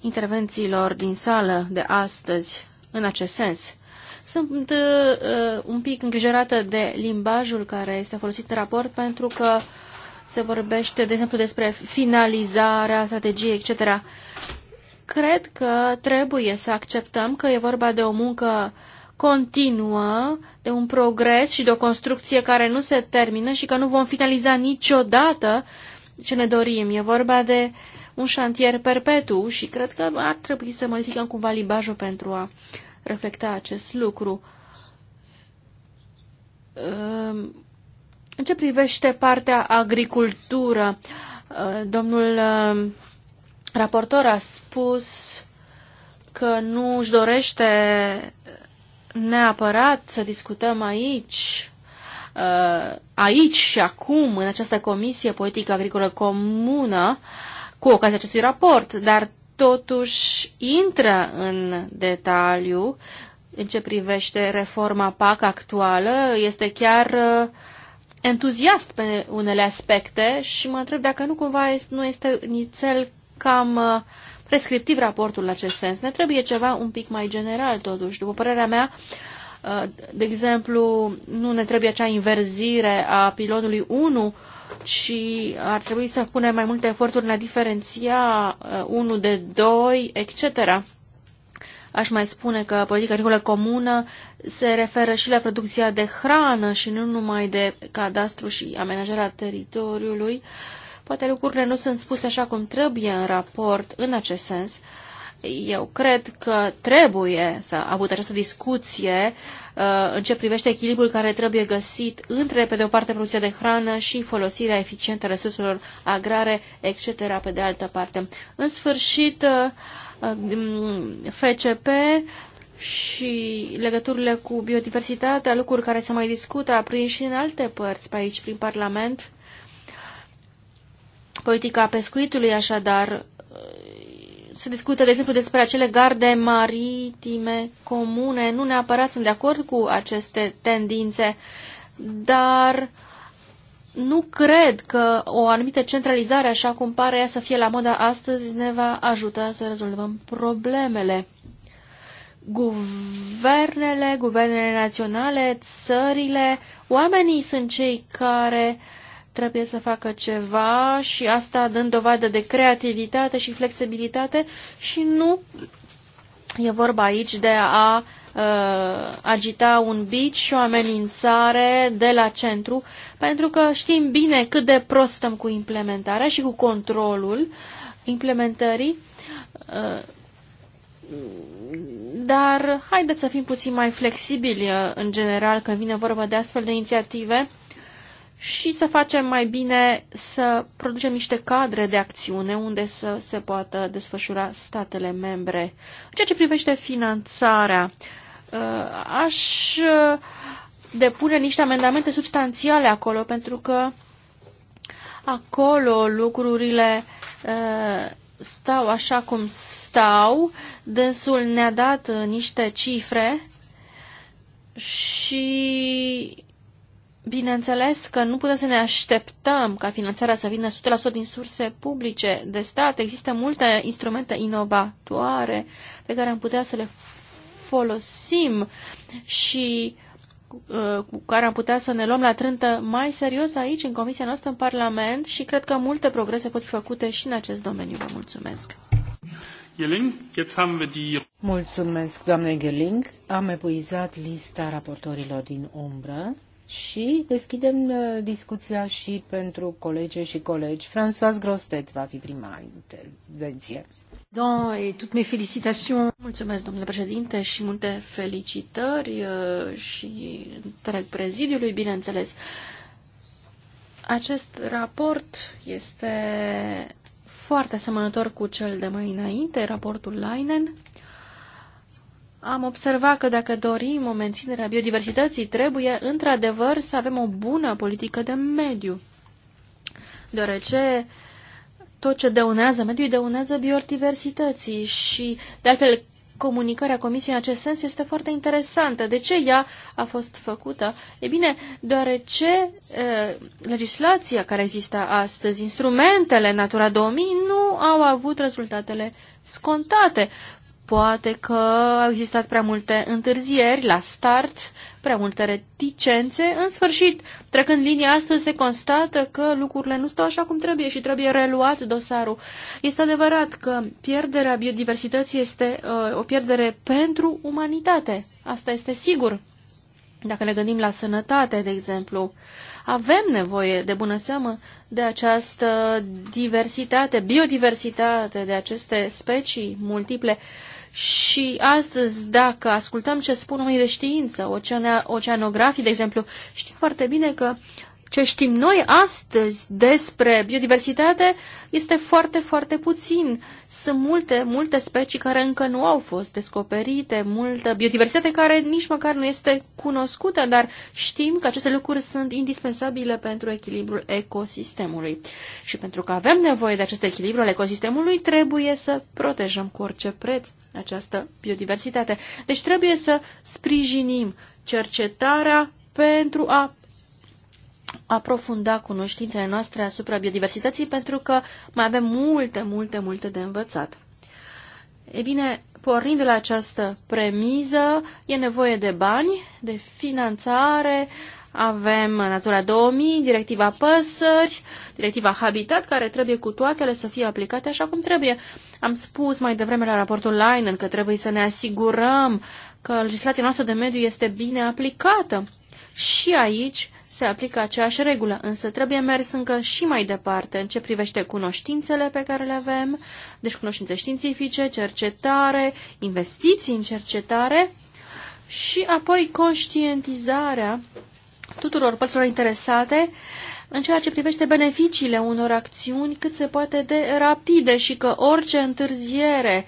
intervențiilor din sală de astăzi în acest sens. Sunt uh, uh, un pic îngrijorată de limbajul care este folosit în raport pentru că se vorbește, de exemplu, despre finalizarea strategiei, etc. Cred că trebuie să acceptăm că e vorba de o muncă uh, continuă, de un progres și de o construcție care nu se termină și că nu vom finaliza niciodată ce ne dorim. E vorba de un șantier perpetu și cred că ar trebui să modificăm cumva limbajul pentru a reflecta acest lucru. În ce privește partea agricultură, domnul raportor a spus că nu își dorește neapărat să discutăm aici, uh, aici și acum, în această Comisie Politică Agricolă Comună, cu ocazia acestui raport, dar totuși intră în detaliu în ce privește reforma PAC actuală, este chiar uh, entuziast pe unele aspecte și mă întreb dacă nu cumva nu este nițel cam uh, prescriptiv raportul în acest sens. Ne trebuie ceva un pic mai general, totuși. După părerea mea, uh, de exemplu, nu ne trebuie acea inverzire a pilonului 1, ci ar trebui să punem mai multe eforturi în a diferenția 1 uh, de 2, etc. Aș mai spune că politica agricolă comună se referă și la producția de hrană și nu numai de cadastru și amenajarea teritoriului. Uh, Poate lucrurile nu sunt spuse așa cum trebuie în raport în acest sens. Eu cred că trebuie să a avut această discuție uh, în ce privește echilibrul care trebuie găsit între, pe de o parte, producția de hrană și folosirea eficientă a resurselor agrare, etc., pe de altă parte. În sfârșit, uh, uh FCP și legăturile cu biodiversitatea, lucruri care se mai discută, aprinși și în alte părți pe aici, prin Parlament, Politica pescuitului, așadar, se discută, de exemplu, despre acele garde maritime comune. Nu neapărat sunt de acord cu aceste tendințe, dar nu cred că o anumită centralizare, așa cum pare ea să fie la moda astăzi, ne va ajuta să rezolvăm problemele. Guvernele, guvernele naționale, țările, oamenii sunt cei care trebuie să facă ceva și asta dând dovadă de creativitate și flexibilitate și nu e vorba aici de a uh, agita un bici și o amenințare de la centru, pentru că știm bine cât de prost stăm cu implementarea și cu controlul implementării. Uh, dar haideți să fim puțin mai flexibili uh, în general când vine vorba de astfel de inițiative și să facem mai bine să producem niște cadre de acțiune unde să se poată desfășura statele membre. În ceea ce privește finanțarea, uh, aș uh, depune niște amendamente substanțiale acolo, pentru că acolo lucrurile uh, stau așa cum stau. Dânsul ne-a dat niște cifre și Bineînțeles că nu putem să ne așteptăm ca finanțarea să vină 100% din surse publice de stat. Există multe instrumente inovatoare pe care am putea să le folosim și uh, cu care am putea să ne luăm la trântă mai serios aici, în comisia noastră, în Parlament și cred că multe progrese pot fi făcute și în acest domeniu. Vă mulțumesc! Mulțumesc, doamne Gheling. Am epuizat lista raportorilor din umbră și deschidem uh, discuția și pentru colege și colegi. François Grostet va fi prima intervenție. Mulțumesc, domnule președinte, și multe felicitări uh, și întreg prezidiului, bineînțeles. Acest raport este foarte asemănător cu cel de mai înainte, raportul Leinen, am observat că dacă dorim o menținere a biodiversității, trebuie într-adevăr să avem o bună politică de mediu, deoarece tot ce dăunează mediului dăunează biodiversității și, de altfel, comunicarea Comisiei în acest sens este foarte interesantă. De ce ea a fost făcută? E bine, deoarece e, legislația care există astăzi, instrumentele Natura 2000, nu au avut rezultatele scontate. Poate că au existat prea multe întârzieri la start, prea multe reticențe. În sfârșit, trecând linia asta, se constată că lucrurile nu stau așa cum trebuie și trebuie reluat dosarul. Este adevărat că pierderea biodiversității este uh, o pierdere pentru umanitate. Asta este sigur. Dacă ne gândim la sănătate, de exemplu, avem nevoie, de bună seamă, de această diversitate, biodiversitate, de aceste specii multiple. Uh, și astăzi, dacă ascultăm ce spun oamenii de știință, oceanografii, de exemplu, știm foarte bine că ce știm noi astăzi despre biodiversitate este foarte, foarte puțin. Sunt multe, multe specii care încă nu au fost descoperite, multă biodiversitate care nici măcar nu este cunoscută, dar știm că aceste lucruri sunt indispensabile pentru echilibrul ecosistemului. Și pentru că avem nevoie de acest echilibru al ecosistemului, trebuie să protejăm cu orice preț această biodiversitate. Deci trebuie să sprijinim cercetarea pentru a aprofunda cunoștințele noastre asupra biodiversității, pentru că mai avem multe, multe, multe de învățat. E bine, pornind de la această premiză, e nevoie de bani, de finanțare, avem Natura 2000, Directiva Păsări, Directiva Habitat, care trebuie cu toatele să fie aplicate așa cum trebuie. Am spus mai devreme la raportul Leinen că trebuie să ne asigurăm că legislația noastră de mediu este bine aplicată. Și aici se aplică aceeași regulă, însă trebuie mers încă și mai departe în ce privește cunoștințele pe care le avem, deci cunoștințe științifice, cercetare, investiții în cercetare și apoi conștientizarea tuturor părților interesate în ceea ce privește beneficiile unor acțiuni cât se poate de rapide și că orice întârziere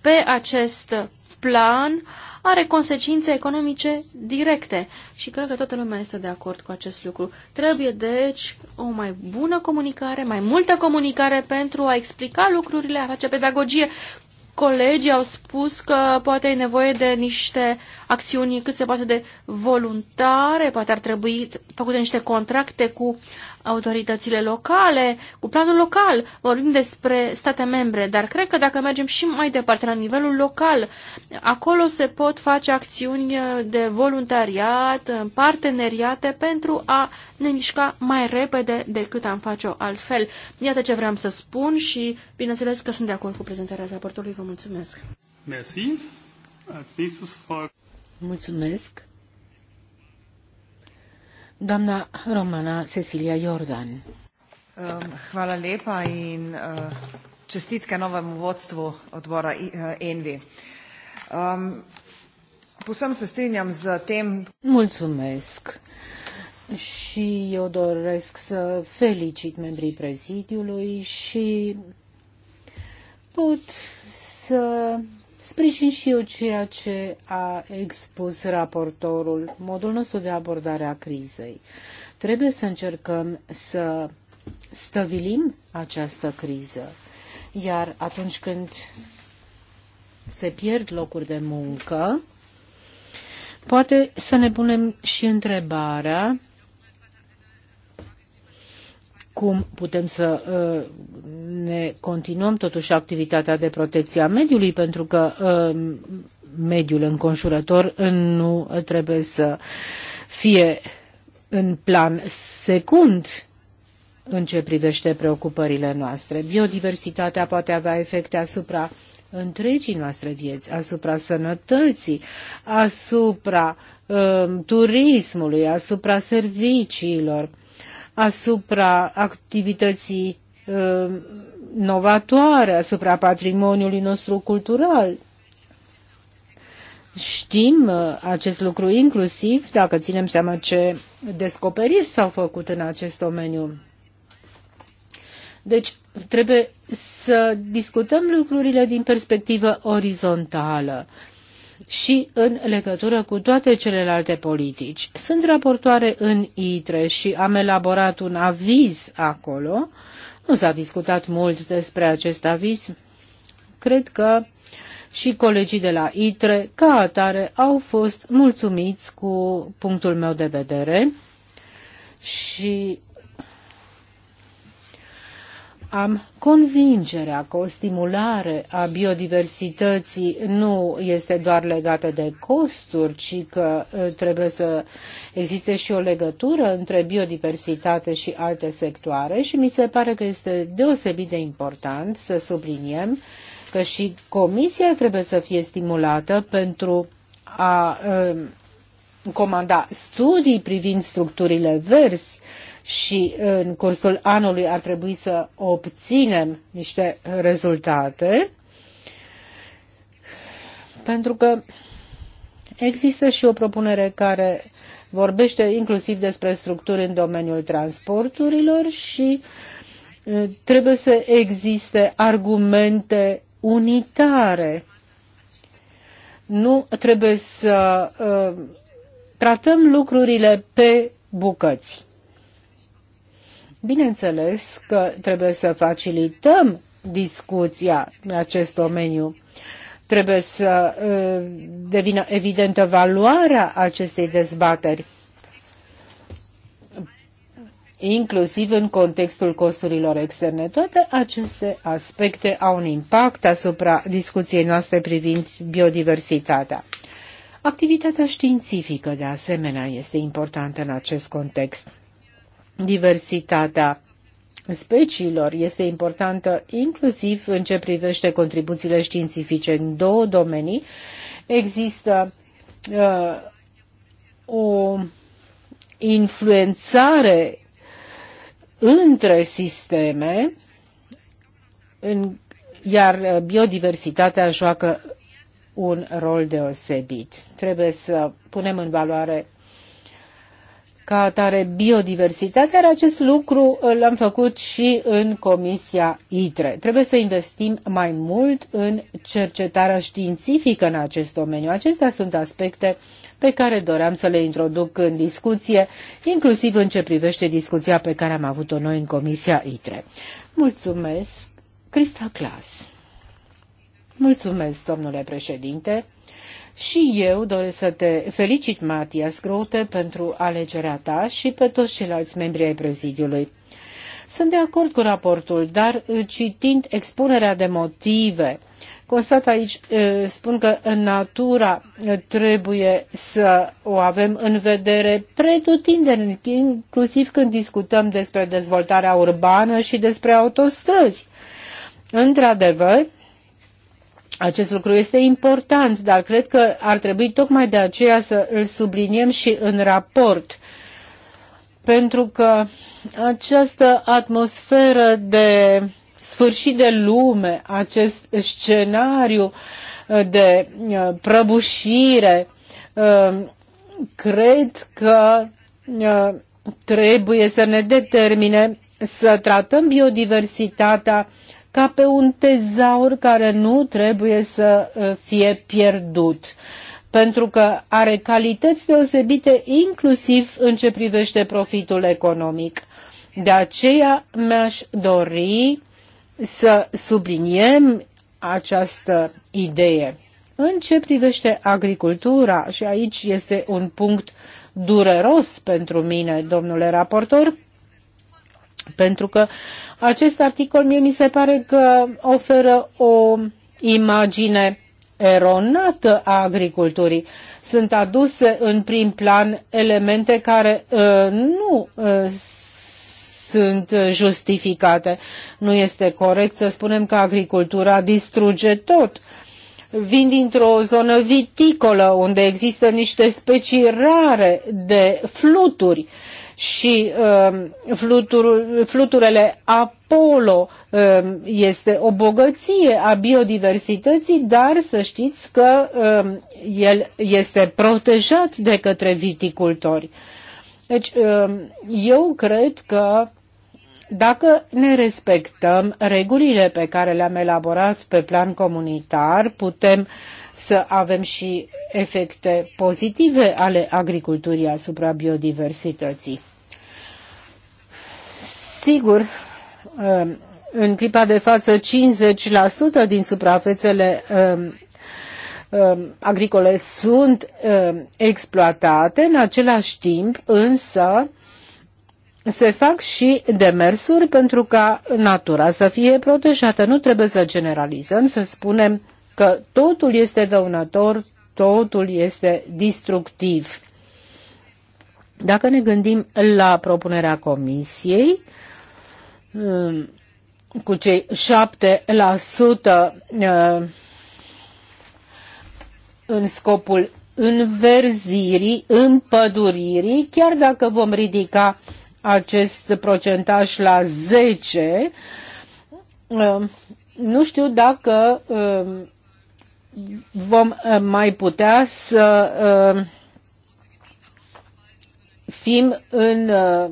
pe acest plan are consecințe economice directe și cred că toată lumea este de acord cu acest lucru. Trebuie, deci, o mai bună comunicare, mai multă comunicare pentru a explica lucrurile, a face pedagogie Colegii au spus că poate e nevoie de niște acțiuni cât se poate de voluntare, poate ar trebui făcute niște contracte cu autoritățile locale, cu planul local, vorbim despre state membre, dar cred că dacă mergem și mai departe la nivelul local, acolo se pot face acțiuni de voluntariat, parteneriate pentru a ne mișca mai repede decât am face-o altfel. Iată ce vreau să spun și bineînțeles că sunt de acord cu prezentarea raportului. Vă mulțumesc! Mulțumesc! Doamna romana Cecilia Jordan. Hvala lepa in eh, čestitke novemu vodstvu odbora ENVI. Eh, povsem se strinjam z tem. Mulțumesc. Și eu doresc să felicit membrii prezidiului și pot să Sprijin și eu ceea ce a expus raportorul, modul nostru de abordare a crizei. Trebuie să încercăm să stăvilim această criză, iar atunci când se pierd locuri de muncă, poate să ne punem și întrebarea cum putem să uh, ne continuăm totuși activitatea de protecție a mediului, pentru că uh, mediul înconjurător nu trebuie să fie în plan secund în ce privește preocupările noastre. Biodiversitatea poate avea efecte asupra întregii noastre vieți, asupra sănătății, asupra uh, turismului, asupra serviciilor asupra activității uh, novatoare, asupra patrimoniului nostru cultural. Știm uh, acest lucru inclusiv dacă ținem seama ce descoperiri s-au făcut în acest domeniu. Deci trebuie să discutăm lucrurile din perspectivă orizontală și în legătură cu toate celelalte politici. Sunt raportoare în ITRE și am elaborat un aviz acolo. Nu s-a discutat mult despre acest aviz. Cred că și colegii de la ITRE, ca atare, au fost mulțumiți cu punctul meu de vedere și am convingerea că o stimulare a biodiversității nu este doar legată de costuri, ci că uh, trebuie să existe și o legătură între biodiversitate și alte sectoare și mi se pare că este deosebit de important să subliniem că și Comisia trebuie să fie stimulată pentru a uh, comanda studii privind structurile verzi, și în cursul anului ar trebui să obținem niște rezultate, pentru că există și o propunere care vorbește inclusiv despre structuri în domeniul transporturilor și trebuie să existe argumente unitare. Nu trebuie să uh, tratăm lucrurile pe bucăți. Bineînțeles că trebuie să facilităm discuția în acest domeniu. Trebuie să uh, devină evidentă valoarea acestei dezbateri, inclusiv în contextul costurilor externe. Toate aceste aspecte au un impact asupra discuției noastre privind biodiversitatea. Activitatea științifică, de asemenea, este importantă în acest context diversitatea speciilor este importantă inclusiv în ce privește contribuțiile științifice. În două domenii există uh, o influențare între sisteme, în, iar biodiversitatea joacă un rol deosebit. Trebuie să punem în valoare ca atare biodiversitatea, iar acest lucru uh, l-am făcut și în Comisia ITRE. Trebuie să investim mai mult în cercetarea științifică în acest domeniu. Acestea sunt aspecte pe care doream să le introduc în discuție, inclusiv în ce privește discuția pe care am avut-o noi în Comisia ITRE. Mulțumesc, Crista Clas. Mulțumesc, domnule președinte. Și eu doresc să te felicit, Matias Grote, pentru alegerea ta și pe toți ceilalți membri ai prezidiului. Sunt de acord cu raportul, dar uh, citind expunerea de motive, constat aici, uh, spun că natura uh, trebuie să o avem în vedere pretutindeni, inclusiv când discutăm despre dezvoltarea urbană și despre autostrăzi. Într-adevăr, acest lucru este important, dar cred că ar trebui tocmai de aceea să îl subliniem și în raport pentru că această atmosferă de sfârșit de lume, acest scenariu uh, de uh, prăbușire, uh, cred că trebuie să ne determine să tratăm biodiversitatea ca pe un tezaur care nu trebuie să uh, fie pierdut pentru că are calități deosebite inclusiv în ce privește profitul economic. De aceea mi-aș dori să subliniem această idee. În ce privește agricultura, și aici este un punct dureros pentru mine, domnule raportor, pentru că acest articol mie mi se pare că oferă o imagine eronată a agriculturii. Sunt aduse în prim plan elemente care uh, nu uh, sunt justificate. Nu este corect să spunem că agricultura distruge tot. Vin dintr-o zonă viticolă unde există niște specii rare de fluturi și um, fluturul, fluturele Apollo um, este o bogăție a biodiversității, dar să știți că um, el este protejat de către viticultori. Deci, eu cred că dacă ne respectăm regulile pe care le-am elaborat pe plan comunitar, putem să avem și efecte pozitive ale agriculturii asupra biodiversității. Sigur, um, în clipa de față 50% din suprafețele um, um, agricole sunt exploatate, în același timp însă se fac și demersuri pentru ca natura să fie protejată. Nu trebuie să generalizăm, să spunem că totul este dăunător, totul este distructiv. Dacă ne gândim la propunerea Comisiei, um, cu cei 7% um, în scopul înverzirii, împăduririi, chiar dacă vom ridica acest procentaj la 10, um, nu știu dacă vom uh, mai putea să fim în uh,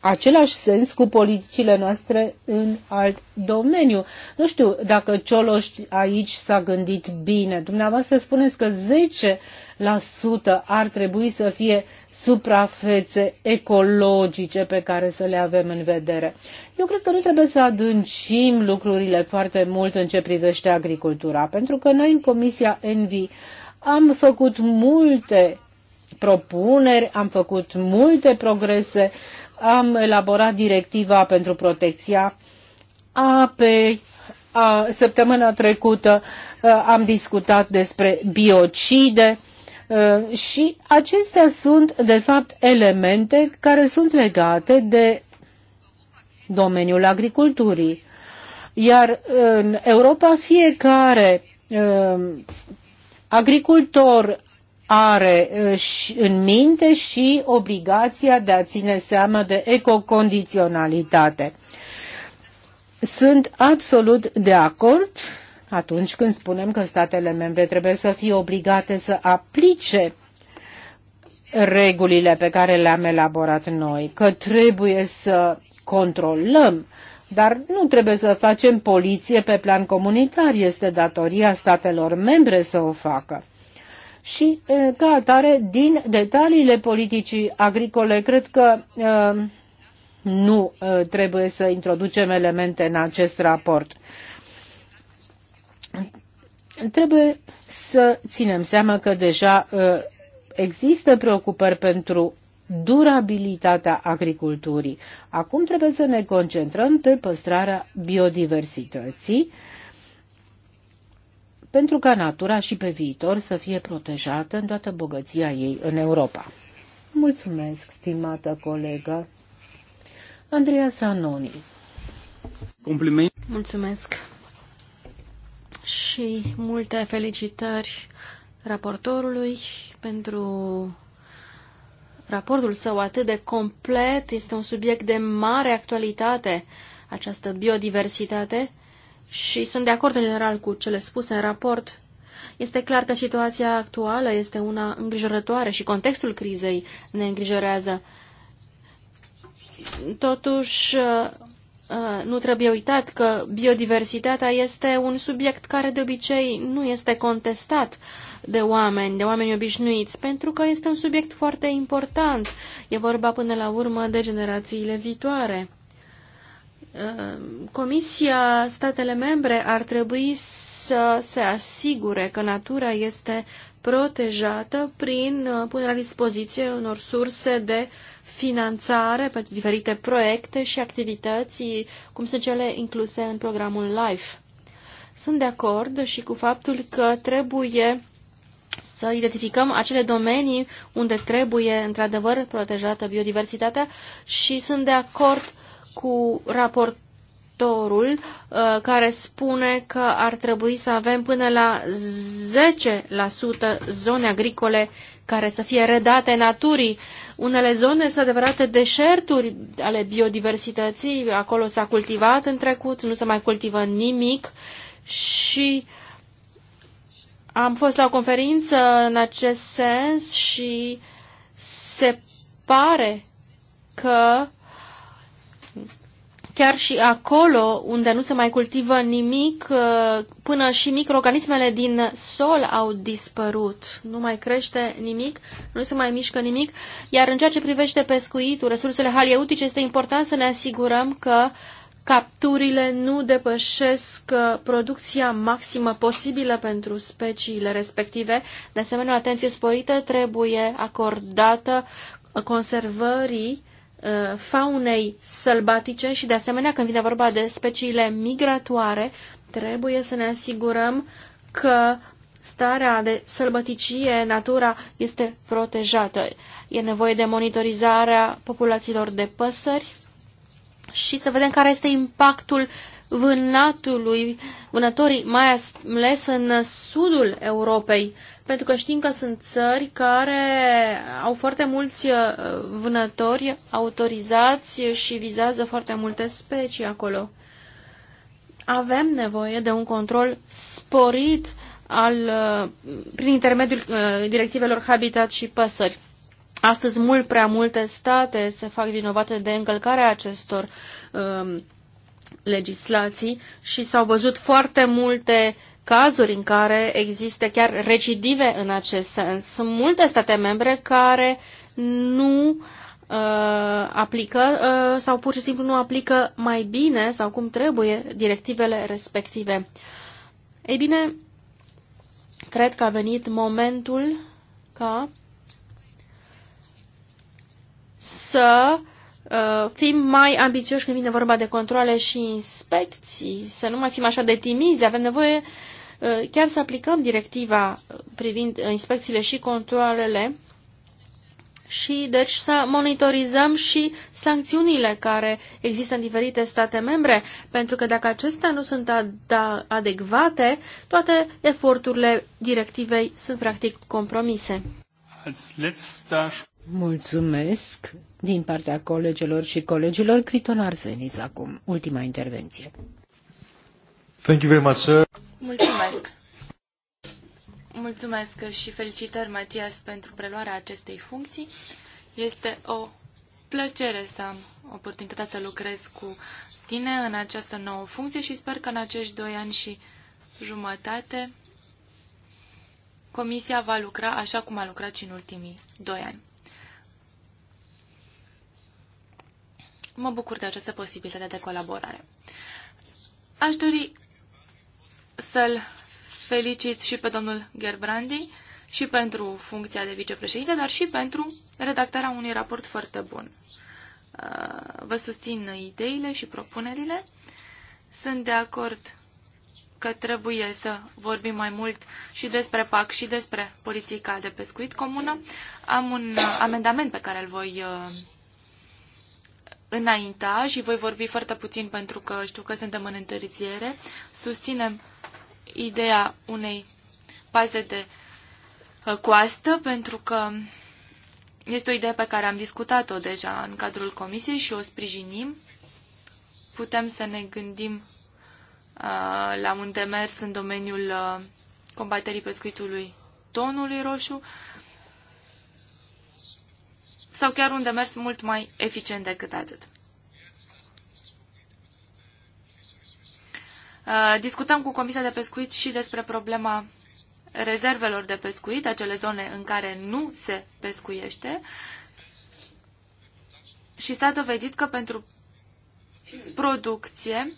același sens cu politicile noastre în alt domeniu. Nu știu dacă Cioloș aici s-a gândit bine. Dumneavoastră spuneți că 10% ar trebui să fie suprafețe ecologice pe care să le avem în vedere. Eu cred că nu trebuie să adâncim lucrurile foarte mult în ce privește agricultura, pentru că noi în Comisia Envi am făcut multe propuneri, am făcut multe progrese, am elaborat directiva pentru protecția apei. A, săptămâna trecută a, am discutat despre biocide a, și acestea sunt, de fapt, elemente care sunt legate de domeniul agriculturii. Iar în Europa fiecare agricultor are în minte și obligația de a ține seama de ecocondiționalitate. Sunt absolut de acord atunci când spunem că statele membre trebuie să fie obligate să aplice regulile pe care le-am elaborat noi, că trebuie să controlăm, dar nu trebuie să facem poliție pe plan comunitar, este datoria statelor membre să o facă și ca atare din detaliile politicii agricole cred că nu trebuie să introducem elemente în acest raport. Trebuie să ținem seama că deja există preocupări pentru durabilitatea agriculturii. Acum trebuie să ne concentrăm pe păstrarea biodiversității pentru ca natura și pe viitor să fie protejată în toată bogăția ei în Europa. Mulțumesc, stimată colegă. Andreea Sanoni. Compliment. Mulțumesc. Și multe felicitări raportorului pentru raportul său atât de complet. Este un subiect de mare actualitate, această biodiversitate și sunt de acord în general cu cele spuse în raport. Este clar că situația actuală este una îngrijorătoare și contextul crizei ne îngrijorează. Totuși, ă, nu trebuie uitat că biodiversitatea este un subiect care de obicei nu este contestat de oameni, de oameni obișnuiți, pentru că este un subiect foarte important. E vorba până la urmă de generațiile viitoare. Comisia, statele membre ar trebui să se asigure că natura este protejată prin uh, punerea la dispoziție unor surse de finanțare pentru diferite proiecte și activități, cum sunt cele incluse în programul LIFE. Sunt de acord și cu faptul că trebuie să identificăm acele domenii unde trebuie într-adevăr protejată biodiversitatea și sunt de acord cu raportorul uh, care spune că ar trebui să avem până la 10% zone agricole care să fie redate naturii. Unele zone sunt adevărate deșerturi ale biodiversității, acolo s-a cultivat în trecut, nu se mai cultivă nimic și am fost la o conferință în acest sens și se pare că uh, chiar și acolo unde nu se mai cultivă nimic, uh, până și microorganismele din sol au dispărut. Nu mai crește nimic, nu se mai mișcă nimic, iar în ceea ce privește pescuitul, resursele halieutice, este important să ne asigurăm că capturile nu depășesc uh, producția maximă posibilă pentru speciile respective. De asemenea, atenție sporită trebuie acordată conservării Uh, faunei sălbatice și, de asemenea, când vine vorba de speciile migratoare, trebuie să ne asigurăm că starea de sălbăticie, natura, este protejată. E nevoie de monitorizarea populațiilor de păsări și să vedem care este impactul vânatului, vânătorii, mai ales în sudul Europei, pentru că știm că sunt țări care au foarte mulți uh, vânători autorizați și vizează foarte multe specii acolo. Avem nevoie de un control sporit al, uh, prin intermediul uh, directivelor Habitat și Păsări. Astăzi mult prea multe state se fac vinovate de încălcarea acestor um, legislații și s-au văzut foarte multe cazuri în care există chiar recidive în acest sens. Sunt multe state membre care nu uh, aplică uh, sau pur și simplu nu aplică mai bine sau cum trebuie directivele respective. Ei bine, cred că a venit momentul ca să uh, Uh, fim mai ambițioși când vine vorba de controle și inspecții, să nu mai fim așa de timizi, avem nevoie uh, chiar să aplicăm directiva privind inspecțiile și controlele și deci să monitorizăm și sancțiunile care există în diferite state membre, pentru că dacă acestea nu sunt ad da, adecvate, toate eforturile directivei sunt practic compromise. Mulțumesc! din partea colegilor și colegilor. Criton Arsenis acum, ultima intervenție. Thank you very much, sir. Mulțumesc. Mulțumesc și felicitări, Matias, pentru preluarea acestei funcții. Este o plăcere să am oportunitatea să lucrez cu tine în această nouă funcție și sper că în acești doi ani și jumătate Comisia va lucra așa cum a lucrat și în ultimii doi ani. Mă bucur de această posibilitate de colaborare. Aș dori să-l felicit și pe domnul Gerbrandi și pentru funcția de vicepreședinte, dar și pentru redactarea unui raport foarte bun. Uh, vă susțin ideile și propunerile. Sunt de acord că trebuie să vorbim mai mult și despre PAC și despre politica de pescuit comună. Am un uh, amendament pe care îl voi uh, înainta și voi vorbi foarte puțin pentru că știu că suntem în întârziere. Susținem ideea unei paze de uh, coastă pentru că este o idee pe care am discutat-o deja în cadrul comisiei și o sprijinim. Putem să ne gândim uh, la un demers în domeniul uh, combaterii pescuitului tonului roșu. Uh, sau chiar un demers mult mai eficient decât atât. Uh, Discutam cu Comisia de Pescuit și despre problema rezervelor de pescuit, acele zone în care nu se pescuiește și s-a dovedit că pentru producție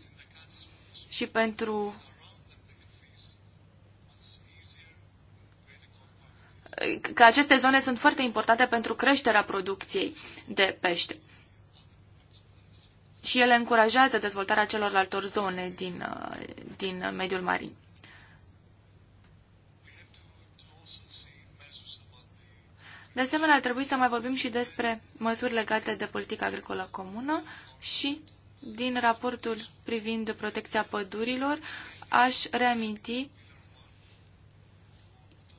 și pentru că aceste zone sunt foarte importante pentru creșterea producției de pește. Și ele încurajează dezvoltarea celorlalte zone din, uh, din mediul marin. De asemenea, ar trebui să mai vorbim și despre măsuri legate de politica agricolă comună și din raportul privind protecția pădurilor aș reaminti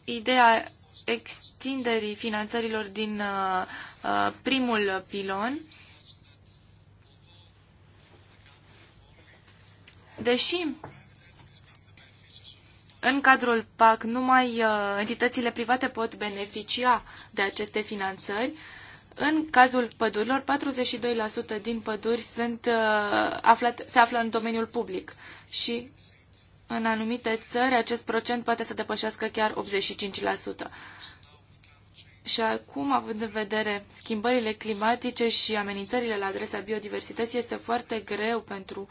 ideea extinderii finanțărilor din uh, uh, primul pilon. Deși în cadrul PAC numai uh, entitățile private pot beneficia de aceste finanțări, în cazul pădurilor, 42% din păduri sunt, aflat, se află în domeniul public și în anumite țări, acest procent poate să depășească chiar 85%. Și acum, având în vedere schimbările climatice și amenințările la adresa biodiversității, este foarte greu pentru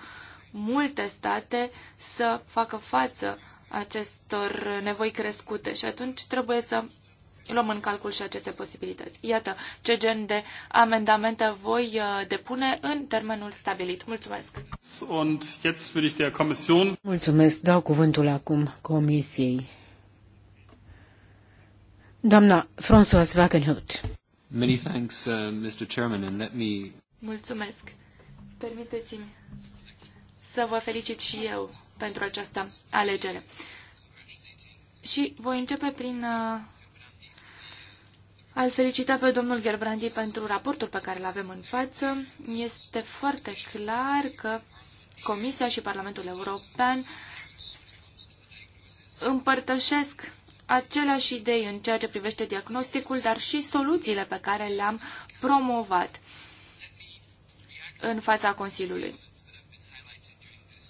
multe state să facă față acestor nevoi crescute și atunci trebuie să luăm în calcul și aceste posibilități. Iată ce gen de amendamente voi uh, depune în termenul stabilit. Mulțumesc! Und jetzt ich der Kommission... Mulțumesc! Dau cuvântul acum Comisiei. Doamna François Wagenhut. Many thanks, uh, Mr. Chairman, and let me... Mulțumesc! Permiteți-mi să vă felicit și eu pentru această alegere. Și voi începe prin uh, al felicita pe domnul Gerbrandi pentru raportul pe care îl avem în față. Este foarte clar că Comisia și Parlamentul European împărtășesc aceleași idei în ceea ce privește diagnosticul, dar și soluțiile pe care le-am promovat în fața Consiliului.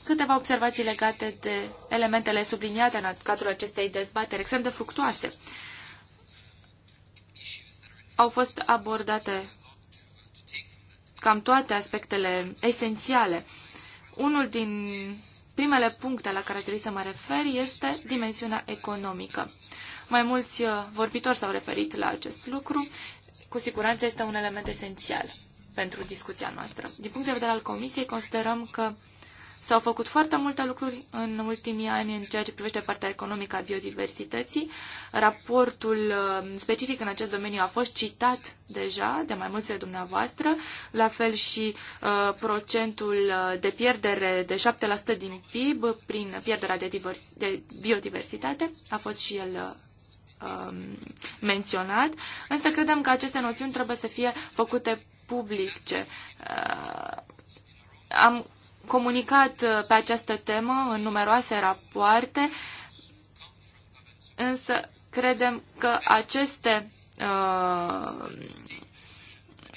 Câteva observații legate de elementele subliniate în cadrul acestei dezbateri, extrem de fructuoase au fost abordate cam toate aspectele esențiale. Unul din primele puncte la care aș dori să mă refer este dimensiunea economică. Mai mulți uh, vorbitori s-au referit la acest lucru. Cu siguranță este un element esențial pentru discuția noastră. Din punct de vedere al Comisiei, considerăm că S-au făcut foarte multe lucruri în ultimii ani în ceea ce privește partea economică a biodiversității. Raportul uh, specific în acest domeniu a fost citat deja de mai mulți de dumneavoastră, la fel și uh, procentul uh, de pierdere de 7% din PIB prin pierderea de, de biodiversitate a fost și el uh, um, menționat, însă credem că aceste noțiuni trebuie să fie făcute publice. Uh, am comunicat uh, pe această temă în numeroase rapoarte, însă credem că aceste uh,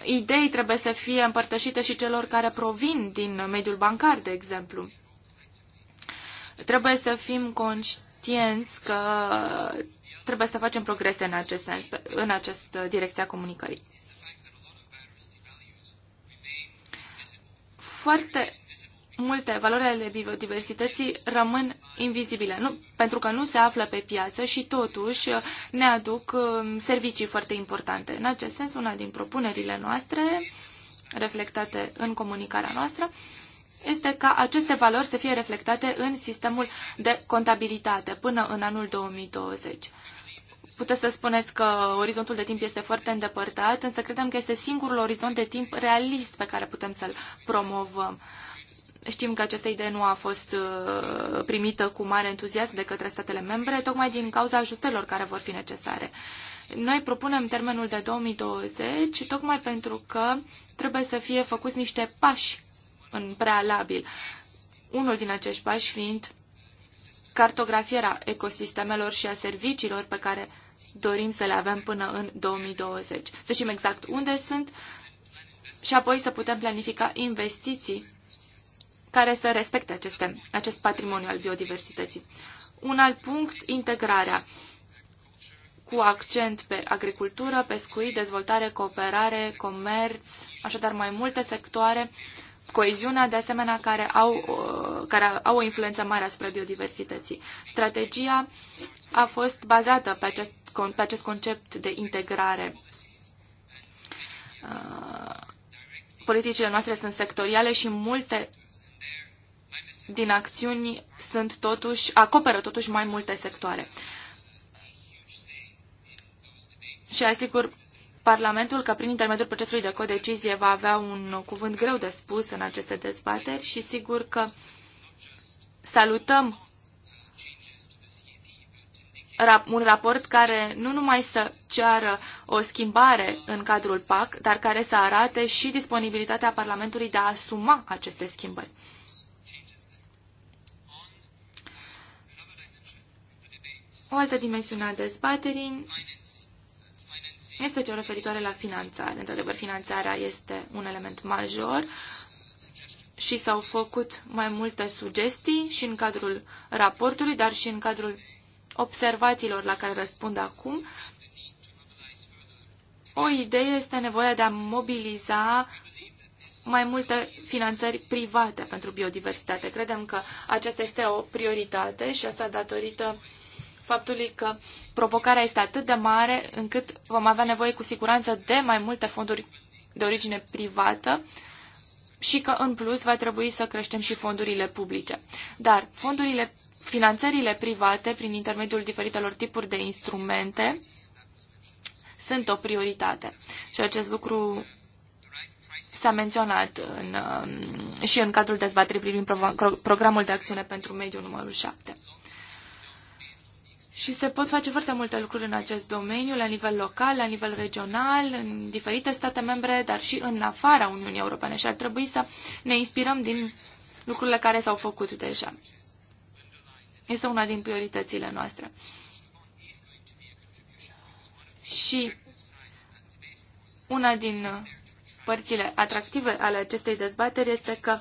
idei trebuie să fie împărtășite și celor care provin din mediul bancar, de exemplu. Trebuie să fim conștienți că trebuie să facem progrese în acest sens, în această direcție a comunicării. Foarte multe valori ale biodiversității rămân invizibile, nu, pentru că nu se află pe piață și totuși ne aduc um, servicii foarte importante. În acest sens, una din propunerile noastre, reflectate în comunicarea noastră, este ca aceste valori să fie reflectate în sistemul de contabilitate până în anul 2020. Puteți să spuneți că orizontul de timp este foarte îndepărtat, însă credem că este singurul orizont de timp realist pe care putem să-l promovăm Știm că această idee nu a fost uh, primită cu mare entuziasm de către statele membre, tocmai din cauza ajustelor care vor fi necesare. Noi propunem termenul de 2020 tocmai pentru că trebuie să fie făcuți niște pași în prealabil. Unul din acești pași fiind cartografierea ecosistemelor și a serviciilor pe care dorim să le avem până în 2020. Să știm exact unde sunt și apoi să putem planifica investiții care să respecte aceste, acest patrimoniu al biodiversității. Un alt punct, integrarea cu accent pe agricultură, pescuit, dezvoltare, cooperare, comerț, așadar mai multe sectoare, coeziunea de asemenea care au, uh, care au o influență mare asupra biodiversității. Strategia a fost bazată pe acest, pe acest concept de integrare. Uh, politicile noastre sunt sectoriale și multe din acțiuni sunt totuși, acoperă totuși mai multe sectoare. Și asigur Parlamentul că prin intermediul procesului de codecizie va avea un cuvânt greu de spus în aceste dezbateri și sigur că salutăm un raport care nu numai să ceară o schimbare în cadrul PAC, dar care să arate și disponibilitatea Parlamentului de a asuma aceste schimbări. O altă dimensiune a dezbaterii este cea referitoare la finanțare. Într-adevăr, finanțarea este un element major și s-au făcut mai multe sugestii și în cadrul raportului, dar și în cadrul observațiilor la care răspund acum. O idee este nevoia de a mobiliza mai multe finanțări private pentru biodiversitate. Credem că aceasta este o prioritate și asta datorită uh, faptului că provocarea este atât de mare încât vom avea nevoie cu siguranță de mai multe fonduri de origine privată și că în plus va trebui să creștem și fondurile publice. Dar fondurile, finanțările private prin intermediul diferitelor tipuri de instrumente sunt o prioritate. Și acest lucru s-a menționat în, um, și în cadrul dezbaterii privind programul de acțiune pentru mediul numărul 7. Și se pot face foarte multe lucruri în acest domeniu, la nivel local, la nivel regional, în diferite state membre, dar și în afara Uniunii Europene. Și ar trebui să ne inspirăm din lucrurile care s-au făcut deja. Este una din prioritățile noastre. Și una din părțile atractive ale acestei dezbateri este că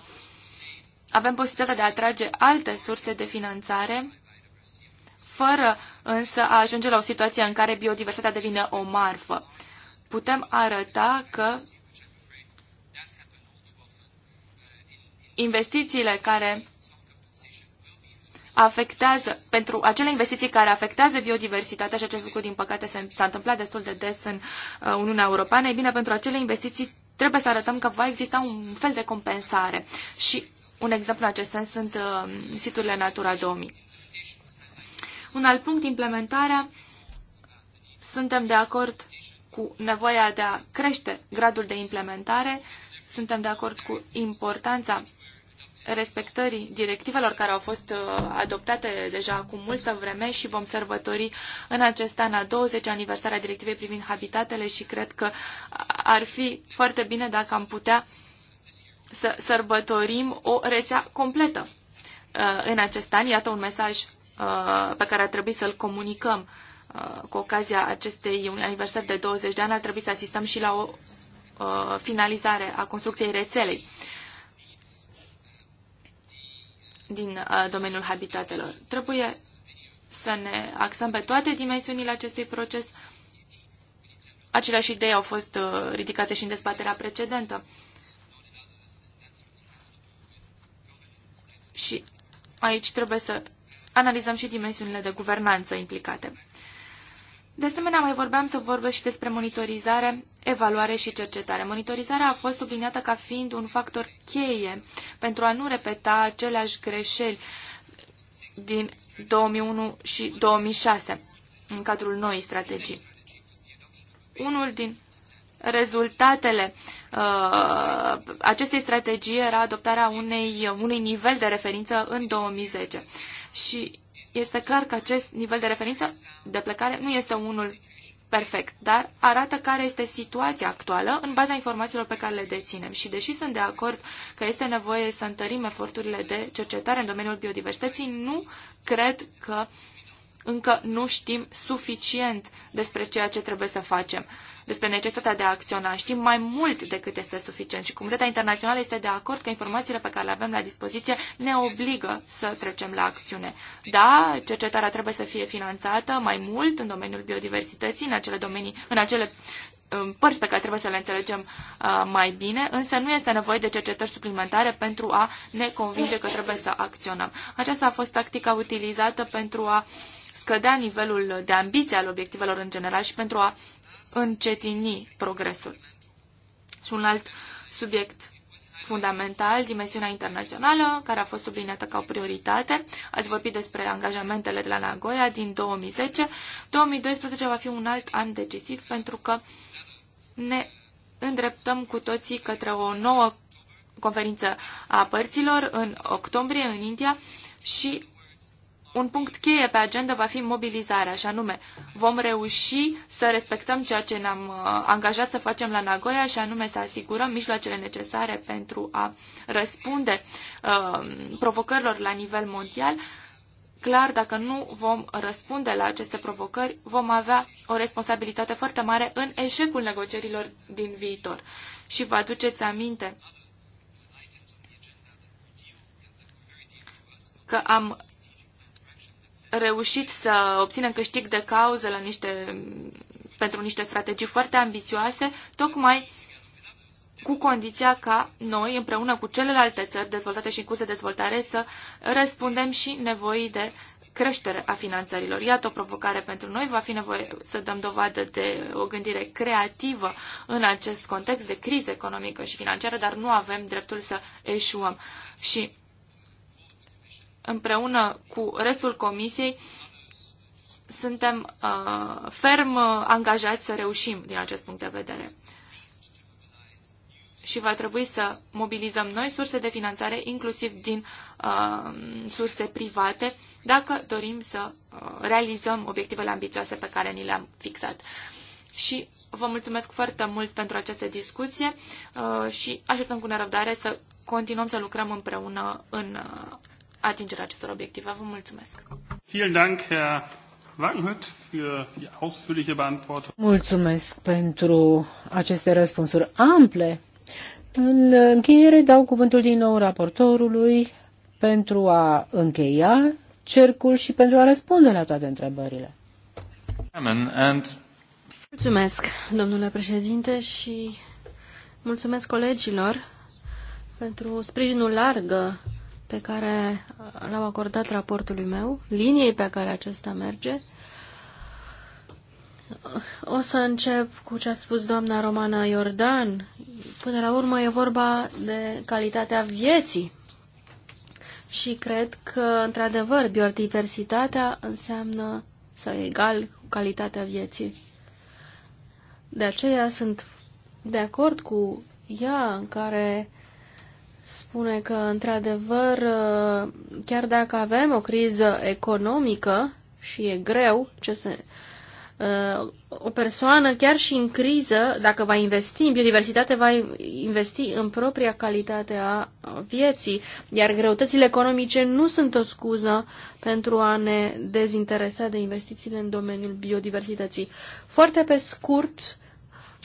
avem posibilitatea de a atrage alte surse de finanțare fără însă a ajunge la o situație în care biodiversitatea devine o marfă. Putem arăta că investițiile care afectează, pentru acele investiții care afectează biodiversitatea și acest lucru, din păcate, s-a întâmplat destul de des în uh, Uniunea Europeană, e bine, pentru acele investiții trebuie să arătăm că va exista un fel de compensare. Și un exemplu în acest sens sunt uh, siturile Natura 2000. Un alt punct, implementarea. Suntem de acord cu nevoia de a crește gradul de implementare, suntem de acord cu importanța respectării directivelor care au fost uh, adoptate deja acum multă vreme și vom sărbători în acest an a 20 aniversarea directivei privind habitatele și cred că ar fi foarte bine dacă am putea să sărbătorim o rețea completă uh, în acest an. Iată un mesaj Uh, pe care ar trebui să-l comunicăm. Uh, cu ocazia acestei aniversări de 20 de ani ar trebui să asistăm și la o uh, finalizare a construcției rețelei din domeniul habitatelor. Trebuie să ne axăm pe toate dimensiunile acestui proces. Aceleași idei au fost ridicate și în dezbaterea precedentă. Și aici trebuie să analizăm și dimensiunile de guvernanță implicate. De asemenea, mai vorbeam să vorbesc și despre monitorizare, evaluare și cercetare. Monitorizarea a fost subliniată ca fiind un factor cheie pentru a nu repeta aceleași greșeli din 2001 și 2006 în cadrul noii strategii. Unul din rezultatele uh, acestei strategii era adoptarea unei, unui nivel de referință în 2010 și este clar că acest nivel de referință de plecare nu este unul perfect, dar arată care este situația actuală în baza informațiilor pe care le deținem. Și deși sunt de acord că este nevoie să întărim eforturile de cercetare în domeniul biodiversității, nu cred că încă nu știm suficient despre ceea ce trebuie să facem despre necesitatea de a acționa. Știm mai mult decât este suficient și comunitatea internațională este de acord că informațiile pe care le avem la dispoziție ne obligă să trecem la acțiune. Da, cercetarea trebuie să fie finanțată mai mult în domeniul biodiversității, în acele domenii, în acele um, părți pe care trebuie să le înțelegem uh, mai bine, însă nu este nevoie de cercetări suplimentare pentru a ne convinge că trebuie să acționăm. Aceasta a fost tactica utilizată pentru a scădea nivelul de ambiție al obiectivelor în general și pentru a încetini progresul. Și un alt subiect fundamental, dimensiunea internațională, care a fost subliniată ca o prioritate. Ați vorbit despre angajamentele de la Nagoya din 2010. 2012 va fi un alt an decisiv pentru că ne îndreptăm cu toții către o nouă conferință a părților în octombrie în India și un punct cheie pe agenda va fi mobilizarea, și anume vom reuși să respectăm ceea ce ne-am uh, angajat să facem la Nagoya, și anume să asigurăm mijloacele necesare pentru a răspunde uh, provocărilor la nivel mondial. Clar, dacă nu vom răspunde la aceste provocări, vom avea o responsabilitate foarte mare în eșecul negocierilor din viitor. Și vă aduceți aminte că am reușit să obținem câștig de cauză la niște, pentru niște strategii foarte ambițioase, tocmai cu condiția ca noi, împreună cu celelalte țări dezvoltate și în curs de dezvoltare, să răspundem și nevoii de creștere a finanțărilor. Iată o provocare pentru noi, va fi nevoie să dăm dovadă de o gândire creativă în acest context de criză economică și financiară, dar nu avem dreptul să eșuăm. Și împreună cu restul comisiei suntem uh, ferm uh, angajați să reușim din acest punct de vedere. Și va trebui să mobilizăm noi surse de finanțare, inclusiv din uh, surse private, dacă dorim să uh, realizăm obiectivele ambițioase pe care ni le-am fixat. Și vă mulțumesc foarte mult pentru această discuție uh, și așteptăm cu nerăbdare să continuăm să lucrăm împreună în uh, atingerea acestor obiective. Vă mulțumesc! Vielen Dank, Herr für die ausführliche Beantwortung. Mulțumesc pentru aceste răspunsuri ample. În încheiere dau cuvântul din nou raportorului pentru a încheia cercul și pentru a răspunde la toate întrebările. Mulțumesc, domnule președinte, și mulțumesc colegilor pentru sprijinul larg pe care l-au acordat raportului meu, liniei pe care acesta merge. O să încep cu ce a spus doamna Romana Iordan. Până la urmă e vorba de calitatea vieții. Și cred că, într-adevăr, biodiversitatea înseamnă să egal cu calitatea vieții. De aceea sunt de acord cu ea în care spune că, într-adevăr, chiar dacă avem o criză economică și e greu, ce se, uh, o persoană, chiar și în criză, dacă va investi în biodiversitate, va investi în propria calitate a vieții, iar greutățile economice nu sunt o scuză pentru a ne dezinteresa de investițiile în domeniul biodiversității. Foarte pe scurt,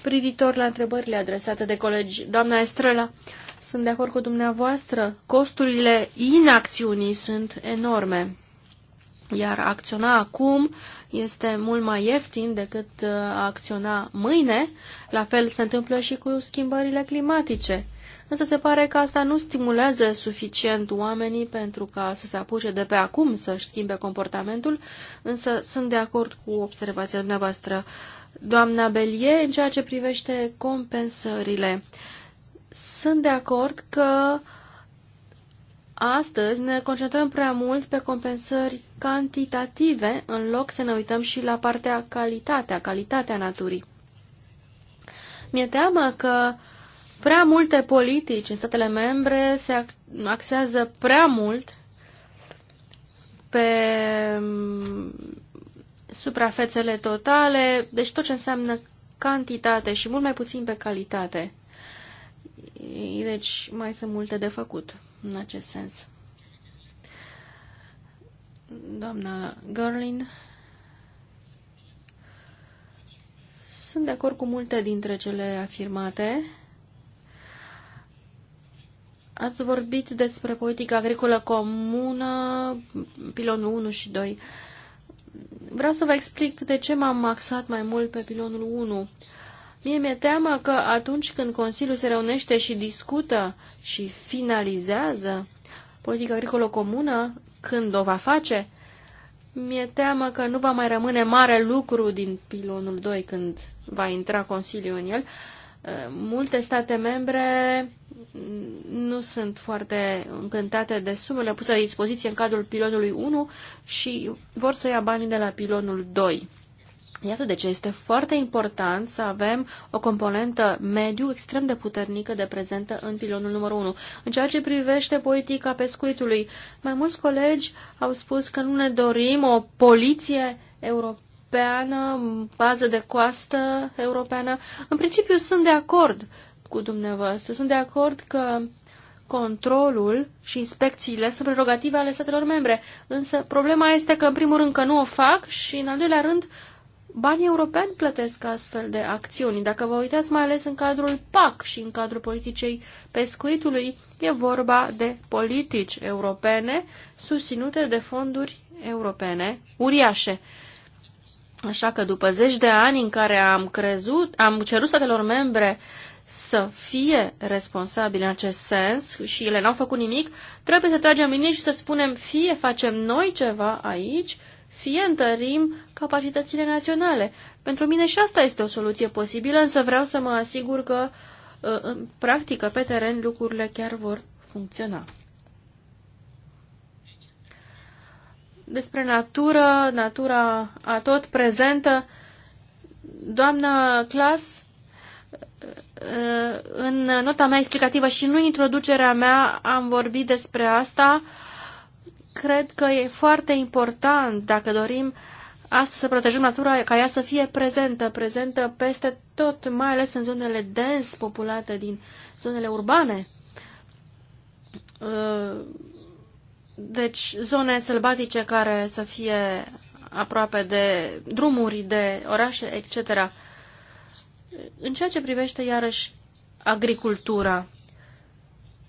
privitor la întrebările adresate de colegi, doamna Estrela, uh, sunt de acord cu dumneavoastră. Costurile inacțiunii sunt enorme. Iar acționa acum este mult mai ieftin decât uh, a acționa mâine. La fel se întâmplă și cu schimbările climatice. Însă se pare că asta nu stimulează suficient oamenii pentru ca să se apuce de pe acum să-și schimbe comportamentul, însă sunt de acord cu observația dumneavoastră. Doamna Belie, în ceea ce privește compensările, sunt de acord că astăzi ne concentrăm prea mult pe compensări cantitative în loc să ne uităm și la partea calitatea, calitatea naturii. Mi-e teamă că prea multe politici în statele membre se axează prea mult pe mm, suprafețele totale, deci tot ce înseamnă cantitate și mult mai puțin pe calitate. Deci mai sunt multe de făcut în acest sens. Doamna Gerlin, sunt de acord cu multe dintre cele afirmate. Ați vorbit despre politica agricolă comună, pilonul 1 și 2. Vreau să vă explic de ce m-am axat mai mult pe pilonul 1. Mie mi-e teamă că atunci când Consiliul se reunește și discută și finalizează politica agricolă comună, când o va face, mi-e teamă că nu va mai rămâne mare lucru din pilonul 2 când va intra Consiliul în el. Eh, multe state membre nu sunt foarte încântate de sumele puse la dispoziție în cadrul pilonului 1 și vor să ia banii de la pilonul 2. Iată de ce este foarte important să avem o componentă mediu extrem de puternică de prezentă în pilonul numărul 1. În ceea ce privește politica pescuitului, mai mulți colegi au spus că nu ne dorim o poliție europeană, bază de coastă europeană. În principiu sunt de acord cu dumneavoastră. Sunt de acord că controlul și inspecțiile sunt prerogative ale statelor membre. Însă problema este că, în primul rând, că nu o fac și, în al doilea rând, Banii europeni plătesc astfel de acțiuni. Dacă vă uitați mai ales în cadrul PAC și în cadrul politicei pescuitului, e vorba de politici europene susținute de fonduri europene uriașe. Așa că după zeci de ani în care am crezut, am cerut statelor membre să fie responsabile în acest sens și ele n-au făcut nimic, trebuie să tragem linie și să spunem fie facem noi ceva aici, fie întărim capacitățile naționale. Pentru mine și asta este o soluție posibilă, însă vreau să mă asigur că uh, în practică, pe teren, lucrurile chiar vor funcționa. Despre natură, natura a tot prezentă, doamnă Clas, uh, în nota mea explicativă și nu introducerea mea am vorbit despre asta, cred că e foarte important, dacă dorim asta să protejăm natura, ca ea să fie prezentă, prezentă peste tot, mai ales în zonele dens populate din zonele urbane. Uh, deci zone sălbatice care să fie aproape de drumuri, de orașe, etc. În ceea ce privește iarăși agricultura,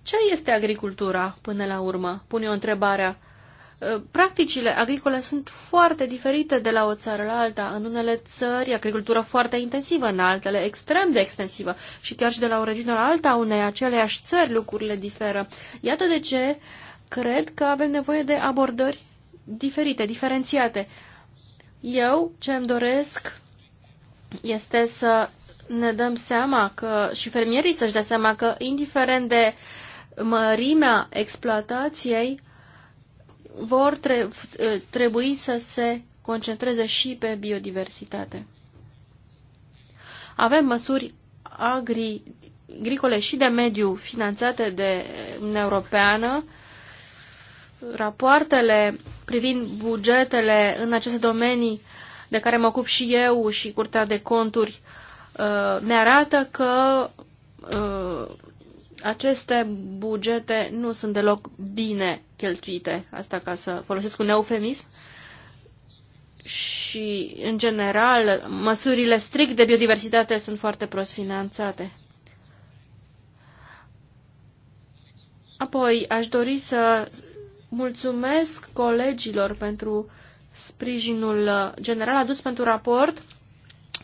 ce este agricultura până la urmă? Pune o întrebarea. Eh, practicile agricole sunt foarte diferite de la o țară la alta. În unele țări, agricultură foarte intensivă, în altele extrem de extensivă și chiar și de la o regiune la alta unei aceleași țări lucrurile diferă. Iată de ce cred că avem nevoie de abordări diferite, diferențiate. Eu ce îmi doresc este să ne dăm seama că și fermierii să-și dea seama că, indiferent de mărimea exploatației, vor eh, trebui să se concentreze și pe biodiversitate. Avem măsuri agri, agricole și de mediu finanțate de Uniunea Europeană. Rapoartele privind bugetele în aceste domenii de care mă ocup și eu și Curtea de Conturi eh, ne arată că eh, aceste bugete nu sunt deloc bine cheltuite, asta ca să folosesc un eufemism, și, în general, măsurile strict de biodiversitate sunt foarte prost finanțate. Apoi, aș dori să mulțumesc colegilor pentru sprijinul general adus pentru raport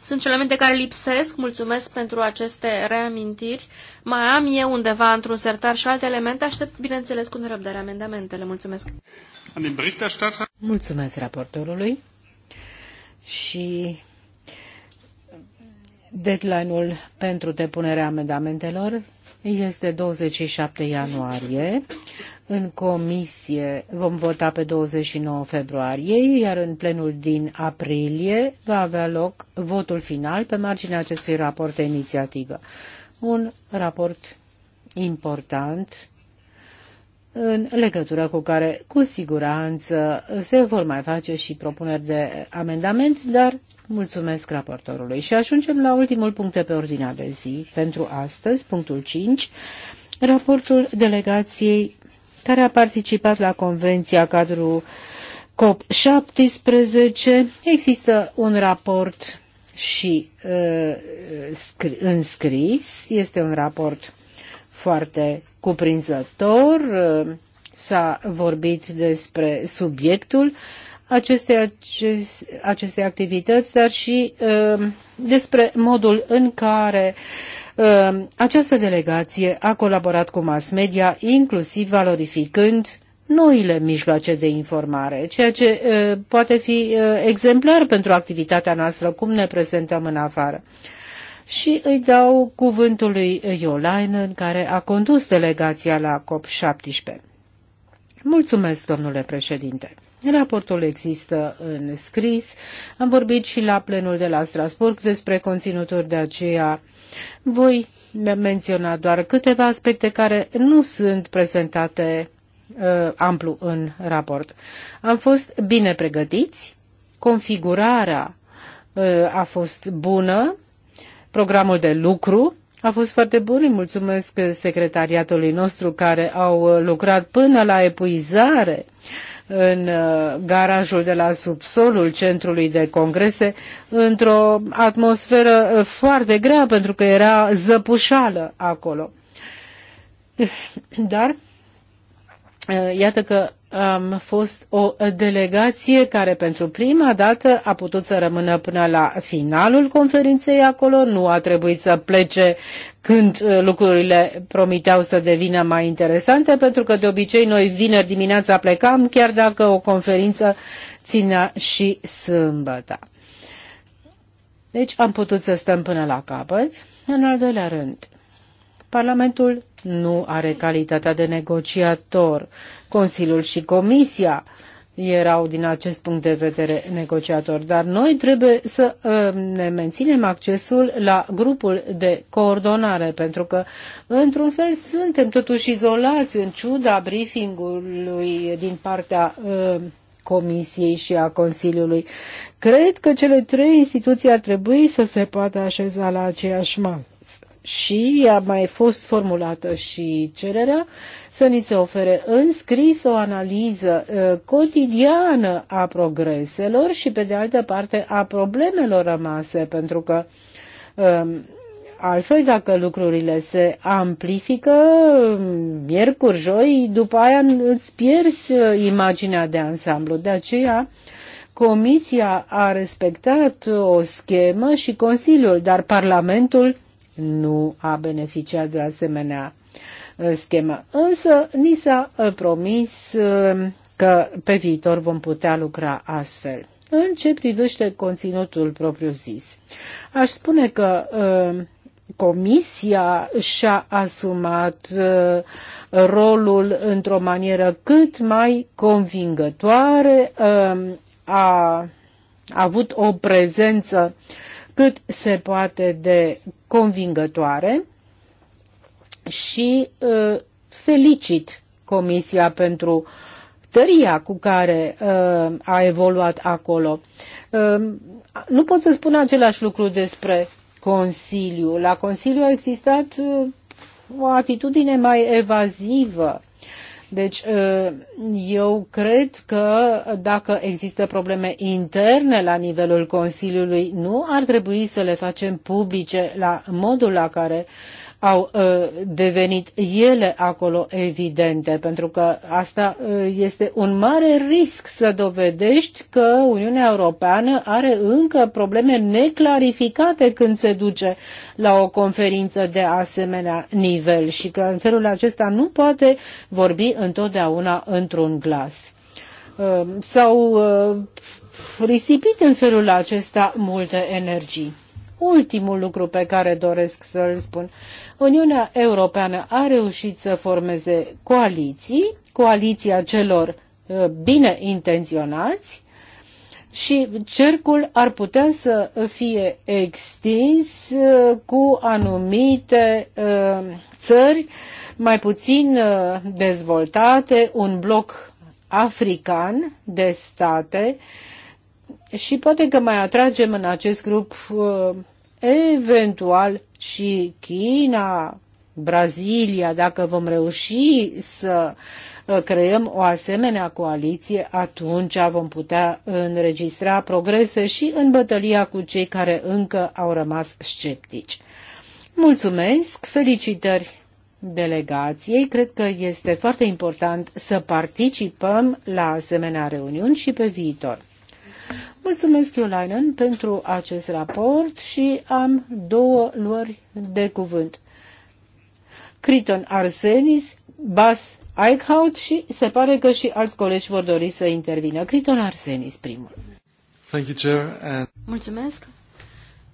sunt elemente care lipsesc, mulțumesc pentru aceste reamintiri. Mai am eu undeva într-un sertar și alte elemente, aștept, bineînțeles, cu nerăbdare amendamentele. Mulțumesc! Mulțumesc raportorului și deadline-ul pentru depunerea amendamentelor este 27 ianuarie în comisie vom vota pe 29 februarie, iar în plenul din aprilie va avea loc votul final pe marginea acestui raport de inițiativă. Un raport important în legătură cu care, cu siguranță, se vor mai face și propuneri de amendament, dar mulțumesc raportorului. Și ajungem la ultimul punct de pe ordinea de zi pentru astăzi, punctul 5, raportul delegației care a participat la Convenția cadru COP17. Există un raport și uh, înscris. Este un raport foarte cuprinzător. Uh, s-a vorbit despre subiectul aceste, aceste activități, dar și uh, despre modul în care uh, această delegație a colaborat cu mass media, inclusiv valorificând noile mijloace de informare, ceea ce uh, poate fi uh, exemplar pentru activitatea noastră, cum ne prezentăm în afară. Și îi dau cuvântul lui Iolainen, care a condus delegația la COP17. Mulțumesc, domnule președinte. Raportul există în scris. Am vorbit și la plenul de la Strasburg despre conținutul de aceea. Voi menționa doar câteva aspecte care nu sunt prezentate uh, amplu în raport. Am fost bine pregătiți, configurarea uh, a fost bună, programul de lucru a fost foarte bun. Îi mulțumesc secretariatului nostru care au lucrat până la epuizare în uh, garajul de la subsolul centrului de congrese într-o atmosferă uh, foarte grea pentru că era zăpușală acolo. Eh, dar uh, iată că am fost o delegație care pentru prima dată a putut să rămână până la finalul conferinței acolo, nu a trebuit să plece când uh, lucrurile promiteau să devină mai interesante, pentru că de obicei noi vineri dimineața plecam, chiar dacă o conferință ținea și sâmbătă. Deci am putut să stăm până la capăt. În al doilea rând, Parlamentul nu are calitatea de negociator. Consiliul și Comisia erau din acest punct de vedere negociator, dar noi trebuie să uh, ne menținem accesul la grupul de coordonare, pentru că, într-un fel, suntem totuși izolați în ciuda briefingului din partea uh, Comisiei și a Consiliului. Cred că cele trei instituții ar trebui să se poată așeza la aceeași masă și a mai fost formulată și cererea să ni se ofere în scris o analiză uh, cotidiană a progreselor și pe de altă parte a problemelor rămase, pentru că um, altfel dacă lucrurile se amplifică miercuri, joi, după aia îți pierzi uh, imaginea de ansamblu. De aceea Comisia a respectat o schemă și Consiliul, dar Parlamentul nu a beneficiat de asemenea uh, schemă. Însă ni s-a uh, promis uh, că pe viitor vom putea lucra astfel. În ce privește conținutul propriu-zis, aș spune că Comisia și-a asumat rolul într-o manieră cât mai convingătoare, a avut o prezență uh, cât se poate de convingătoare și uh, felicit Comisia pentru tăria cu care uh, a evoluat acolo. Uh, nu pot să spun același lucru despre Consiliu. La Consiliu a existat uh, o atitudine mai evazivă deci ă, eu cred că dacă există probleme interne la nivelul Consiliului, nu ar trebui să le facem publice la modul la care au uh, devenit ele acolo evidente, pentru că asta uh, este un mare risc să dovedești că Uniunea Europeană are încă probleme neclarificate când se duce la o conferință de asemenea nivel și că în felul acesta nu poate vorbi întotdeauna într-un glas. Uh, sau uh, risipit în felul acesta multe energii ultimul lucru pe care doresc să-l spun. Uniunea Europeană a reușit să formeze coaliții, coaliția celor uh, bine intenționați și cercul ar putea să fie extins uh, cu anumite uh, țări mai puțin dezvoltate, un bloc african de state și poate că mai atragem în acest grup uh, eventual și China, Brazilia, dacă vom reuși să uh, creăm o asemenea coaliție, atunci vom putea înregistra progrese și în bătălia cu cei care încă au rămas sceptici. Mulțumesc, felicitări delegației. Cred că este foarte important să participăm la asemenea reuniuni și pe viitor. Mulțumesc, Iulainen, pentru acest raport și am două luări de cuvânt. Criton Arsenis, Bas Eichhout și se pare că și alți colegi vor dori să intervină. Criton Arsenis, primul. Thank you, Chair. And... Mulțumesc,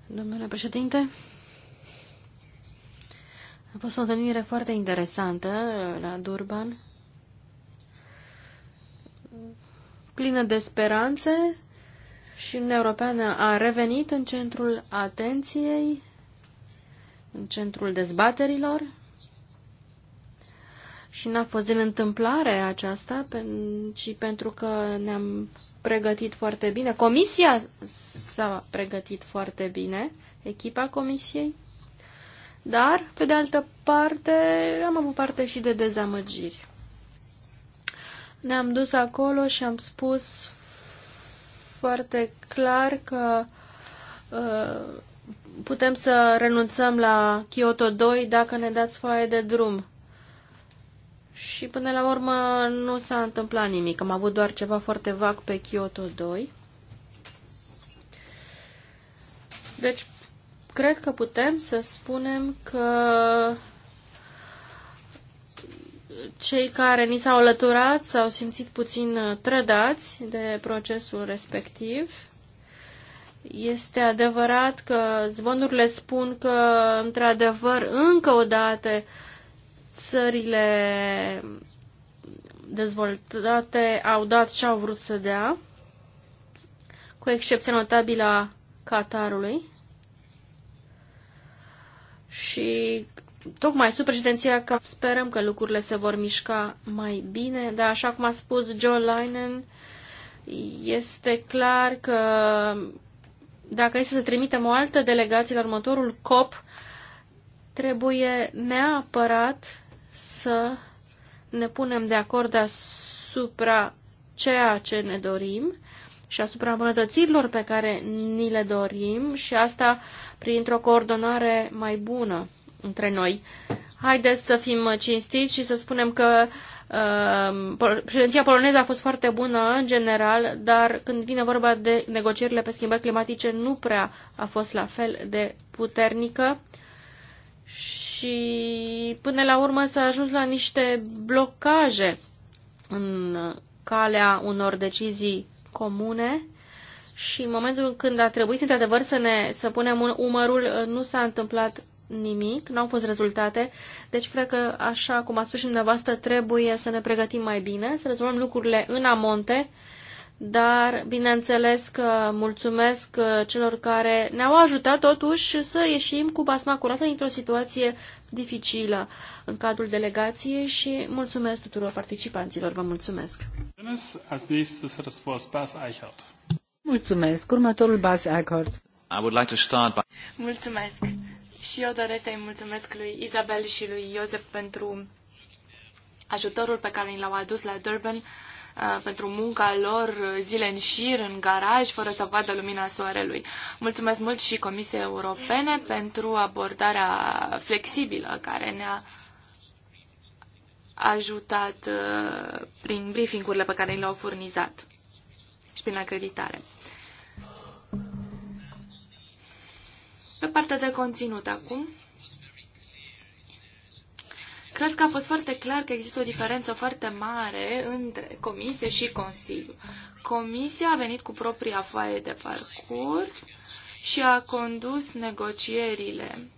domnule președinte. A fost o întâlnire foarte interesantă la Durban, plină de speranțe și Uniunea Europeană a revenit în centrul atenției, în centrul dezbaterilor și n-a fost din întâmplare aceasta, ci pentru că ne-am pregătit foarte bine. Comisia s-a pregătit foarte bine, echipa comisiei, dar, pe de altă parte, am avut parte și de dezamăgiri. Ne-am dus acolo și am spus foarte clar că uh, putem să renunțăm la Kyoto 2 dacă ne dați foaie de drum. Și până la urmă nu s-a întâmplat nimic. Am avut doar ceva foarte vag pe Kyoto 2. Deci, cred că putem să spunem că cei care ni s-au alăturat s-au simțit puțin uh, trădați de procesul respectiv. Este adevărat că zvonurile spun că, într-adevăr, încă o dată țările dezvoltate au dat ce au vrut să dea, cu excepția notabilă a Qatarului. Și tocmai sub președinția că sperăm că lucrurile se vor mișca mai bine, dar așa cum a spus Joe Linen, este clar că dacă este să trimitem o altă delegație la următorul COP, trebuie neapărat să ne punem de acord asupra ceea ce ne dorim și asupra îmbunătățirilor pe care ni le dorim și asta printr-o coordonare mai bună între noi. Haideți să fim cinstiți și să spunem că uh, președinția poloneză a fost foarte bună în general, dar când vine vorba de negocierile pe schimbări climatice nu prea a fost la fel de puternică și până la urmă s-a ajuns la niște blocaje în calea unor decizii comune și în momentul când a trebuit într-adevăr să ne să punem un umărul, nu s-a întâmplat nimic, n-au fost rezultate, deci cred că, așa cum ați spus și dumneavoastră, trebuie să ne pregătim mai bine, să rezolvăm lucrurile în amonte, dar bineînțeles că mulțumesc uh, celor care ne-au ajutat totuși să ieșim cu basma curată dintr-o situație dificilă în cadrul delegației și mulțumesc tuturor participanților. Vă mulțumesc! Mulțumesc! Următorul Bas Eichhardt. I would like to start by... Mulțumesc! Și eu doresc să-i mulțumesc lui Isabel și lui Iosef pentru ajutorul pe care l-au adus la Durban, uh, pentru munca lor uh, zile în șir, în garaj, fără să vadă lumina soarelui. Mulțumesc mult și Comisiei Europene pentru abordarea flexibilă care ne-a ajutat uh, prin briefingurile pe care le-au furnizat și prin acreditare. Pe partea de conținut acum, cred că a fost foarte clar că există o diferență foarte mare între Comisie și Consiliu. Comisia a venit cu propria foaie de parcurs și a condus negocierile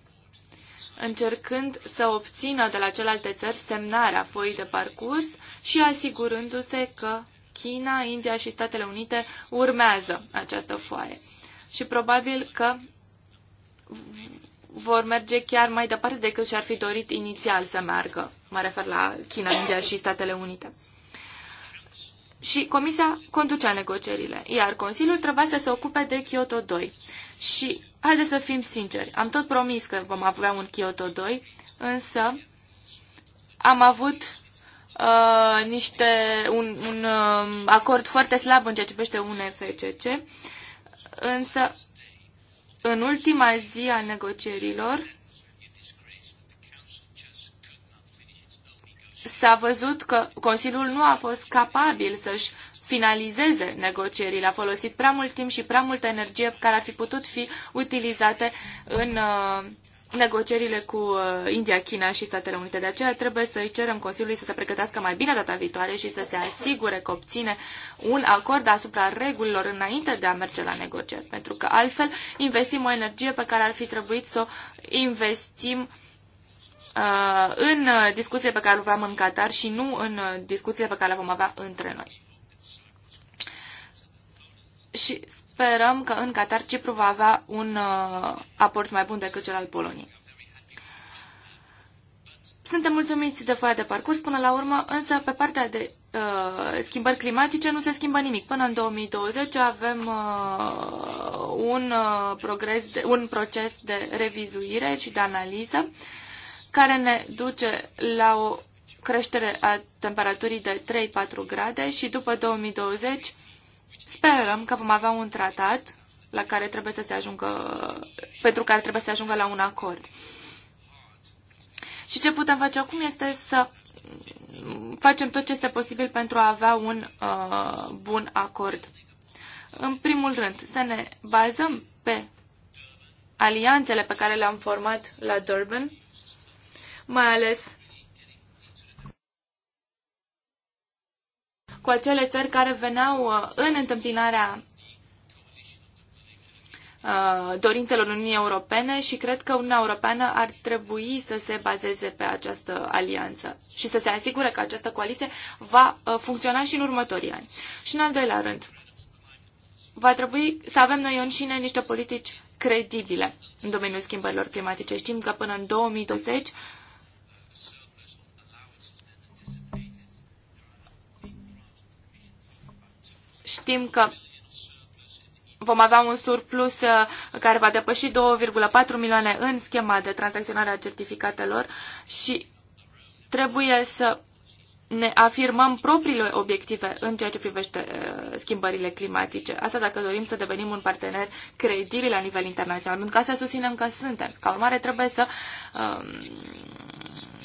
încercând să obțină de la celelalte țări semnarea foii de parcurs și asigurându-se că China, India și Statele Unite urmează această foaie. Și probabil că vor merge chiar mai departe decât și-ar fi dorit inițial să meargă. Mă refer la China, India și Statele Unite. Și Comisia conducea negocierile, iar Consiliul trebuia să se ocupe de Kyoto 2. Și, haideți să fim sinceri, am tot promis că vom avea un Kyoto 2, însă am avut uh, niște, un, un uh, acord foarte slab în ceea ce privește UNFCC, însă în ultima zi a negocierilor, s-a văzut că Consiliul nu a fost capabil să-și finalizeze negocierile. A folosit prea mult timp și prea multă energie care ar fi putut fi utilizate în uh, negocierile cu uh, India, China și Statele Unite. De aceea trebuie să-i cerem Consiliului să se pregătească mai bine data viitoare și să se asigure că obține un acord asupra regulilor înainte de a merge la negocieri. Pentru că altfel investim o energie pe care ar fi trebuit să o investim uh, în uh, discuție pe care o aveam în Qatar și nu în uh, discuție pe care le vom avea între noi. Și sperăm că în Qatar Cipru va avea un uh, aport mai bun decât cel al Poloniei. Suntem mulțumiți de foaia de parcurs până la urmă, însă pe partea de uh, schimbări climatice nu se schimbă nimic. Până în 2020 avem uh, un, uh, progres de, un proces de revizuire și de analiză care ne duce la o creștere a temperaturii de 3-4 grade și după 2020 Sperăm că vom avea un tratat la care trebuie să se ajungă, pentru care trebuie să se ajungă la un acord. Și ce putem face acum este să facem tot ce este posibil pentru a avea un uh, bun acord. În primul rând, să ne bazăm pe alianțele pe care le-am format la Durban, mai ales cu acele țări care veneau uh, în întâmpinarea uh, dorințelor Uniunii Europene și cred că Uniunea Europeană ar trebui să se bazeze pe această alianță și să se asigure că această coaliție va uh, funcționa și în următorii ani. Și în al doilea rând, va trebui să avem noi înșine niște politici credibile în domeniul schimbărilor climatice. Știm că până în 2020 Știm că vom avea un surplus uh, care va depăși 2,4 milioane în schema de tranzacționare a certificatelor și trebuie să ne afirmăm propriile obiective în ceea ce privește uh, schimbările climatice. Asta dacă dorim să devenim un partener credibil la nivel internațional, pentru că asta susținem că suntem. Ca urmare, trebuie să um,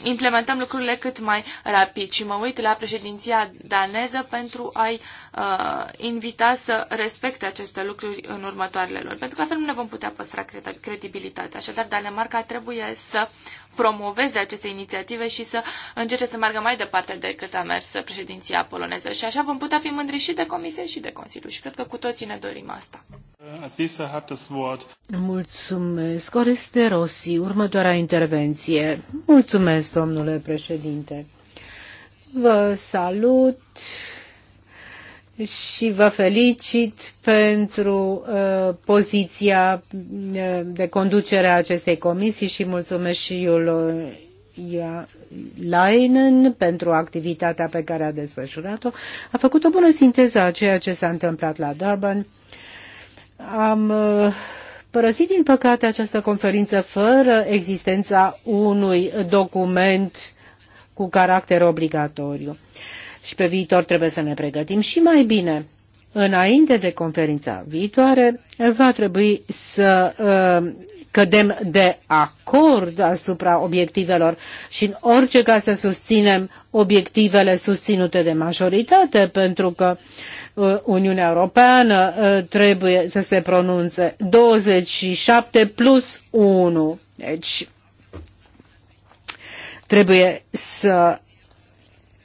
implementăm lucrurile cât mai rapid și mă uit la președinția daneză pentru a-i uh, invita să respecte aceste lucruri în următoarele lor, pentru că altfel nu ne vom putea păstra credibilitatea. Așadar, Danemarca trebuie să promoveze aceste inițiative și să încerce să meargă mai departe decât a mers președinția poloneză. Și așa vom putea fi mândri și de Comisie și de Consiliu și cred că cu toții ne dorim asta. Uh, Mulțumesc. Oreste Rossi, următoarea intervenție. Mulțumesc domnule președinte. Vă salut și vă felicit pentru uh, poziția uh, de conducere a acestei comisii și mulțumesc și Iul Leinen pentru activitatea pe care a desfășurat-o. A făcut o bună sinteză a ceea ce s-a întâmplat la Durban. Am uh, părăsit, din păcate, această conferință fără existența unui document cu caracter obligatoriu. Și pe viitor trebuie să ne pregătim și mai bine înainte de conferința viitoare, va trebui să uh, cădem de acord asupra obiectivelor și în orice caz să susținem obiectivele susținute de majoritate, pentru că uh, Uniunea Europeană uh, trebuie să se pronunțe 27 plus 1. Deci trebuie să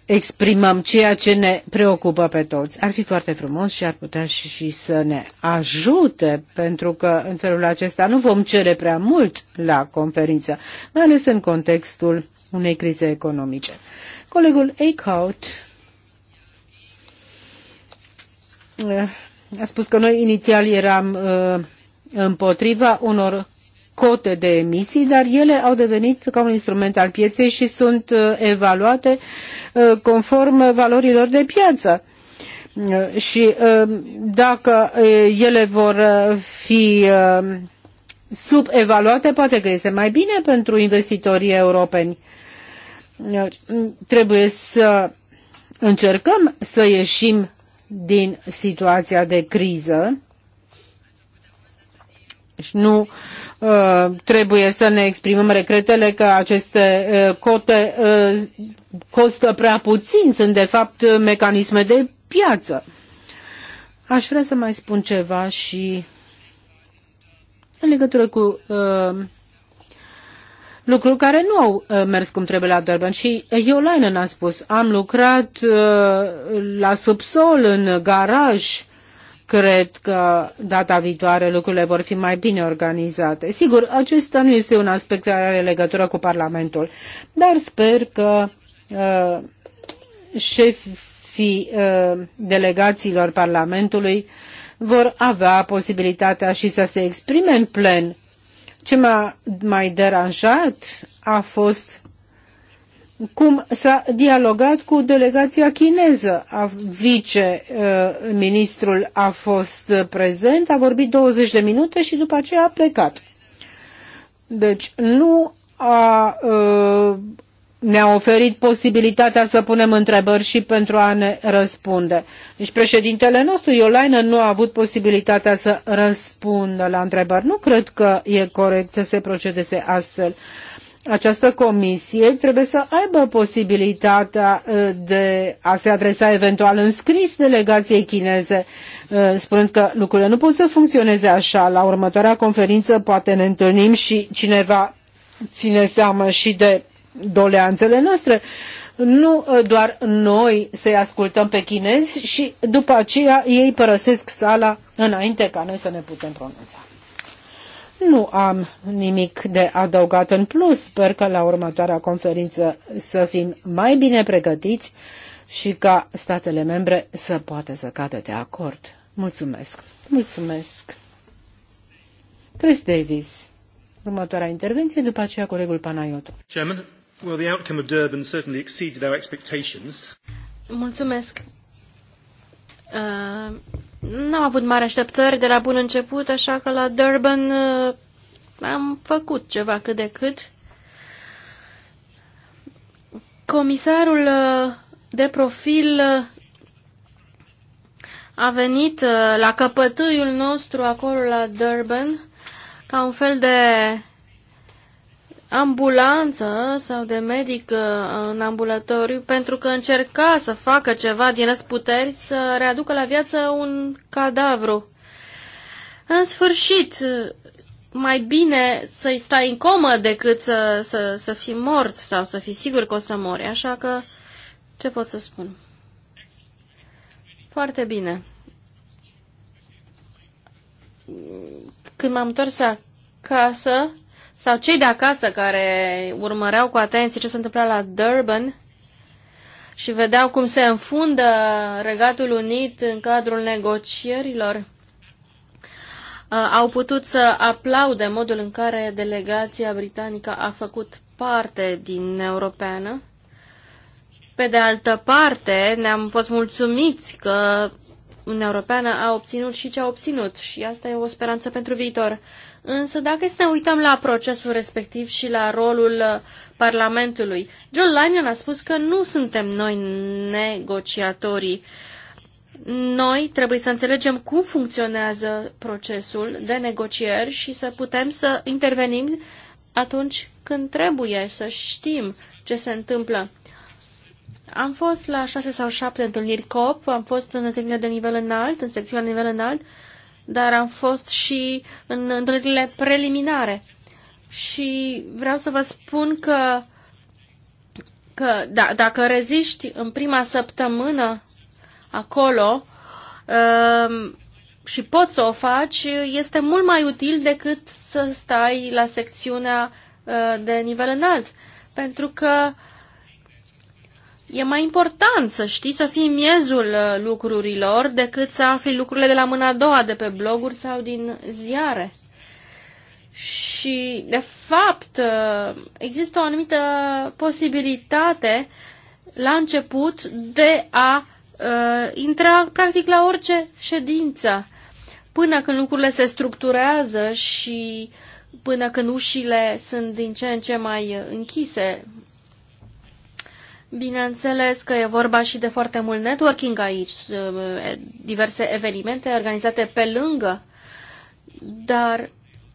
exprimăm ceea ce ne preocupă pe toți. Ar fi foarte frumos și ar putea și, și să ne ajute, pentru că în felul acesta nu vom cere prea mult la conferință, mai ales în contextul unei crize economice. Colegul Eichhout eh, a spus că noi inițial eram eh, împotriva unor cote de emisii, dar ele au devenit ca un instrument al pieței și sunt uh, evaluate uh, conform valorilor de piață uh, și dacă ele vor fi subevaluate, poate că este mai bine pentru investitorii europeni. Deci, trebuie să încercăm să ieșim din situația de criză deci nu uh, trebuie să ne exprimăm regretele că aceste uh, cote uh, costă prea puțin, sunt de fapt mecanisme de piață. Aș vrea să mai spun ceva și în legătură cu uh, lucruri care nu au uh, mers cum trebuie la Durban. Și Iolainen a spus, am lucrat uh, la subsol, în garaj, cred că data viitoare lucrurile vor fi mai bine organizate. Sigur, acesta nu este un aspect care are legătură cu Parlamentul, dar sper că uh, șefii uh, delegațiilor Parlamentului vor avea posibilitatea și să se exprime în plen. Ce m-a mai deranjat a fost cum s-a dialogat cu delegația chineză. A, viceministrul uh, a fost uh, prezent, a vorbit 20 de minute și după aceea a plecat. Deci nu a, uh, ne-a oferit posibilitatea să punem întrebări și pentru a ne răspunde. Deci președintele nostru, Iolaină, nu a avut posibilitatea să răspundă la întrebări. Nu cred că e corect să se procedeze astfel. Uh, această comisie trebuie să aibă posibilitatea uh, de a se adresa eventual în scris delegației chineze, uh, spunând că lucrurile nu pot să funcționeze așa. La următoarea conferință poate ne întâlnim și cineva ține seamă și de doleanțele noastre. Nu uh, doar noi să-i ascultăm pe chinezi și după aceea ei părăsesc sala înainte ca noi să ne putem pronunța. Nu am nimic de adăugat în plus. Sper că la următoarea conferință să fim mai bine pregătiți și ca statele membre să poată să cadă de acord. Mulțumesc. Mulțumesc. Chris Davis. Următoarea intervenție, după aceea colegul Panayotu. Chairman, well, the outcome of Durban certainly exceeded our expectations. Mulțumesc. Uh, N-am avut mari așteptări de la bun început, așa că la Durban uh, am făcut ceva cât de cât. Comisarul uh, de profil uh, a venit la căpătâiul nostru acolo la Durban ca un fel de ambulanță sau de medic uh, în ambulatoriu pentru că încerca să facă ceva din răsputeri să readucă la viață un cadavru. În sfârșit, mai bine să-i stai în comă decât să, să, să fii mort sau să fii sigur că o să mori. Așa că, ce pot să spun? Foarte bine. Când m-am întors acasă, sau cei de acasă care urmăreau cu atenție ce se întâmpla la Durban și vedeau cum se înfundă Regatul Unit în cadrul negocierilor, uh, au putut să aplaude modul în care delegația britanică a făcut parte din europeană. Pe de altă parte, ne-am fost mulțumiți că Uniunea Europeană a obținut și ce a obținut și asta e o speranță pentru viitor. Însă dacă este ne uităm la procesul respectiv și la rolul uh, Parlamentului, John Lyon a spus că nu suntem noi negociatorii. Noi trebuie să înțelegem cum funcționează procesul de negocieri și să putem să intervenim atunci când trebuie, să știm ce se întâmplă. Am fost la șase sau șapte întâlniri COP, am fost în întâlnire de nivel înalt, în secțiunea de nivel înalt, dar am fost și în întâlnirile preliminare. Și vreau să vă spun că, că da, dacă reziști în prima săptămână acolo uh, și poți să o faci, este mult mai util decât să stai la secțiunea uh, de nivel înalt. Pentru că uh, E mai important să știi să fii miezul uh, lucrurilor decât să afli lucrurile de la mâna a doua, de pe bloguri sau din ziare. Și, de fapt, uh, există o anumită posibilitate la început de a uh, intra practic la orice ședință, până când lucrurile se structurează și până când ușile sunt din ce în ce mai închise Bineînțeles că e vorba și de foarte mult networking aici, eh, diverse evenimente organizate pe lângă, dar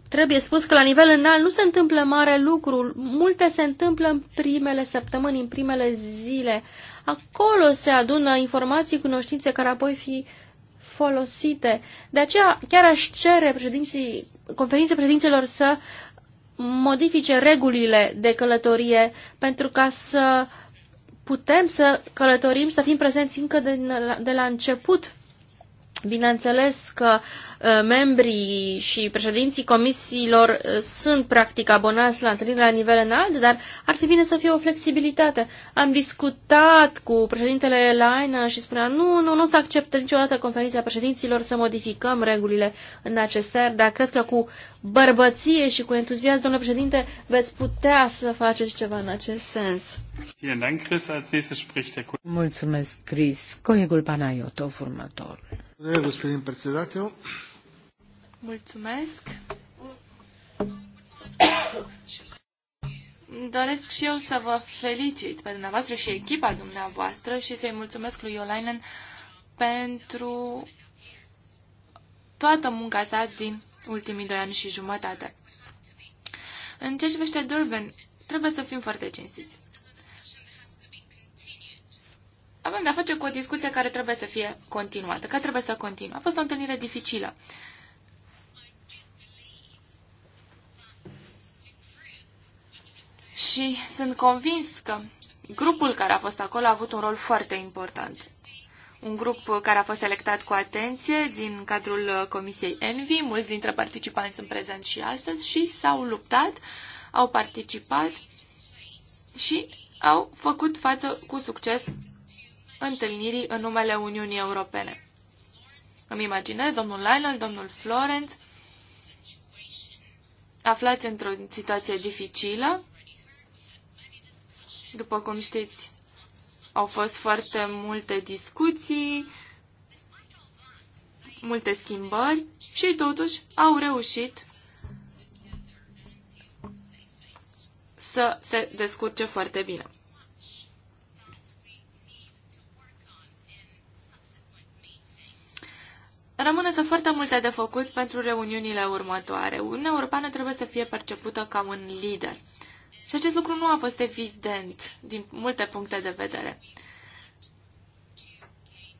trebuie spus că la nivel înalt nu se întâmplă mare lucru. Multe se întâmplă în primele săptămâni, în primele zile. Acolo se adună informații, cunoștințe care apoi fi folosite. De aceea chiar aș cere conferințe președinților să modifice regulile de călătorie pentru ca să uh, putem să călătorim, să fim prezenți încă de, de la început Bineînțeles că uh, membrii și președinții comisiilor uh, sunt practic abonați la întâlniri la nivel înalt, dar ar fi bine să fie o flexibilitate. Am discutat cu președintele Laina și spunea nu, nu, nu se acceptă niciodată conferința președinților să modificăm regulile în acest ser, dar cred că cu bărbăție și cu entuziasm, domnule președinte, veți putea să faceți ceva în acest sens. Mulțumesc, Chris. Colegul Panayotov, următorul. Mulțumesc. Doresc și eu să vă felicit pe dumneavoastră și echipa dumneavoastră și să-i mulțumesc lui Iolainen pentru toată munca sa din ultimii doi ani și jumătate. În ce privește Durban, trebuie să fim foarte cinstiți avem de-a face cu o discuție care trebuie să fie continuată, care trebuie să continue. A fost o întâlnire dificilă. Și sunt convins că grupul care a fost acolo a avut un rol foarte important. Un grup care a fost selectat cu atenție din cadrul Comisiei Envi. Mulți dintre participanți sunt prezenți și astăzi și s-au luptat, au participat și au făcut față cu succes întâlnirii în numele Uniunii Europene. Îmi imaginez domnul Lionel, domnul Florence, aflați într-o situație dificilă. După cum știți, au fost foarte multe discuții, multe schimbări și totuși au reușit să se descurce foarte bine. Rămân însă foarte multe de făcut pentru reuniunile următoare. Uniunea Europeană trebuie să fie percepută ca un lider. Și acest lucru nu a fost evident din multe puncte de vedere.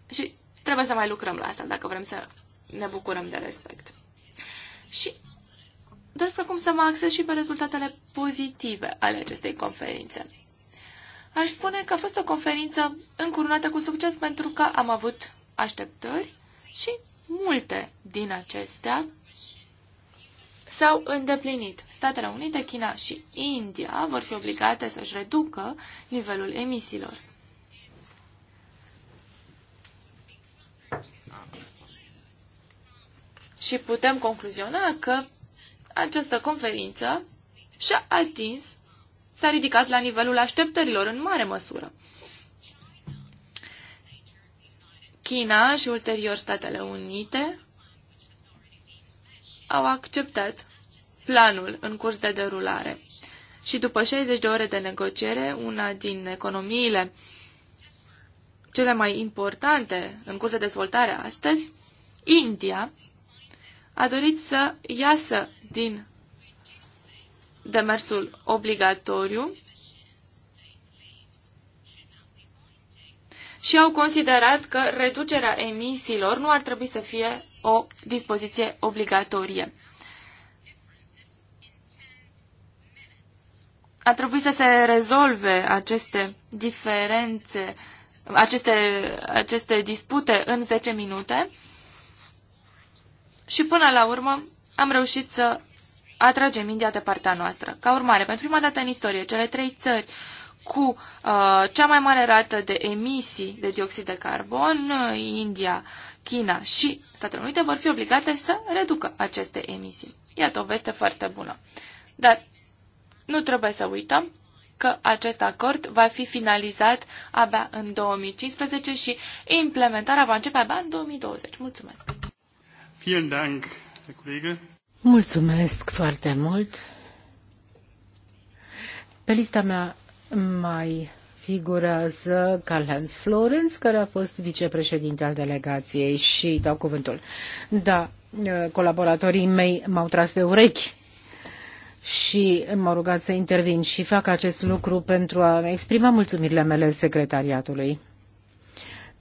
Și trebuie să mai lucrăm la asta dacă vrem să ne bucurăm de respect. Și doresc acum să mă axez și pe rezultatele pozitive ale acestei conferințe. Aș spune că a fost o conferință încurunată cu succes pentru că am avut așteptări și Multe din acestea s-au îndeplinit. Statele Unite, China și India vor fi obligate să-și reducă nivelul emisiilor. Și putem concluziona că această conferință și-a atins, s-a ridicat la nivelul așteptărilor în mare măsură. China și ulterior Statele Unite au acceptat planul în curs de derulare. Și după 60 de ore de negociere, una din economiile cele mai importante în curs de dezvoltare astăzi, India, a dorit să iasă din demersul obligatoriu și au considerat că reducerea emisiilor nu ar trebui să fie o dispoziție obligatorie. A trebuit să se rezolve aceste diferențe, aceste, aceste dispute în 10 minute și până la urmă am reușit să atragem India de partea noastră. Ca urmare, pentru prima dată în istorie, cele trei țări cu uh, cea mai mare rată de emisii de dioxid de carbon, uh, India, China și Statele Unite vor fi obligate să reducă aceste emisii. Iată o veste foarte bună. Dar nu trebuie să uităm că acest acord va fi finalizat abia în 2015 și implementarea va începe abia în 2020. Mulțumesc! Vielen Dank, Mulțumesc foarte mult! Pe lista mea mai figurează Karl-Heinz Florenz, care a fost vicepreședinte al delegației și dau cuvântul. Da, colaboratorii mei m-au tras de urechi și m-au rugat să intervin și fac acest lucru pentru a exprima mulțumirile mele secretariatului.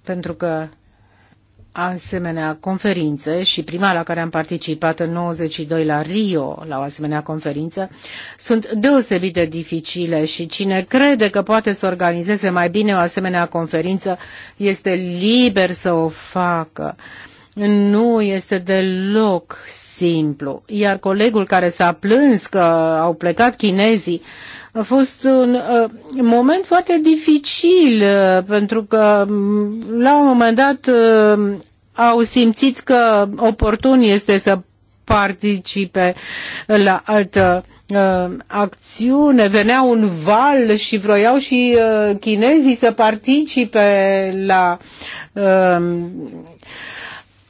Pentru că asemenea conferințe și prima la care am participat în 92 la Rio, la o asemenea conferință, sunt deosebit de dificile și cine crede că poate să organizeze mai bine o asemenea conferință este liber să o facă. Uh, nu este deloc simplu. Iar colegul care s-a plâns că au plecat chinezii a fost un uh, moment foarte dificil uh, pentru că la un moment dat uh, au simțit că oportun este să participe la altă uh, acțiune, venea un val și vroiau și uh, chinezii să participe la uh,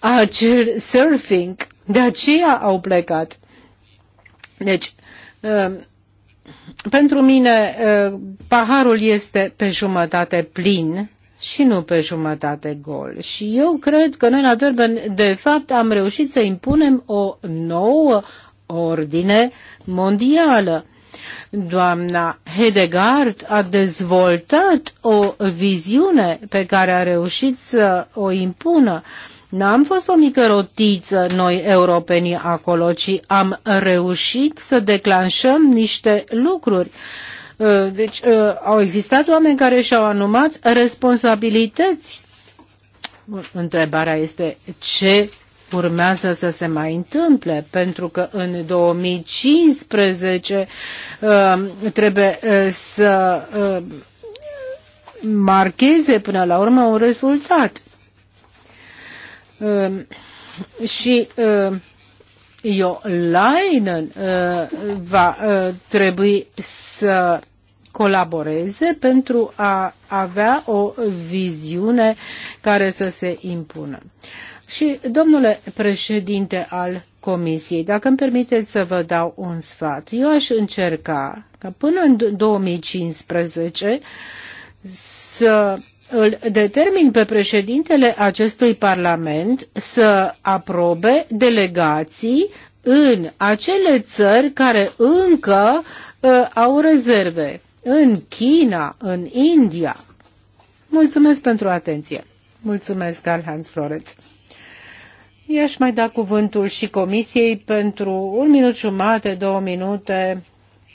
acel surfing. De aceea au plecat. Deci, um, pentru mine, uh, paharul este pe jumătate plin și nu pe jumătate gol. Și eu cred că noi la Durban, de fapt, am reușit să impunem o nouă ordine mondială. Doamna Hedegaard a dezvoltat o viziune pe care a reușit să o impună N-am fost o mică rotiță noi europenii acolo, ci am reușit să declanșăm niște lucruri. Uh, deci uh, au existat oameni care și-au anumat responsabilități. Întrebarea este ce urmează să se mai întâmple, pentru că în 2015 uh, trebuie să marcheze până la urmă un rezultat. Um, și um, Iolainen uh, va uh, trebui să colaboreze pentru a avea o viziune care să se impună. Și, domnule președinte al Comisiei, dacă îmi permiteți să vă dau un sfat, eu aș încerca ca până în 2015 să îl determin pe președintele acestui Parlament să aprobe delegații în acele țări care încă uh, au rezerve, în China, în India. Mulțumesc pentru atenție. Mulțumesc, karl Hans Floreț. I-aș mai da cuvântul și comisiei pentru un minut jumate, două minute.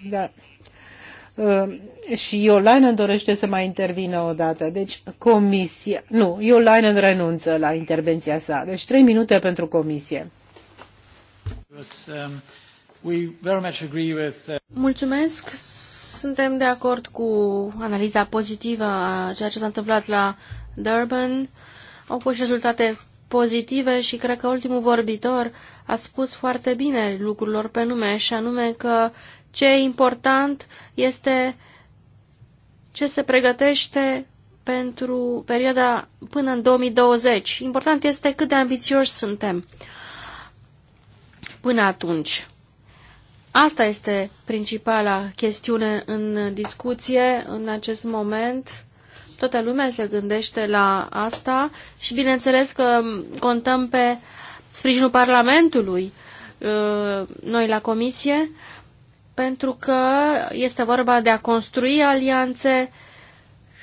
Da. Uh, și Iolainen dorește să mai intervină o dată. Deci comisia... Nu, Iolainen renunță la intervenția sa. Deci trei minute pentru comisie. Um, uh, Mulțumesc. Suntem de acord cu analiza pozitivă a ceea ce s-a întâmplat la Durban. Au fost rezultate pozitive și cred că ultimul vorbitor a spus foarte bine lucrurilor pe nume și anume că ce e important este ce se pregătește pentru perioada până în 2020. Important este cât de ambițioși suntem până atunci. Asta este principala chestiune în discuție în acest moment. Toată lumea se gândește la asta și bineînțeles că contăm pe sprijinul Parlamentului, uh, noi la Comisie, pentru că este vorba de a construi alianțe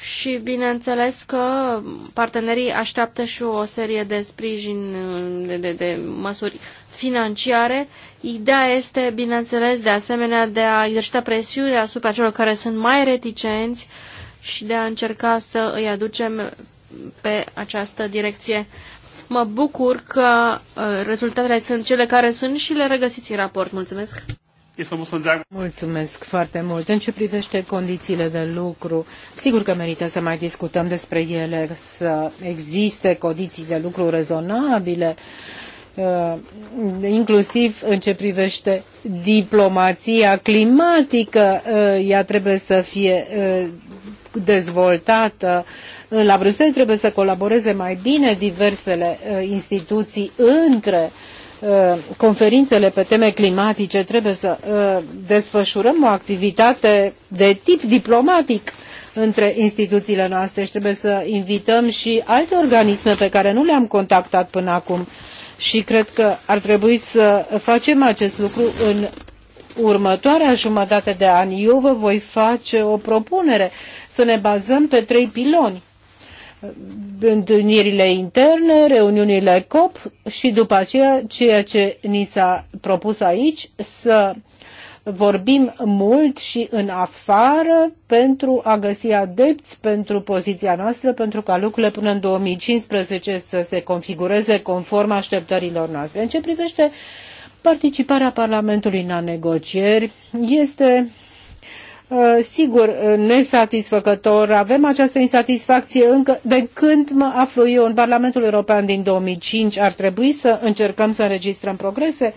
și bineînțeles că partenerii așteaptă și o serie de sprijin, de, de, de măsuri financiare. Ideea este, bineînțeles, de asemenea de a exercita presiune asupra celor care sunt mai reticenți și de a încerca să îi aducem pe această direcție. Mă bucur că uh, rezultatele sunt cele care sunt și le regăsiți în raport. Mulțumesc! Mulțumesc foarte mult. În ce privește condițiile de lucru, sigur că merită să mai discutăm despre ele, să existe condiții de lucru rezonabile, uh, inclusiv în ce privește diplomația climatică, uh, ea trebuie să fie uh, dezvoltată. La Bruxelles trebuie să colaboreze mai bine diversele instituții între Uh, conferințele pe teme climatice trebuie să uh, desfășurăm o activitate de tip diplomatic între instituțiile noastre și trebuie să invităm și alte organisme pe care nu le-am contactat până acum și cred că ar trebui să facem acest lucru în următoarea jumătate de an. Eu vă voi face o propunere să ne bazăm pe trei piloni întâlnirile interne, reuniunile COP și după aceea ceea ce ni s-a propus aici să vorbim mult și în afară pentru a găsi adepți pentru poziția noastră, pentru ca lucrurile până în 2015 să se configureze conform așteptărilor noastre. În ce privește participarea Parlamentului la negocieri, este Uh, sigur, uh, nesatisfăcător. Avem această insatisfacție încă de când mă aflu eu în Parlamentul European din 2005. Ar trebui să încercăm să înregistrăm progrese,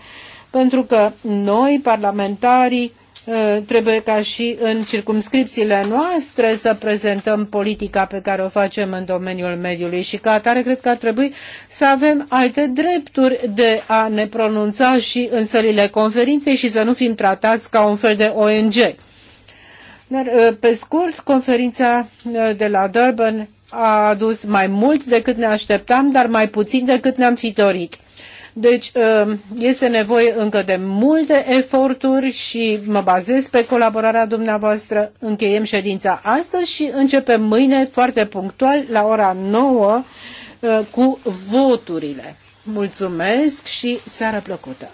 pentru că noi, parlamentarii, uh, trebuie ca și în circumscripțiile noastre să prezentăm politica pe care o facem în domeniul mediului și ca atare cred că ar trebui să avem alte drepturi de a ne pronunța și în sălile conferinței și să nu fim tratați ca un fel de ONG. Dar, uh, pe scurt, conferința uh, de la Durban a adus mai mult decât ne așteptam, dar mai puțin decât ne-am fi dorit. Deci uh, este nevoie încă de multe eforturi și mă bazez pe colaborarea dumneavoastră. Încheiem ședința astăzi și începem mâine foarte punctual la ora 9 cu voturile. Mulțumesc și seară plăcută!